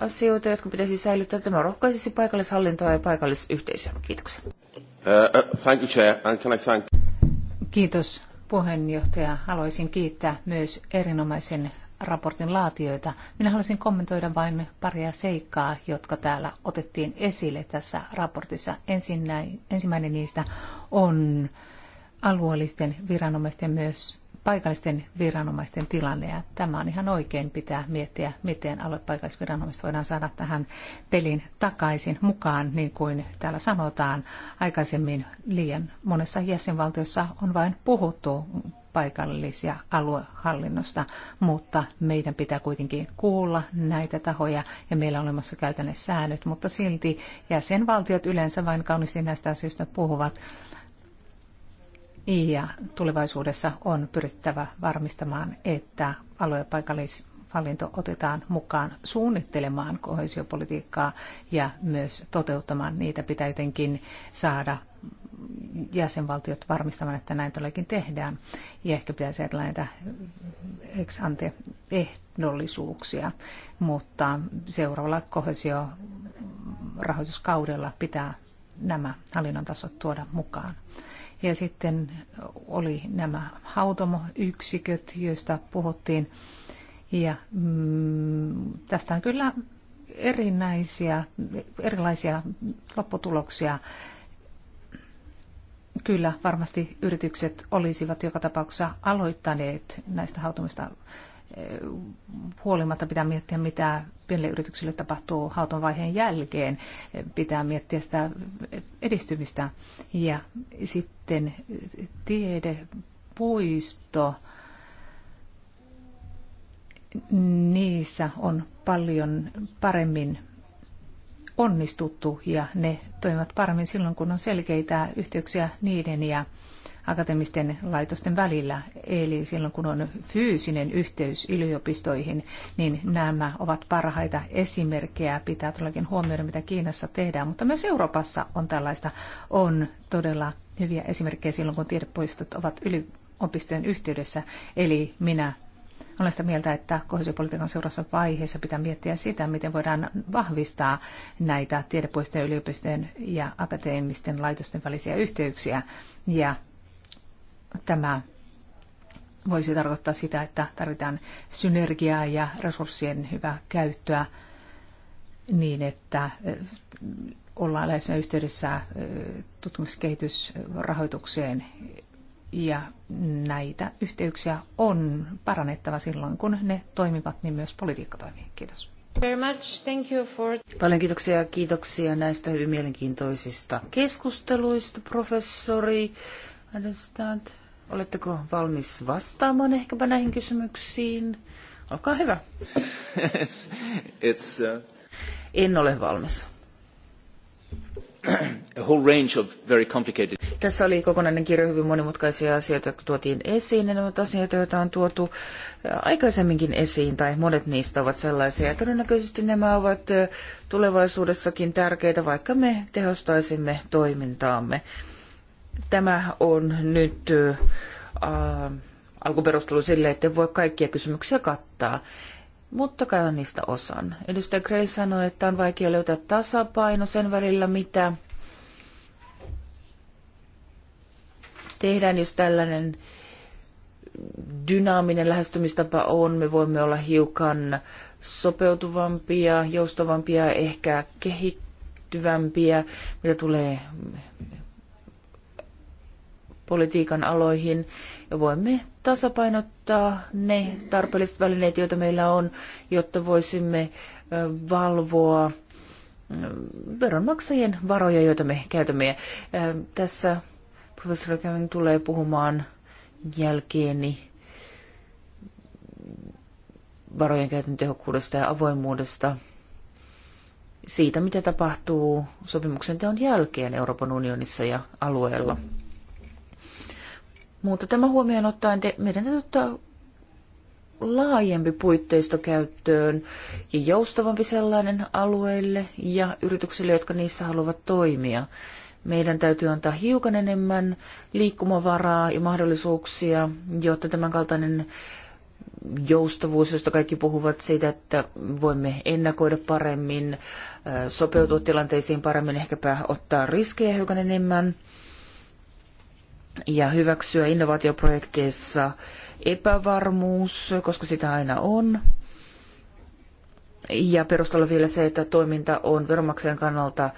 A: asioita, jotka pitäisi säilyttää. Tämä rohkaisisi paikallishallintoa ja paikallisyhteisöä. Kiitoksia. Uh, uh, thank you, Chair. And can I thank...
B: Kiitos puheenjohtaja. Haluaisin kiittää myös erinomaisen raportin laatijoita. Minä haluaisin kommentoida vain paria seikkaa, jotka täällä otettiin esille tässä raportissa. Ensimmäinen niistä on alueellisten viranomaisten myös paikallisten viranomaisten tilanne. Ja tämä on ihan oikein pitää miettiä, miten aluepaikallisviranomaiset voidaan saada tähän pelin takaisin mukaan, niin kuin täällä sanotaan. Aikaisemmin liian monessa jäsenvaltiossa on vain puhuttu paikallisia aluehallinnosta, mutta meidän pitää kuitenkin kuulla näitä tahoja ja meillä on olemassa käytännön säännöt, mutta silti jäsenvaltiot yleensä vain kauniisti näistä asioista puhuvat. Ja tulevaisuudessa on pyrittävä varmistamaan, että alue- ja otetaan mukaan suunnittelemaan kohesiopolitiikkaa ja myös toteuttamaan. Niitä pitää jotenkin saada jäsenvaltiot varmistamaan, että näin todellakin tehdään. Ja ehkä pitäisi ajatella näitä ex ante ehdollisuuksia, mutta seuraavalla kohesio rahoituskaudella pitää nämä hallinnon tasot tuoda mukaan. Ja sitten oli nämä hautomoyksiköt, joista puhuttiin. Ja mm, tästä on kyllä erinäisiä, erilaisia lopputuloksia kyllä varmasti yritykset olisivat joka tapauksessa aloittaneet näistä hautumista eh, huolimatta pitää miettiä, mitä pienille yrityksille tapahtuu hauton vaiheen jälkeen. Pitää miettiä sitä edistymistä. Ja sitten tiedepuisto. Niissä on paljon paremmin onnistuttu ja ne toimivat paremmin silloin, kun on selkeitä yhteyksiä niiden ja akateemisten laitosten välillä. Eli silloin, kun on fyysinen yhteys yliopistoihin, niin nämä ovat parhaita esimerkkejä. Pitää todellakin huomioida, mitä Kiinassa tehdään, mutta myös Euroopassa on tällaista. On todella hyviä esimerkkejä silloin, kun tiedepoistot ovat yliopistojen yhteydessä. Eli minä olen sitä mieltä, että kohdallisuuspolitiikan seuraavassa vaiheessa pitää miettiä sitä, miten voidaan vahvistaa näitä tiedepuistojen, yliopistojen ja akateemisten laitosten välisiä yhteyksiä. Ja tämä voisi tarkoittaa sitä, että tarvitaan synergiaa ja resurssien hyvää käyttöä niin, että ollaan lähes yhteydessä tutkimuskehitysrahoitukseen ja näitä yhteyksiä on parannettava silloin, kun ne toimivat, niin myös politiikka toimii. Kiitos. Paljon kiitoksia kiitoksia näistä hyvin mielenkiintoisista
A: keskusteluista, professori Adenstad. Oletteko valmis vastaamaan ehkäpä näihin kysymyksiin? Olkaa hyvä. It's, [laughs] it's, uh... En ole valmis.
B: [clears throat]
A: Tässä oli kokonainen kirjo hyvin monimutkaisia asioita, jotka tuotiin esiin. Ne ovat asioita, joita on tuotu aikaisemminkin esiin, tai monet niistä ovat sellaisia. Ja todennäköisesti nämä ovat tulevaisuudessakin tärkeitä, vaikka me tehostaisimme toimintaamme. Tämä on nyt äh, alkuperustelu sille, että voi kaikkia kysymyksiä kattaa mutta käydään niistä osan. Edustaja Gray sanoi, että on vaikea löytää tasapaino sen välillä, mitä tehdään, jos tällainen dynaaminen lähestymistapa on. Me voimme olla hiukan sopeutuvampia, joustavampia, ehkä kehittyvämpiä, mitä tulee politiikan aloihin voimme tasapainottaa ne tarpeelliset välineet, joita meillä on, jotta voisimme valvoa veronmaksajien varoja, joita me käytämme. Tässä professori Kevin tulee puhumaan jälkeeni varojen käytön tehokkuudesta ja avoimuudesta siitä, mitä tapahtuu sopimuksen teon jälkeen Euroopan unionissa ja alueella. Mutta tämä huomioon ottaen te, meidän täytyy ottaa laajempi puitteisto käyttöön ja joustavampi sellainen alueille ja yrityksille, jotka niissä haluavat toimia. Meidän täytyy antaa hiukan enemmän liikkumavaraa ja mahdollisuuksia, jotta tämän kaltainen joustavuus, josta kaikki puhuvat siitä, että voimme ennakoida paremmin, sopeutua tilanteisiin paremmin, ehkäpä ottaa riskejä hiukan enemmän ja hyväksyä innovaatioprojekteissa epävarmuus, koska sitä aina on. Ja perustella vielä se, että toiminta on veronmaksajan kannalta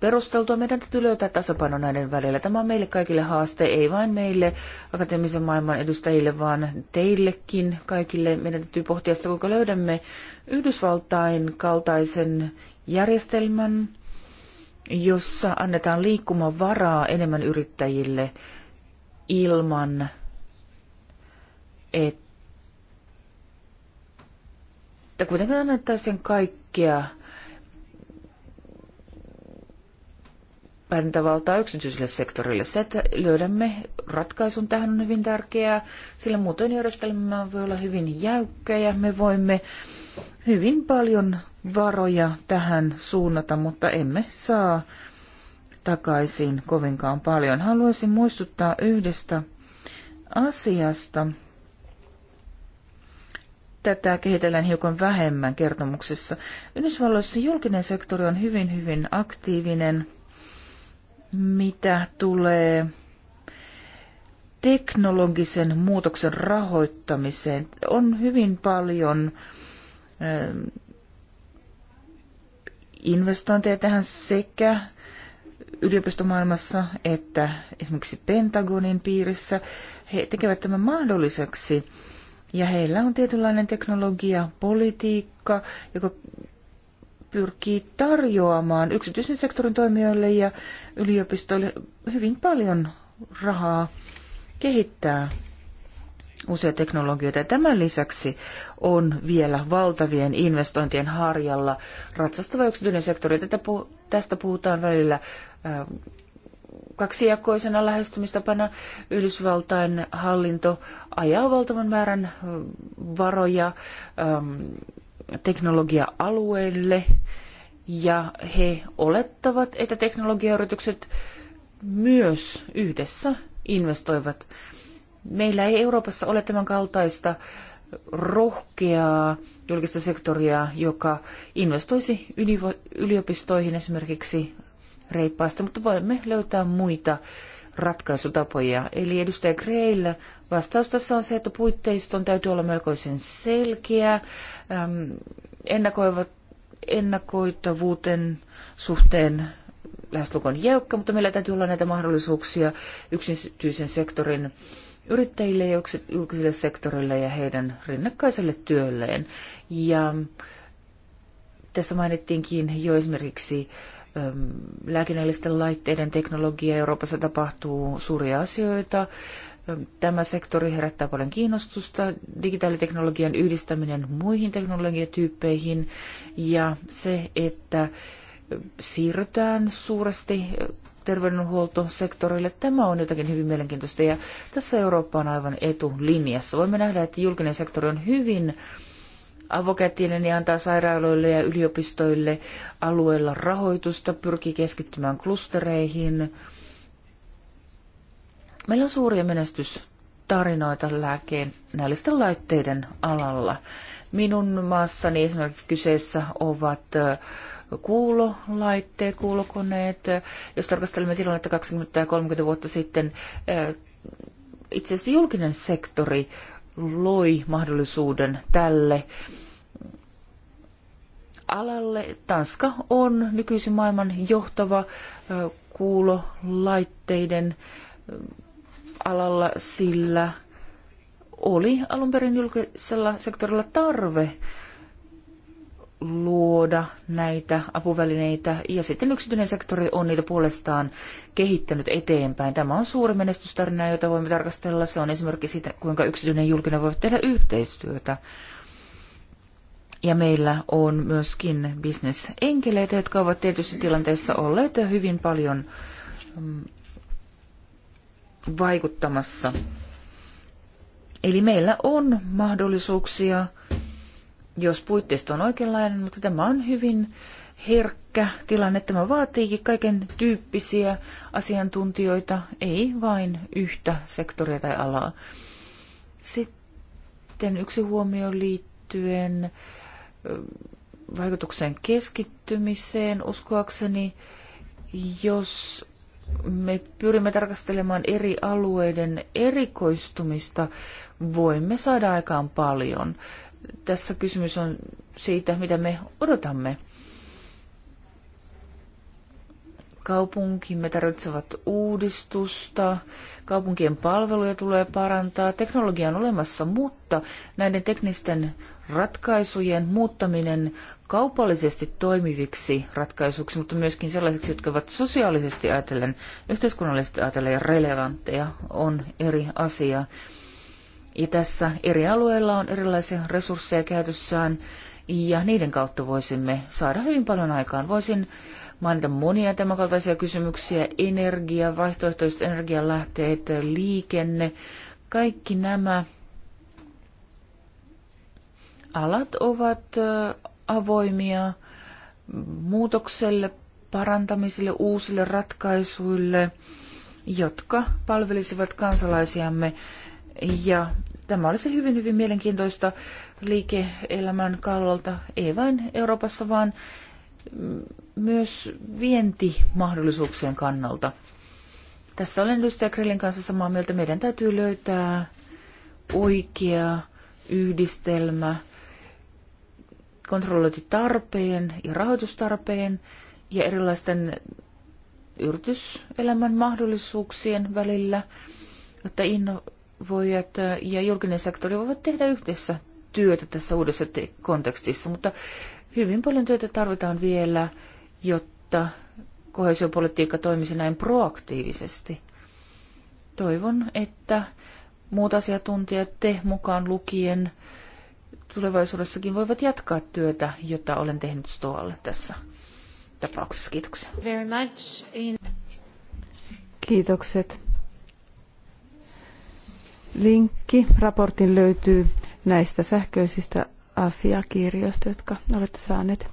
A: perusteltua. Meidän täytyy löytää tasapaino näiden välillä. Tämä on meille kaikille haaste, ei vain meille akateemisen maailman edustajille, vaan teillekin kaikille. Meidän täytyy pohtia sitä, kuinka löydämme Yhdysvaltain kaltaisen järjestelmän, jossa annetaan liikkumavaraa enemmän yrittäjille ilman, että kuitenkin annettaisiin kaikkea päätäntävaltaa yksityiselle sektorille. Se, että löydämme ratkaisun tähän on hyvin tärkeää, sillä muutoin järjestelmä voi olla hyvin jäykkä ja me voimme hyvin paljon varoja tähän suunnata, mutta emme saa takaisin kovinkaan paljon. Haluaisin muistuttaa yhdestä asiasta. Tätä kehitellään hiukan vähemmän kertomuksessa. Yhdysvalloissa julkinen sektori on hyvin, hyvin aktiivinen, mitä tulee teknologisen muutoksen rahoittamiseen. On hyvin paljon eh, investointeja tähän sekä yliopistomaailmassa että esimerkiksi Pentagonin piirissä. He tekevät tämän mahdolliseksi ja heillä on tietynlainen teknologia, politiikka, joka pyrkii tarjoamaan yksityisen sektorin toimijoille ja yliopistoille hyvin paljon rahaa kehittää uusia teknologioita. Tämän lisäksi on vielä valtavien investointien harjalla ratsastava yksityinen sektori. Tätä tästä puhutaan välillä äh, kaksijakoisena lähestymistapana. Yhdysvaltain hallinto ajaa valtavan määrän äh, varoja ähm, teknologia-alueille ja he olettavat, että teknologiayritykset myös yhdessä investoivat äh, Meillä ei Euroopassa ole tämän kaltaista rohkeaa julkista sektoria, joka investoisi yliopistoihin esimerkiksi reippaasti, mutta voimme löytää muita ratkaisutapoja. Eli edustaja Greillä vastaus tässä on se, että puitteiston täytyy olla melkoisen selkeä, ennakoivat, ennakoitavuuden suhteen lähestulkoon jäykkä, mutta meillä täytyy olla näitä mahdollisuuksia yksityisen sektorin yrittäjille ja julkiselle sektorille ja heidän rinnakkaiselle työlleen. Ja tässä mainittiinkin jo esimerkiksi lääkinnällisten laitteiden teknologia. Euroopassa tapahtuu suuria asioita. Tämä sektori herättää paljon kiinnostusta. Digitaaliteknologian yhdistäminen muihin teknologiatyyppeihin ja se, että siirrytään suuresti terveydenhuoltosektorille. Tämä on jotakin hyvin mielenkiintoista ja tässä Eurooppa on aivan etulinjassa. Voimme nähdä, että julkinen sektori on hyvin avokätinen ja antaa sairaaloille ja yliopistoille alueella rahoitusta, pyrkii keskittymään klustereihin. Meillä on suuria menestystarinoita lääkeen näillisten laitteiden alalla. Minun maassani esimerkiksi kyseessä ovat kuulolaitteet, kuulokoneet. Jos tarkastelemme tilannetta 20 ja 30 vuotta sitten, eh, itse asiassa julkinen sektori loi mahdollisuuden tälle alalle. Tanska on nykyisin maailman johtava eh, kuulolaitteiden eh, alalla, sillä oli alun perin julkisella sektorilla tarve luoda näitä apuvälineitä ja sitten yksityinen sektori on niitä puolestaan kehittänyt eteenpäin. Tämä on suuri menestystarina, jota voimme tarkastella. Se on esimerkki siitä, kuinka yksityinen ja julkinen voi tehdä yhteistyötä. Ja meillä on myöskin bisnesenkeleitä, jotka ovat tietyissä tilanteessa olleet hyvin paljon mm, vaikuttamassa. Eli meillä on mahdollisuuksia jos puitteisto on oikeanlainen, mutta tämä on hyvin herkkä tilanne. Tämä vaatiikin kaiken tyyppisiä asiantuntijoita, ei vain yhtä sektoria tai alaa. Sitten yksi huomio liittyen vaikutukseen keskittymiseen. Uskoakseni, jos me pyrimme tarkastelemaan eri alueiden erikoistumista, voimme saada aikaan paljon tässä kysymys on siitä, mitä me odotamme. Kaupunkimme tarvitsevat uudistusta, kaupunkien palveluja tulee parantaa, teknologia on olemassa, mutta näiden teknisten ratkaisujen muuttaminen kaupallisesti toimiviksi ratkaisuksi, mutta myöskin sellaisiksi, jotka ovat sosiaalisesti ajatellen, yhteiskunnallisesti ajatellen relevantteja, on eri asia. Ja tässä eri alueilla on erilaisia resursseja käytössään ja niiden kautta voisimme saada hyvin paljon aikaan. Voisin mainita monia tämänkaltaisia kysymyksiä, energia, vaihtoehtoiset energialähteet, liikenne, kaikki nämä alat ovat avoimia muutokselle, parantamiselle, uusille ratkaisuille, jotka palvelisivat kansalaisiamme ja tämä olisi hyvin, hyvin mielenkiintoista liike-elämän kannalta, ei vain Euroopassa, vaan myös vientimahdollisuuksien kannalta. Tässä olen Lystä Krellin kanssa samaa mieltä. Meidän täytyy löytää oikea yhdistelmä kontrollointitarpeen ja rahoitustarpeen ja erilaisten yrityselämän mahdollisuuksien välillä, jotta inno voijat ja julkinen sektori voivat tehdä yhdessä työtä tässä uudessa kontekstissa, mutta hyvin paljon työtä tarvitaan vielä, jotta kohesiopolitiikka toimisi näin proaktiivisesti. Toivon, että muut asiantuntijat, te mukaan lukien, tulevaisuudessakin voivat jatkaa työtä, jota olen tehnyt Stoalle tässä tapauksessa. Kiitoksia. Very much in...
C: Kiitokset. Linkki raportin löytyy näistä sähköisistä asiakirjoista, jotka olette saaneet.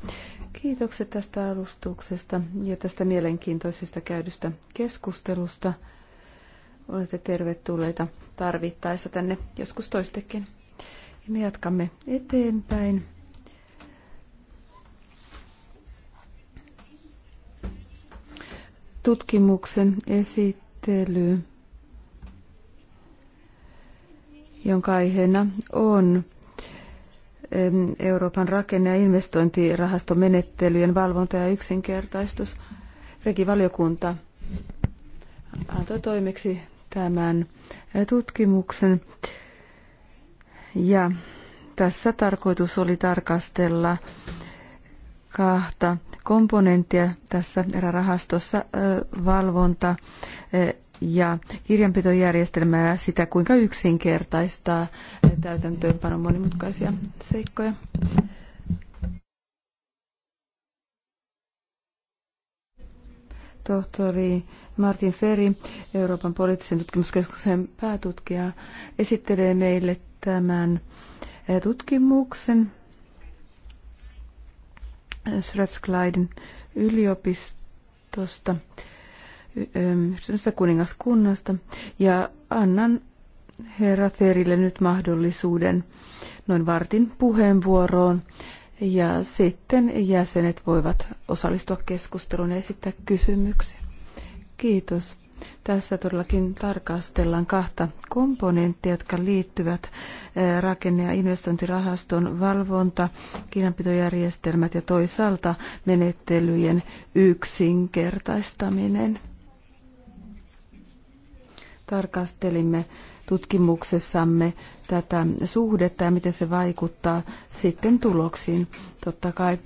C: Kiitokset tästä alustuksesta ja tästä mielenkiintoisesta käydystä keskustelusta. Olette tervetulleita tarvittaessa tänne joskus toistekin. Me jatkamme eteenpäin. Tutkimuksen esittely jonka aiheena on Euroopan rakenne- ja investointirahastomenettelyjen valvonta ja yksinkertaistus. Regivaliokunta antoi toimeksi tämän eh, tutkimuksen. Ja tässä tarkoitus oli tarkastella kahta komponenttia tässä rahastossa eh, valvonta eh, ja kirjanpitojärjestelmää sitä, kuinka yksinkertaistaa täytäntöönpanon monimutkaisia seikkoja. Tohtori Martin Ferri, Euroopan poliittisen tutkimuskeskuksen päätutkija, esittelee meille tämän eh, tutkimuksen Sretskleiden yliopistosta yhdistyneestä kuningaskunnasta. Ja annan herra Ferille nyt mahdollisuuden noin vartin puheenvuoroon. Ja sitten jäsenet voivat osallistua keskusteluun ja esittää kysymyksiä. Kiitos. Tässä todellakin tarkastellaan kahta komponenttia, jotka liittyvät rakenne- ja investointirahaston valvonta, kirjanpitojärjestelmät ja toisaalta menettelyjen yksinkertaistaminen tarkastelimme tutkimuksessamme tätä suhdetta ja miten se vaikuttaa sitten tuloksiin. Totta kai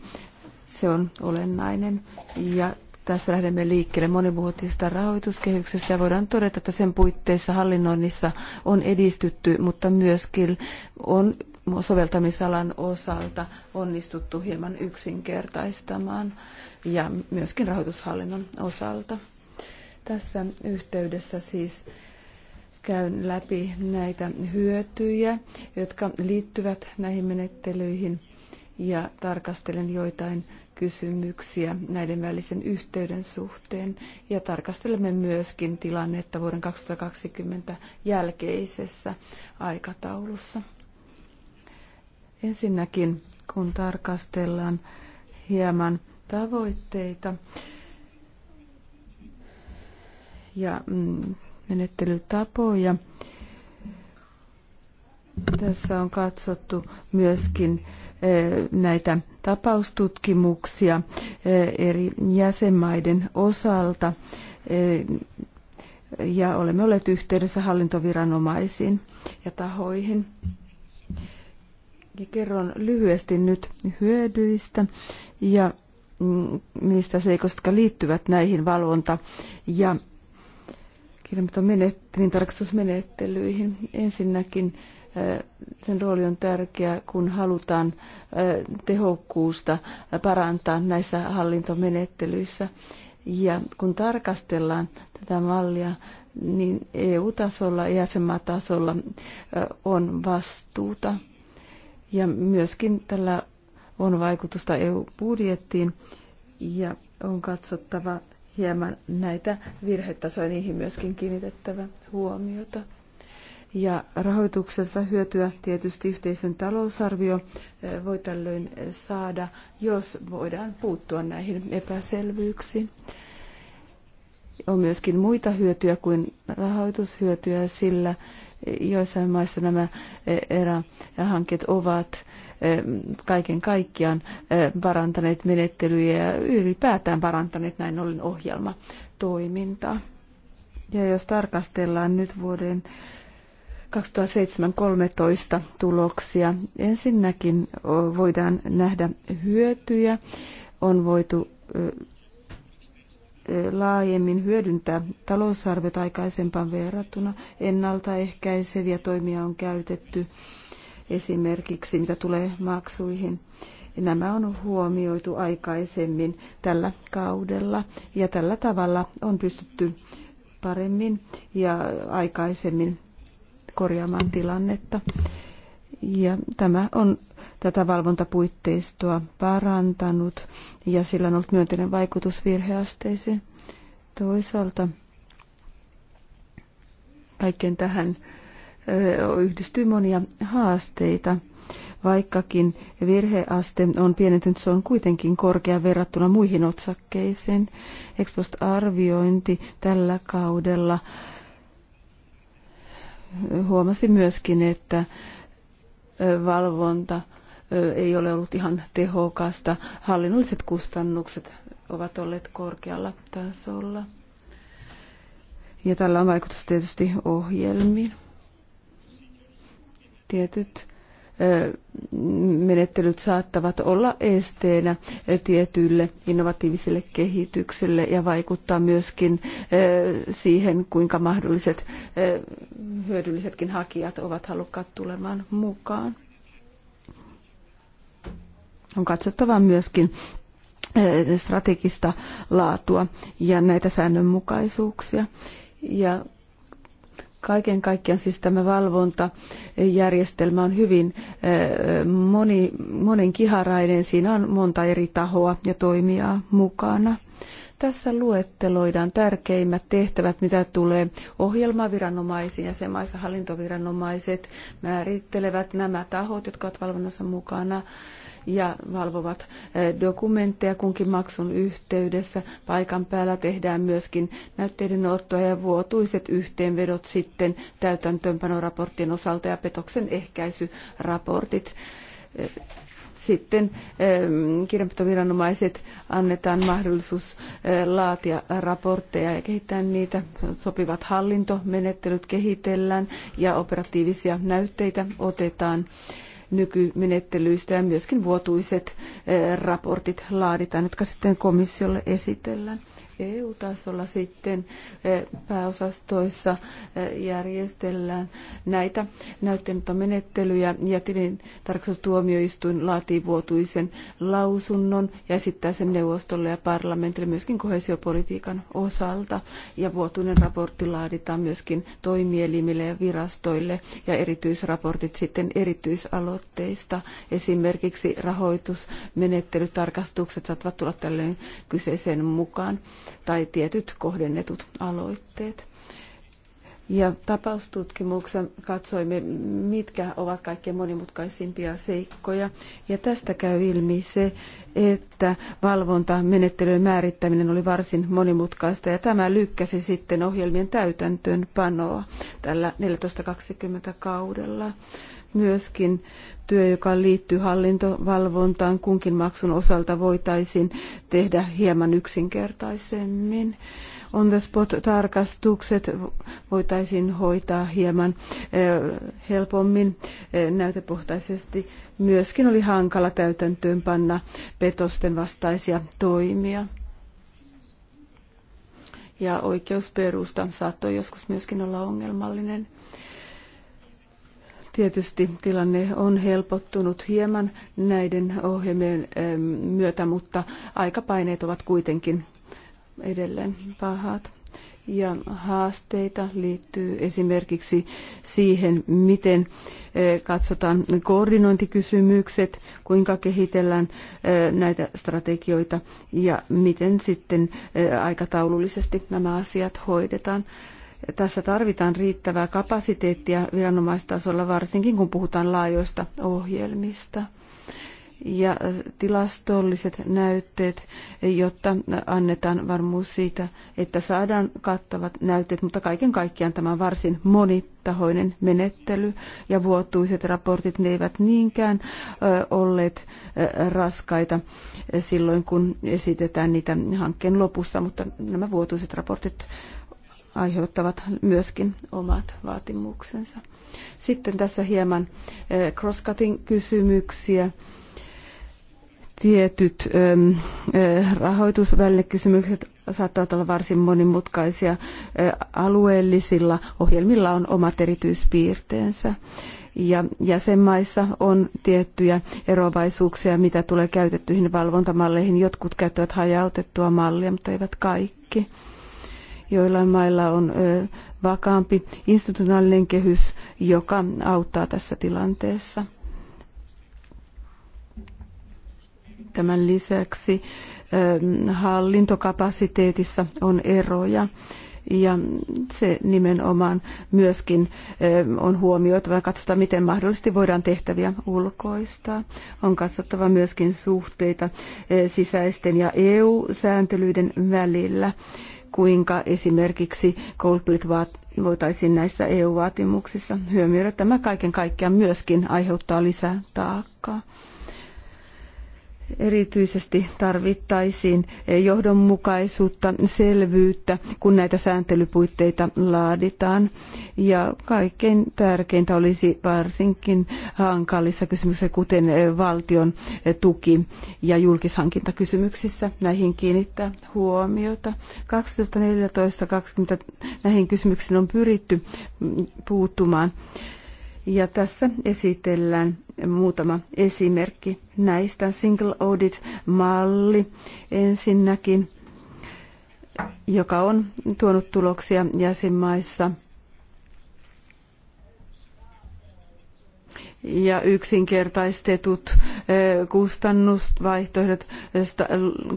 C: se on olennainen. Ja tässä lähdemme liikkeelle monivuotisesta rahoituskehyksestä ja voidaan todeta, että sen puitteissa hallinnoinnissa on edistytty, mutta myöskin on soveltamisalan osalta onnistuttu hieman yksinkertaistamaan ja myöskin rahoitushallinnon osalta. Tässä yhteydessä siis käyn läpi näitä hyötyjä, jotka liittyvät näihin menettelyihin ja tarkastelen joitain kysymyksiä näiden välisen yhteyden suhteen ja tarkastelemme myöskin tilannetta vuoden 2020 jälkeisessä aikataulussa. Ensinnäkin kun tarkastellaan hieman tavoitteita ja mm, menettelytapoja. Tässä on katsottu myöskin eh, näitä tapaustutkimuksia eh, eri jäsenmaiden osalta eh, ja olemme olleet yhteydessä hallintoviranomaisiin ja tahoihin. Ja kerron lyhyesti nyt hyödyistä ja mm, niistä seikoista, jotka liittyvät näihin valvonta- ja kirjanpitomenettelyihin. Ensinnäkin äh, sen rooli on tärkeä, kun halutaan äh, tehokkuusta äh, parantaa näissä hallintomenettelyissä. Ja kun tarkastellaan tätä mallia, niin EU-tasolla ja jäsenmaatasolla on vastuuta. Ja myöskin tällä on vaikutusta EU-budjettiin ja on katsottava hieman näitä virhetasoja, niihin myöskin kiinnitettävä huomiota. Ja rahoituksessa hyötyä tietysti yhteisön talousarvio eh, voi tällöin saada, jos voidaan puuttua näihin epäselvyyksiin. On myöskin muita hyötyjä kuin rahoitushyötyjä, sillä joissain maissa nämä eh, erähankkeet ovat kaiken kaikkiaan parantaneet menettelyjä ja ylipäätään parantaneet näin ollen ohjelmatoimintaa. Ja jos tarkastellaan nyt vuoden 2007-2013 tuloksia, ensinnäkin voidaan nähdä hyötyjä. On voitu laajemmin hyödyntää talousarviot aikaisempaan verrattuna. Ennaltaehkäiseviä toimia on käytetty esimerkiksi mitä tulee maksuihin. Nämä on huomioitu aikaisemmin tällä kaudella ja tällä tavalla on pystytty paremmin ja aikaisemmin korjaamaan tilannetta. Ja tämä on tätä valvontapuitteistoa parantanut ja sillä on ollut myönteinen vaikutus virheasteeseen. Toisaalta kaikkeen tähän yhdistyy monia haasteita. Vaikkakin virheaste on pienentynyt, se on kuitenkin korkea verrattuna muihin otsakkeisiin. Expost-arviointi tällä kaudella huomasi myöskin, että valvonta ei ole ollut ihan tehokasta. Hallinnolliset kustannukset ovat olleet korkealla tasolla. Ja tällä on vaikutus tietysti ohjelmiin. Tietyt menettelyt saattavat olla esteenä tietyille innovatiiviselle kehitykselle ja vaikuttaa myöskin siihen, kuinka mahdolliset hyödyllisetkin hakijat ovat halukkaat tulemaan mukaan. On katsottava myöskin strategista laatua ja näitä säännönmukaisuuksia. Ja Kaiken kaikkiaan siis tämä valvontajärjestelmä on hyvin eh, moni, monen kiharainen. Siinä on monta eri tahoa ja toimijaa mukana. Tässä luetteloidaan tärkeimmät tehtävät, mitä tulee ohjelmaviranomaisiin ja semaisa hallintoviranomaiset määrittelevät nämä tahot, jotka ovat valvonnassa mukana ja valvovat eh, dokumentteja kunkin maksun yhteydessä. Paikan päällä tehdään myöskin näytteidenottoa ja vuotuiset yhteenvedot sitten täytäntöönpanoraporttien osalta ja petoksen ehkäisyraportit eh, sitten eh, kirjanpitoviranomaiset annetaan mahdollisuus laatia raportteja ja kehittää niitä. Sopivat hallintomenettelyt kehitellään ja operatiivisia näytteitä otetaan nykymenettelyistä ja myöskin vuotuiset eh, raportit laaditaan, jotka sitten komissiolle esitellään. EU-tasolla sitten e, pääosastoissa e, järjestellään näitä näytteenottomenettelyjä ja tilintarkastustuomioistuin laatii vuotuisen lausunnon ja esittää sen neuvostolle ja parlamentille myöskin kohesiopolitiikan osalta. Ja vuotuinen raportti laaditaan myöskin toimielimille ja virastoille ja erityisraportit sitten erityisaloitteista. Esimerkiksi rahoitusmenettelytarkastukset saattavat tulla tällöin kyseeseen mukaan tai tietyt kohdennetut aloitteet. Ja tapaustutkimuksen katsoimme, mitkä ovat kaikkein monimutkaisimpia seikkoja. Ja tästä käy ilmi se, että valvontamenettelyjen määrittäminen oli varsin monimutkaista ja tämä lykkäsi sitten ohjelmien täytäntöönpanoa tällä 1420 kaudella. Myöskin työ, joka liittyy hallintovalvontaan kunkin maksun osalta, voitaisiin tehdä hieman yksinkertaisemmin. On the spot-tarkastukset voitaisiin hoitaa hieman eh, helpommin eh, näytepohtaisesti. Myöskin oli hankala täytäntöönpanna petosten vastaisia toimia ja oikeusperusta saattoi joskus myöskin olla ongelmallinen. Tietysti tilanne on helpottunut hieman näiden ohjelmien myötä, mutta aikapaineet ovat kuitenkin edelleen pahat. Ja haasteita liittyy esimerkiksi siihen, miten e, katsotaan koordinointikysymykset, kuinka kehitellään e, näitä strategioita ja miten sitten e, aikataulullisesti nämä asiat hoidetaan. Tässä tarvitaan riittävää kapasiteettia viranomaistasolla, varsinkin kun puhutaan laajoista ohjelmista ja äh, tilastolliset näytteet, jotta annetaan varmuus siitä, että saadaan kattavat näytteet, mutta kaiken kaikkiaan tämä on varsin monitahoinen menettely ja vuotuiset raportit, ne eivät niinkään äh, olleet äh, raskaita silloin, kun esitetään niitä hankkeen lopussa, mutta nämä vuotuiset raportit aiheuttavat myöskin omat vaatimuksensa. Sitten tässä hieman eh, crosscutting kysymyksiä. Tietyt eh, rahoitusvälinekysymykset saattavat olla varsin monimutkaisia. Eh, alueellisilla ohjelmilla on omat erityispiirteensä ja jäsenmaissa on tiettyjä eroavaisuuksia, mitä tulee käytettyihin valvontamalleihin. Jotkut käyttävät hajautettua mallia, mutta eivät kaikki. Joillain mailla on vakaampi institutionaalinen kehys, joka auttaa tässä tilanteessa. Tämän lisäksi hallintokapasiteetissa on eroja ja se nimenomaan myöskin on huomioitava ja katsotaan, miten mahdollisesti voidaan tehtäviä ulkoistaa. On katsottava myöskin suhteita sisäisten ja EU-sääntelyiden välillä kuinka esimerkiksi Goldblit voitaisiin näissä EU-vaatimuksissa huomioida. Tämä kaiken kaikkiaan myöskin aiheuttaa lisää taakkaa erityisesti tarvittaisiin johdonmukaisuutta, selvyyttä, kun näitä sääntelypuitteita laaditaan. Ja kaikkein tärkeintä olisi varsinkin hankalissa kysymyksissä, kuten valtion tuki ja julkishankintakysymyksissä, näihin kiinnittää huomiota. 2014-2020 näihin kysymyksiin on pyritty puuttumaan. Ja tässä esitellään muutama esimerkki näistä. Single Audit-malli ensinnäkin, joka on tuonut tuloksia jäsenmaissa. Ja yksinkertaistetut kustannusvaihtoehdot,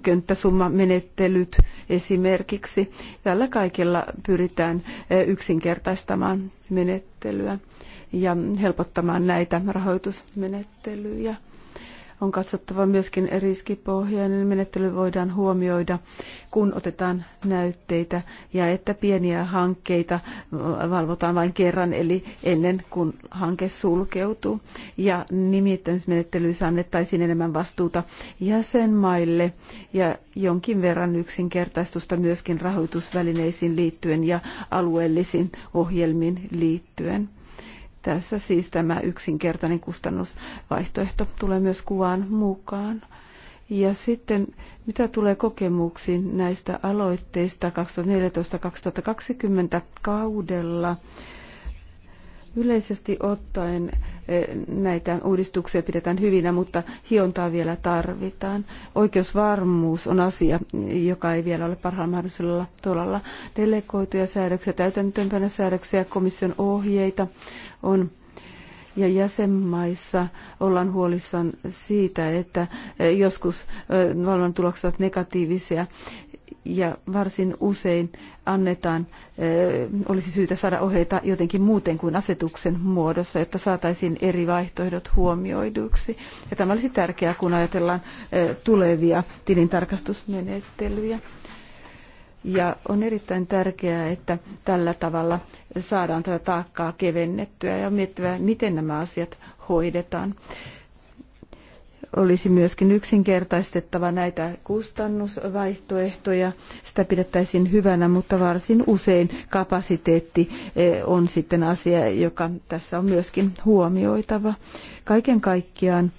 C: könttäsummamenettelyt esimerkiksi. Tällä kaikilla pyritään yksinkertaistamaan menettelyä ja helpottamaan näitä rahoitusmenettelyjä. On katsottava myöskin riskipohjainen niin menettely voidaan huomioida, kun otetaan näytteitä ja että pieniä hankkeita valvotaan vain kerran, eli ennen kuin hanke sulkeutuu. Ja nimittämismenettelyissä annettaisiin enemmän vastuuta jäsenmaille ja jonkin verran yksinkertaistusta myöskin rahoitusvälineisiin liittyen ja alueellisiin ohjelmiin liittyen tässä siis tämä yksinkertainen kustannusvaihtoehto tulee myös kuvaan mukaan. Ja sitten mitä tulee kokemuksiin näistä aloitteista 2014-2020 kaudella, yleisesti ottaen näitä uudistuksia pidetään hyvinä, mutta hiontaa vielä tarvitaan. Oikeusvarmuus on asia, joka ei vielä ole parhaalla mahdollisella tolalla. Delegoituja säädöksiä, täytäntöönpänä säädöksiä, komission ohjeita on ja jäsenmaissa ollaan huolissaan siitä, että joskus valvonnan tulokset ovat negatiivisia ja varsin usein annetaan, eh, olisi syytä saada ohjeita jotenkin muuten kuin asetuksen muodossa, jotta saataisiin eri vaihtoehdot huomioiduksi. Ja tämä olisi tärkeää, kun ajatellaan eh, tulevia tilintarkastusmenettelyjä. Ja on erittäin tärkeää, että tällä tavalla saadaan tätä taakkaa kevennettyä ja miettivä, miten nämä asiat hoidetaan olisi myöskin yksinkertaistettava näitä kustannusvaihtoehtoja. Sitä pidettäisiin hyvänä, mutta varsin usein kapasiteetti eh, on sitten asia, joka tässä on myöskin huomioitava. Kaiken kaikkiaan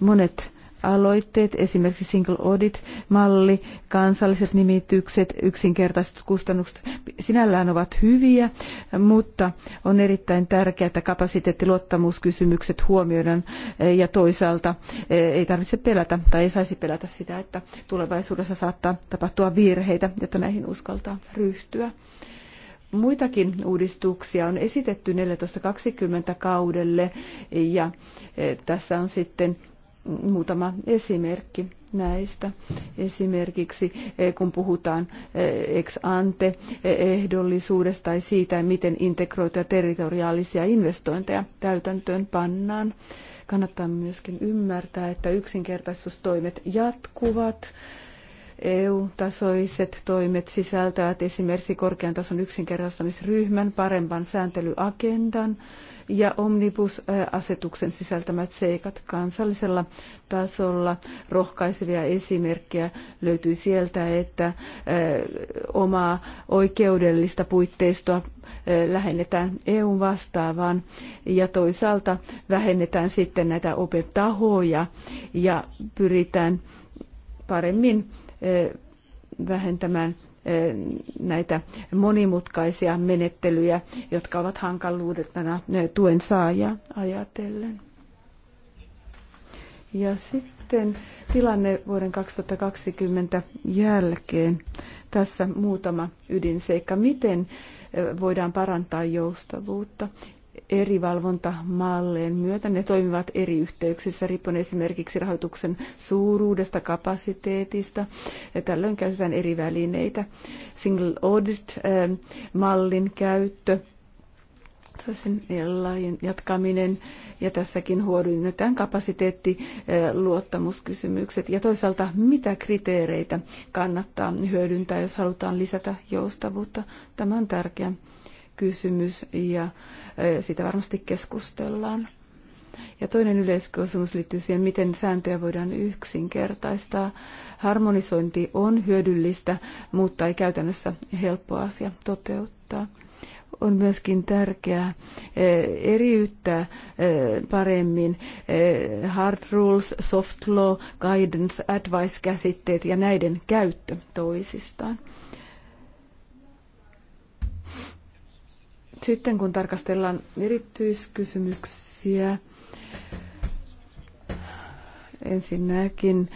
C: monet aloitteet, esimerkiksi single audit-malli, kansalliset nimitykset, yksinkertaiset kustannukset sinällään ovat hyviä, mutta on erittäin tärkeää, että kapasiteettiluottamuskysymykset huomioidaan e, ja toisaalta e, ei tarvitse pelätä tai ei saisi pelätä sitä, että tulevaisuudessa saattaa tapahtua virheitä, jotta näihin uskaltaa ryhtyä. Muitakin uudistuksia on esitetty 1420 kaudelle ja e, tässä on sitten muutama esimerkki näistä. Esimerkiksi eh, kun puhutaan eh, ex ante eh, ehdollisuudesta tai siitä, miten integroituja territoriaalisia investointeja täytäntöön pannaan. Kannattaa myöskin ymmärtää, että yksinkertaistustoimet jatkuvat. EU-tasoiset toimet sisältävät esimerkiksi korkean tason yksinkertaistamisryhmän, paremman sääntelyagendan, ja omnibus-asetuksen sisältämät seikat kansallisella tasolla. Rohkaisevia esimerkkejä löytyy sieltä, että eh, omaa oikeudellista puitteistoa eh, lähennetään EUn vastaavaan ja toisaalta vähennetään sitten näitä opetahoja ja pyritään paremmin eh, vähentämään näitä monimutkaisia menettelyjä, jotka ovat hankaluudetana tuen saajaa ajatellen. Ja sitten tilanne vuoden 2020 jälkeen. Tässä muutama ydinseikka. Miten voidaan parantaa joustavuutta? eri valvontamallien myötä. Ne toimivat eri yhteyksissä riippuen esimerkiksi rahoituksen suuruudesta, kapasiteetista. Tällöin käytetään eri välineitä. Single audit-mallin ähm, käyttö sen laajin jatkaminen ja tässäkin huodinnetaan kapasiteetti, äh, luottamuskysymykset ja toisaalta mitä kriteereitä kannattaa hyödyntää, jos halutaan lisätä joustavuutta. Tämä on tärkeä kysymys ja siitä varmasti keskustellaan. Ja toinen yleiskysymys liittyy siihen, miten sääntöjä voidaan yksinkertaistaa. Harmonisointi on hyödyllistä, mutta ei käytännössä helppo asia toteuttaa. On myöskin tärkeää eriyttää paremmin hard rules, soft law, guidance, advice-käsitteet ja näiden käyttö toisistaan. Sitten kun tarkastellaan erityiskysymyksiä, ensinnäkin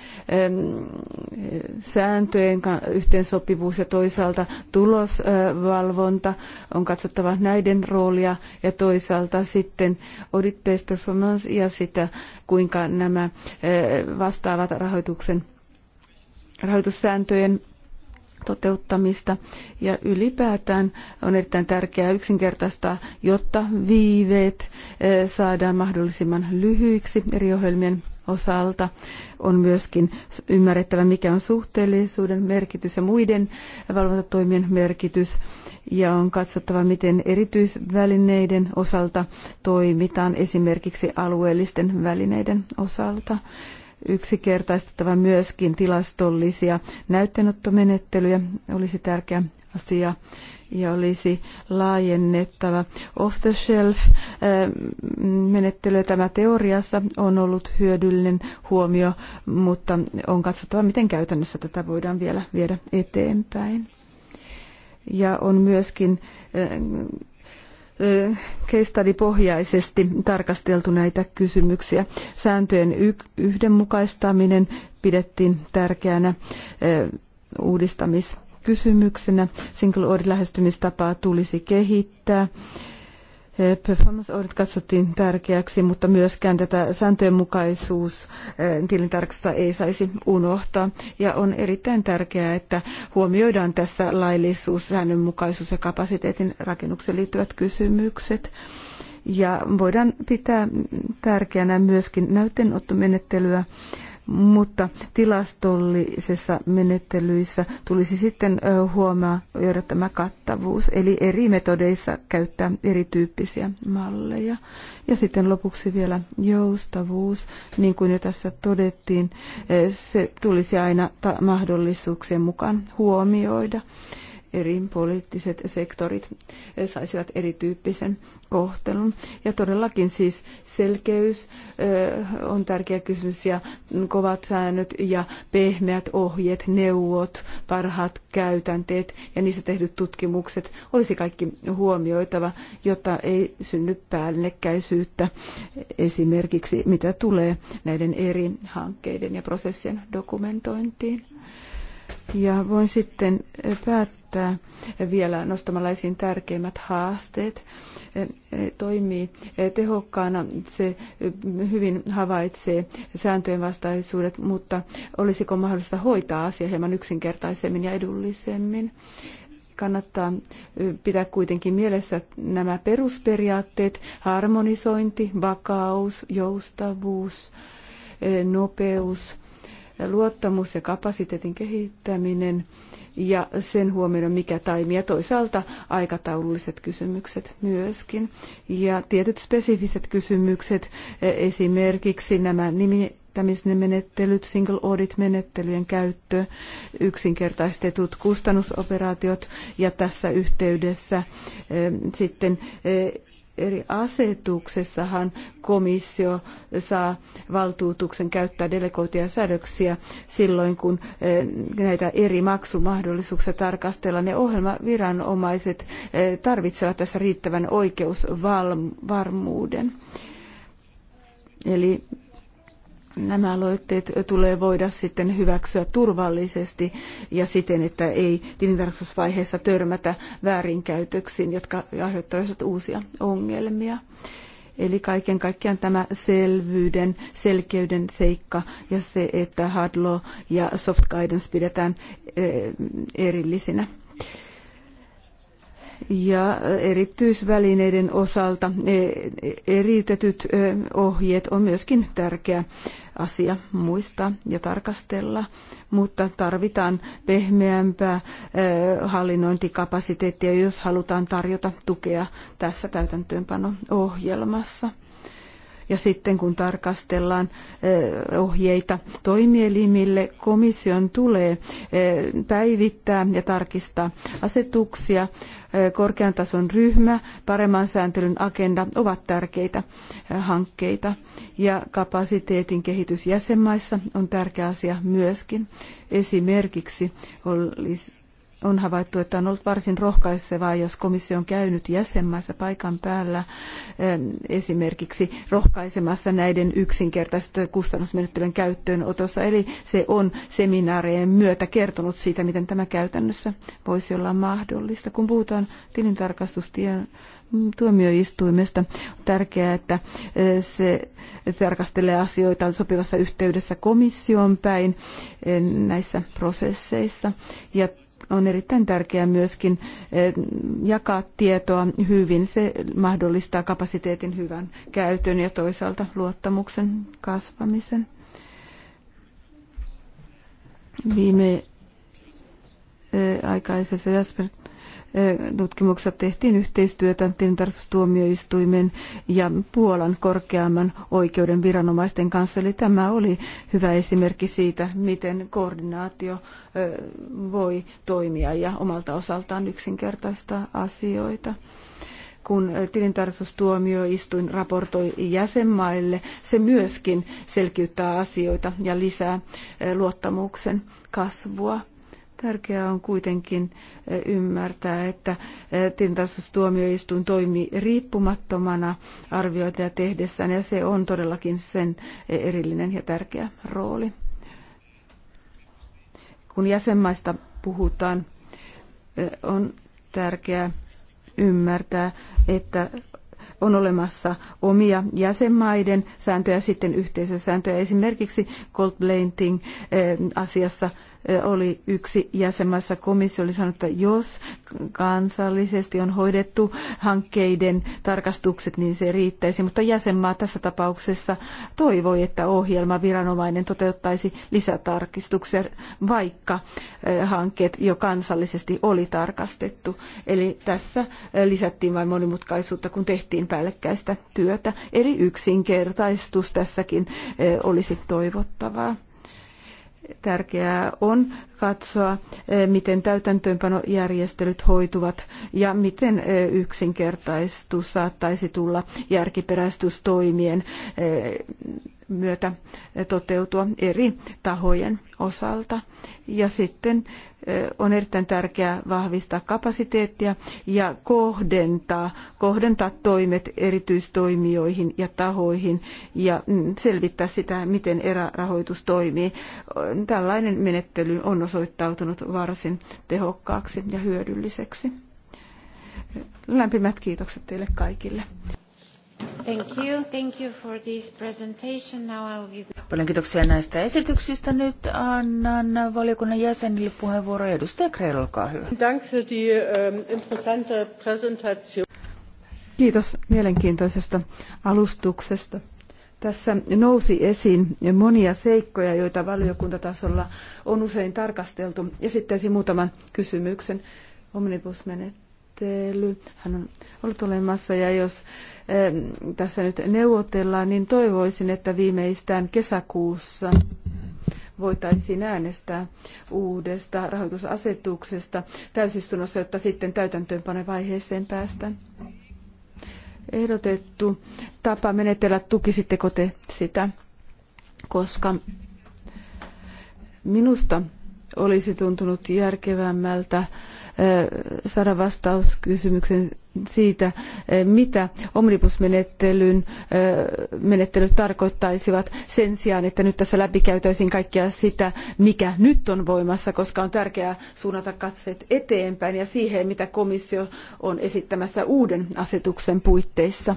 C: sääntöjen yhteensopivuus ja toisaalta tulosvalvonta on katsottava näiden roolia ja toisaalta sitten audit based performance ja sitä kuinka nämä eh, vastaavat rahoituksen rahoitussääntöjen toteuttamista ja ylipäätään on erittäin tärkeää yksinkertaistaa, jotta viiveet eh, saadaan mahdollisimman lyhyiksi eri ohjelmien osalta. On myöskin ymmärrettävä, mikä on suhteellisuuden merkitys ja muiden valvontatoimien merkitys ja on katsottava, miten erityisvälineiden osalta toimitaan esimerkiksi alueellisten välineiden osalta yksinkertaistettava myöskin tilastollisia näytteenottomenettelyjä, olisi tärkeä asia ja olisi laajennettava off-the-shelf-menettely. Eh, Tämä teoriassa on ollut hyödyllinen huomio, mutta on katsottava, miten käytännössä tätä voidaan vielä viedä eteenpäin. Ja on myöskin eh, keistadipohjaisesti tarkasteltu näitä kysymyksiä. Sääntöjen yhdenmukaistaminen pidettiin tärkeänä uudistamiskysymyksenä. Single audit lähestymistapaa tulisi kehittää Performance-audit katsottiin tärkeäksi, mutta myöskään tätä sääntöjenmukaisuus eh, tilintarkastusta ei saisi unohtaa. Ja on erittäin tärkeää, että huomioidaan tässä laillisuus, säännönmukaisuus ja kapasiteetin rakennukseen liittyvät kysymykset. Ja voidaan pitää tärkeänä myöskin näytteenottomenettelyä, menettelyä mutta tilastollisessa menettelyissä tulisi sitten huomioida tämä kattavuus, eli eri metodeissa käyttää erityyppisiä malleja. Ja sitten lopuksi vielä joustavuus, niin kuin jo tässä todettiin, se tulisi aina mahdollisuuksien mukaan huomioida eri poliittiset sektorit saisivat erityyppisen kohtelun. Ja todellakin siis selkeys on tärkeä kysymys ja kovat säännöt ja pehmeät ohjeet, neuvot, parhaat käytänteet ja niistä tehdyt tutkimukset olisi kaikki huomioitava, jotta ei synny päällekkäisyyttä esimerkiksi mitä tulee näiden eri hankkeiden ja prosessien dokumentointiin. Ja voin sitten eh, päättää vielä nostamalla esiin tärkeimmät haasteet. Eh, eh, toimii tehokkaana, se hyvin havaitsee sääntöjen vastaisuudet, mutta olisiko mahdollista hoitaa asia hieman yksinkertaisemmin ja edullisemmin? kannattaa pitää kuitenkin mielessä nämä perusperiaatteet, harmonisointi, vakaus, joustavuus, nopeus, luottamus ja kapasiteetin kehittäminen ja sen huomioon mikä taimi ja toisaalta aikataululliset kysymykset myöskin. Ja tietyt spesifiset kysymykset, e, esimerkiksi nämä menettelyt, single audit-menettelyjen käyttö, yksinkertaistetut kustannusoperaatiot ja tässä yhteydessä e, sitten e, eri asetuksessahan komissio saa valtuutuksen käyttää delegoituja säädöksiä silloin, kun eh, näitä eri maksumahdollisuuksia tarkastellaan. Ne ohjelmaviranomaiset eh, tarvitsevat tässä riittävän oikeusvarmuuden. Eli nämä aloitteet tulee voida sitten hyväksyä turvallisesti ja siten, että ei tilintarkastusvaiheessa törmätä väärinkäytöksiin, jotka aiheuttaisivat uusia ongelmia. Eli kaiken kaikkiaan tämä selvyyden, selkeyden seikka ja se, että hardlaw ja soft guidance pidetään eh, erillisinä ja erityisvälineiden osalta eriytetyt ohjeet on myöskin tärkeä asia muistaa ja tarkastella, mutta tarvitaan pehmeämpää hallinnointikapasiteettia, jos halutaan tarjota tukea tässä täytäntöönpano-ohjelmassa. Ja sitten kun tarkastellaan ohjeita toimielimille, komission tulee päivittää ja tarkistaa asetuksia. Korkean tason ryhmä, paremman sääntelyn agenda ovat tärkeitä hankkeita. Ja kapasiteetin kehitys jäsenmaissa on tärkeä asia myöskin. Esimerkiksi olisi on havaittu, että on ollut varsin rohkaisevaa, jos komissio on käynyt jäsenmaissa paikan päällä eh, esimerkiksi rohkaisemassa näiden yksinkertaisten kustannusmenettelyjen käyttöönotossa. Eli se on seminaarien myötä kertonut siitä, miten tämä käytännössä voisi olla mahdollista. Kun puhutaan tilintarkastustien tuomioistuimesta. On tärkeää, että eh, se tarkastelee asioita sopivassa yhteydessä komission päin eh, näissä prosesseissa. Ja on erittäin tärkeää myöskin eh, jakaa tietoa hyvin. Se mahdollistaa kapasiteetin hyvän käytön ja toisaalta luottamuksen kasvamisen. Viime eh, aikaisessa Jasper tutkimuksessa tehtiin yhteistyötä tilintarkastustuomioistuimen ja Puolan korkeamman oikeuden viranomaisten kanssa. Eli tämä oli hyvä esimerkki siitä, miten koordinaatio voi toimia ja omalta osaltaan yksinkertaistaa asioita kun tilintarkastustuomioistuin raportoi jäsenmaille, se myöskin selkiyttää asioita ja lisää luottamuksen kasvua. Tärkeää on kuitenkin eh, ymmärtää, että eh, tilintarkastustuomioistuin toimii riippumattomana arvioita ja tehdessään, ja se on todellakin sen eh, erillinen ja tärkeä rooli. Kun jäsenmaista puhutaan, on tärkeää ymmärtää, että on olemassa omia jäsenmaiden sääntöjä, sitten yhteisösääntöjä. Esimerkiksi gold asiassa oli yksi jäsenmaassa. Komissio oli sanonut, että jos kansallisesti on hoidettu hankkeiden tarkastukset, niin se riittäisi. Mutta jäsenmaa tässä tapauksessa toivoi, että ohjelma viranomainen toteuttaisi lisätarkistuksia, vaikka hankkeet jo kansallisesti oli tarkastettu. Eli tässä lisättiin vain monimutkaisuutta, kun tehtiin päällekkäistä työtä. Eli yksinkertaistus tässäkin olisi toivottavaa. Tärkeää on katsoa, eh, miten täytäntöönpanojärjestelyt hoituvat ja miten eh, yksinkertaistus saattaisi tulla järkiperäistystoimien eh, myötä toteutua eri tahojen osalta. Ja sitten eh, on erittäin tärkeää vahvistaa kapasiteettia ja kohdentaa, kohdentaa toimet erityistoimijoihin ja tahoihin ja mm, selvittää sitä, miten erärahoitus toimii. Tällainen menettely on osoittautunut varsin tehokkaaksi ja hyödylliseksi. Lämpimät kiitokset teille kaikille.
B: Thank you. Thank you for this presentation. Now give...
A: Paljon kiitoksia näistä esityksistä. Nyt annan valiokunnan jäsenille
C: puheenvuoron. Edustaja Krell, olkaa hyvä.
B: für die, ähm, interessante Präsentation.
C: Kiitos mielenkiintoisesta alustuksesta. Tässä nousi esiin monia seikkoja, joita valiokuntatasolla on usein tarkasteltu. Esittäisin muutaman kysymyksen omnibusmenettelystä sääntely. Hän on ollut olemassa ja jos tässä nyt neuvotellaan, niin toivoisin, että viimeistään kesäkuussa voitaisiin äänestää uudesta rahoitusasetuksesta täysistunnossa, jotta sitten täytäntöönpanevaiheeseen päästään. Ehdotettu tapa menetellä, tukisitteko te sitä, koska minusta olisi tuntunut järkevämmältä eh, saada vastaus kysymykseen siitä, eh, mitä omnibusmenettelyn eh, menettelyt tarkoittaisivat sen sijaan, että nyt tässä läpikäytäisiin kaikkea sitä, mikä nyt on voimassa, koska on tärkeää suunnata katseet eteenpäin ja siihen, mitä komissio on esittämässä uuden asetuksen puitteissa.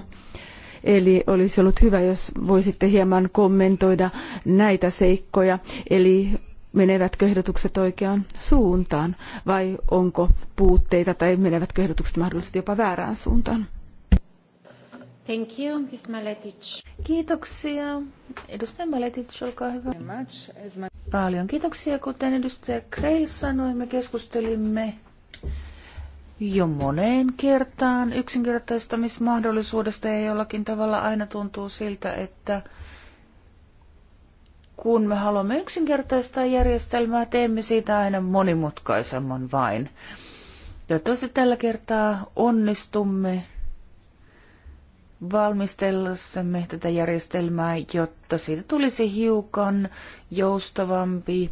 C: Eli olisi ollut hyvä, jos voisitte hieman kommentoida näitä seikkoja. Eli menevätkö ehdotukset oikeaan suuntaan vai onko puutteita tai menevätkö ehdotukset mahdollisesti jopa väärään suuntaan?
B: Thank you, Ms. Maletic. Kiitoksia.
A: Edustaja Maletic, olkaa hyvä. Paljon kiitoksia. Kuten edustaja Kreis sanoi, me keskustelimme jo moneen kertaan yksinkertaistamismahdollisuudesta ja jollakin tavalla aina tuntuu siltä, että kun me haluamme yksinkertaistaa järjestelmää, teemme siitä aina monimutkaisemman vain. Toivottavasti tällä kertaa onnistumme valmistellessamme tätä järjestelmää, jotta siitä tulisi hiukan joustavampi,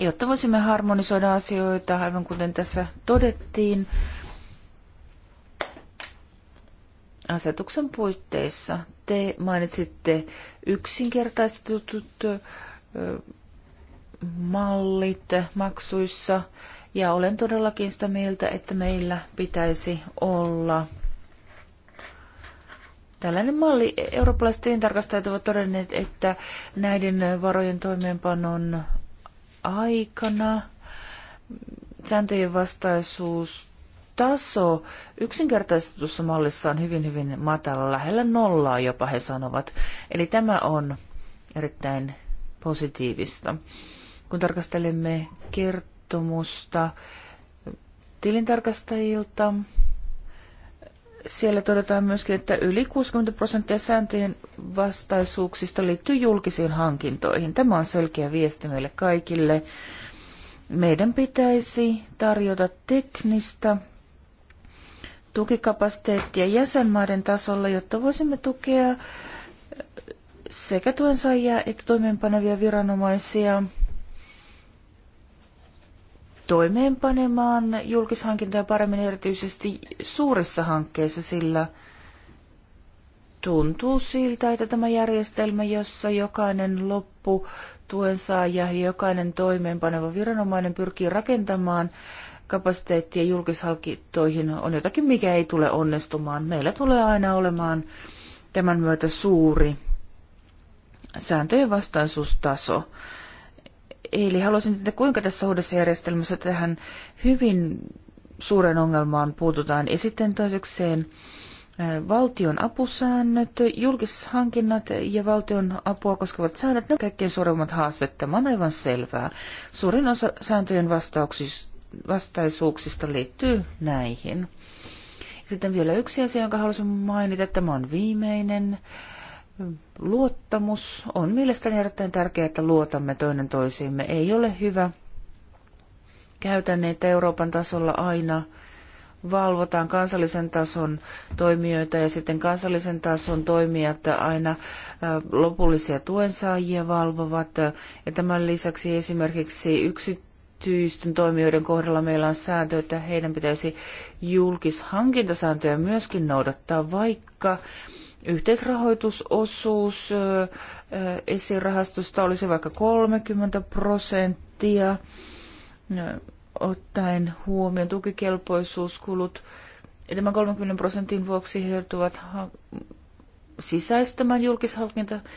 A: jotta voisimme harmonisoida asioita, aivan kuten tässä todettiin, asetuksen puitteissa. Te mainitsitte yksinkertaistetut mallit maksuissa. Ja olen todellakin sitä mieltä, että meillä pitäisi olla tällainen malli. Eurooppalaiset tilintarkastajat ovat todenneet, että näiden varojen toimeenpanon aikana sääntöjen vastaisuus taso yksinkertaistetussa mallissa on hyvin, hyvin matala, lähellä nollaa jopa he sanovat. Eli tämä on erittäin positiivista. Kun tarkastelemme kertomusta tilintarkastajilta, siellä todetaan myöskin, että yli 60 prosenttia sääntöjen vastaisuuksista liittyy julkisiin hankintoihin. Tämä on selkeä viesti meille kaikille. Meidän pitäisi tarjota teknistä tukikapasiteettia jäsenmaiden tasolla, jotta voisimme tukea sekä tuensaajia että toimeenpanevia viranomaisia toimeenpanemaan julkishankintoja paremmin erityisesti suurissa hankkeissa, sillä tuntuu siltä, että tämä järjestelmä, jossa jokainen loppu tuen saaja ja jokainen toimeenpaneva viranomainen pyrkii rakentamaan kapasiteettia julkishalkintoihin on jotakin, mikä ei tule onnistumaan. Meillä tulee aina olemaan tämän myötä suuri sääntöjen vastaisuustaso. Eli haluaisin tietää, kuinka tässä uudessa järjestelmässä tähän hyvin suuren ongelmaan puututaan. Ja sitten toisekseen valtion apusäännöt, julkishankinnat ja valtion apua koskevat säännöt, ne ovat kaikkein suurimmat haasteet. Tämä on aivan selvää. Suurin osa sääntöjen vastauksista vastaisuuksista liittyy näihin. Sitten vielä yksi asia, jonka halusin mainita. että Tämä on viimeinen. Luottamus on mielestäni erittäin tärkeää, että luotamme toinen toisiimme. Ei ole hyvä käytänne, että Euroopan tasolla aina valvotaan kansallisen tason toimijoita ja sitten kansallisen tason toimijat aina lopullisia tuensaajia valvovat. Ja tämän lisäksi esimerkiksi yksi yksityisten toimijoiden kohdalla meillä on sääntö, että heidän pitäisi julkishankintasääntöjä myöskin noudattaa, vaikka yhteisrahoitusosuus esirahastosta olisi vaikka 30 prosenttia, ottaen huomioon tukikelpoisuuskulut. Ja tämän 30 prosentin vuoksi he joutuvat sisäistämään julkishankintasääntöjä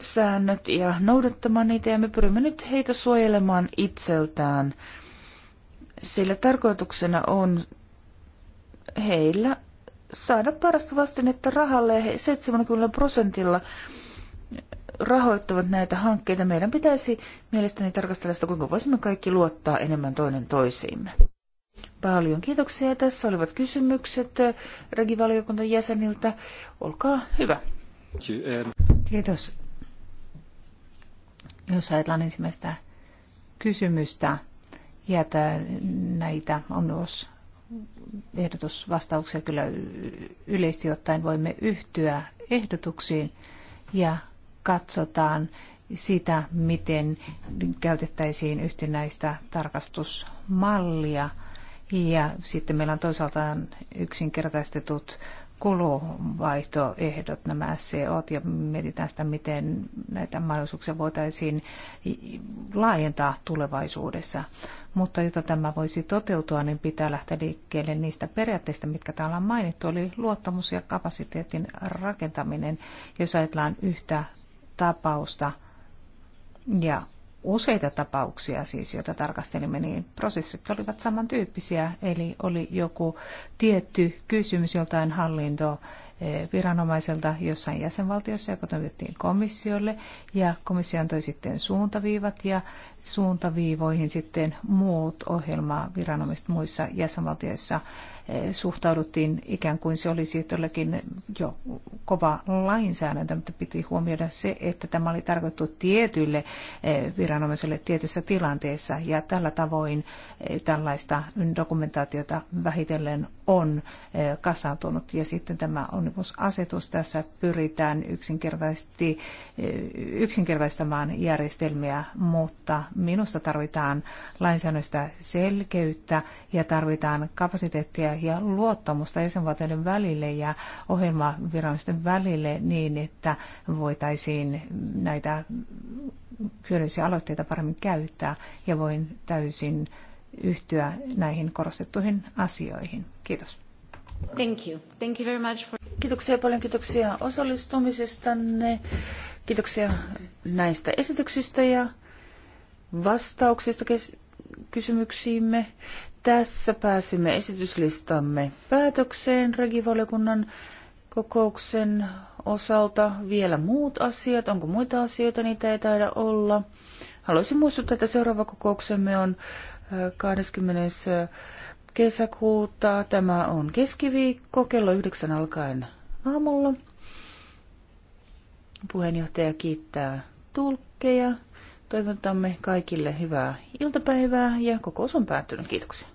A: säännöt ja noudattamaan niitä ja me pyrimme nyt heitä suojelemaan itseltään, sillä tarkoituksena on heillä saada parasta vastinetta rahalle ja he 70 prosentilla rahoittavat näitä hankkeita. Meidän pitäisi mielestäni tarkastella sitä, kuinka voisimme kaikki luottaa enemmän toinen toisiimme. Paljon kiitoksia. Tässä olivat kysymykset äh, regivaliokunnan jäseniltä. Olkaa
C: hyvä.
B: Kiitos jos ajatellaan ensimmäistä kysymystä, ja näitä on myös ehdotusvastauksia kyllä yleisesti ottaen voimme yhtyä ehdotuksiin ja katsotaan sitä, miten käytettäisiin yhtenäistä tarkastusmallia. Ja sitten meillä on toisaalta yksinkertaistetut kuluvaihtoehdot, nämä SCOt, ja mietitään sitä, miten näitä mahdollisuuksia voitaisiin laajentaa tulevaisuudessa. Mutta jotta tämä voisi toteutua, niin pitää lähteä liikkeelle niistä periaatteista, mitkä täällä on mainittu, eli luottamus ja kapasiteetin rakentaminen, jos ajatellaan yhtä tapausta ja useita tapauksia siis, joita tarkastelimme, niin prosessit olivat samantyyppisiä. Eli oli joku tietty kysymys joltain hallinto eh, viranomaiselta jossain jäsenvaltiossa, joka toimitettiin komissiolle, ja komissio antoi sitten suuntaviivat, ja suuntaviivoihin sitten muut ohjelmaviranomaiset muissa jäsenvaltioissa suhtauduttiin ikään kuin se olisi todellakin jo kova lainsäädäntö, mutta piti huomioida se, että tämä oli tarkoitettu tietylle eh, viranomaiselle tietyssä tilanteessa ja tällä tavoin eh, tällaista dokumentaatiota vähitellen on eh, kasaantunut ja sitten tämä asetus tässä pyritään yksinkertaisesti yksinkertaistamaan järjestelmiä, mutta minusta tarvitaan lainsäädännöstä selkeyttä ja tarvitaan kapasiteettia ja luottamusta jäsenvaltioiden välille ja ohjelmaviranomaisten välille niin, että voitaisiin näitä hyödyllisiä aloitteita paremmin käyttää ja voin täysin yhtyä näihin korostettuihin asioihin. Kiitos.
A: Thank you. Thank you very much for... Kiitoksia paljon, kiitoksia osallistumisestanne, kiitoksia näistä esityksistä ja vastauksista kysymyksiimme. Tässä pääsimme esityslistamme päätökseen regivaliokunnan kokouksen osalta. Vielä muut asiat, onko muita asioita, niitä ei taida olla. Haluaisin muistuttaa, että seuraava kokouksemme on 20 äh, äh, kesäkuuta. Tämä on keskiviikko kello yhdeksän alkaen aamulla. Puheenjohtaja kiittää tulkkeja Toivotamme kaikille hyvää iltapäivää ja kokous on päättynyt. Kiitoksia.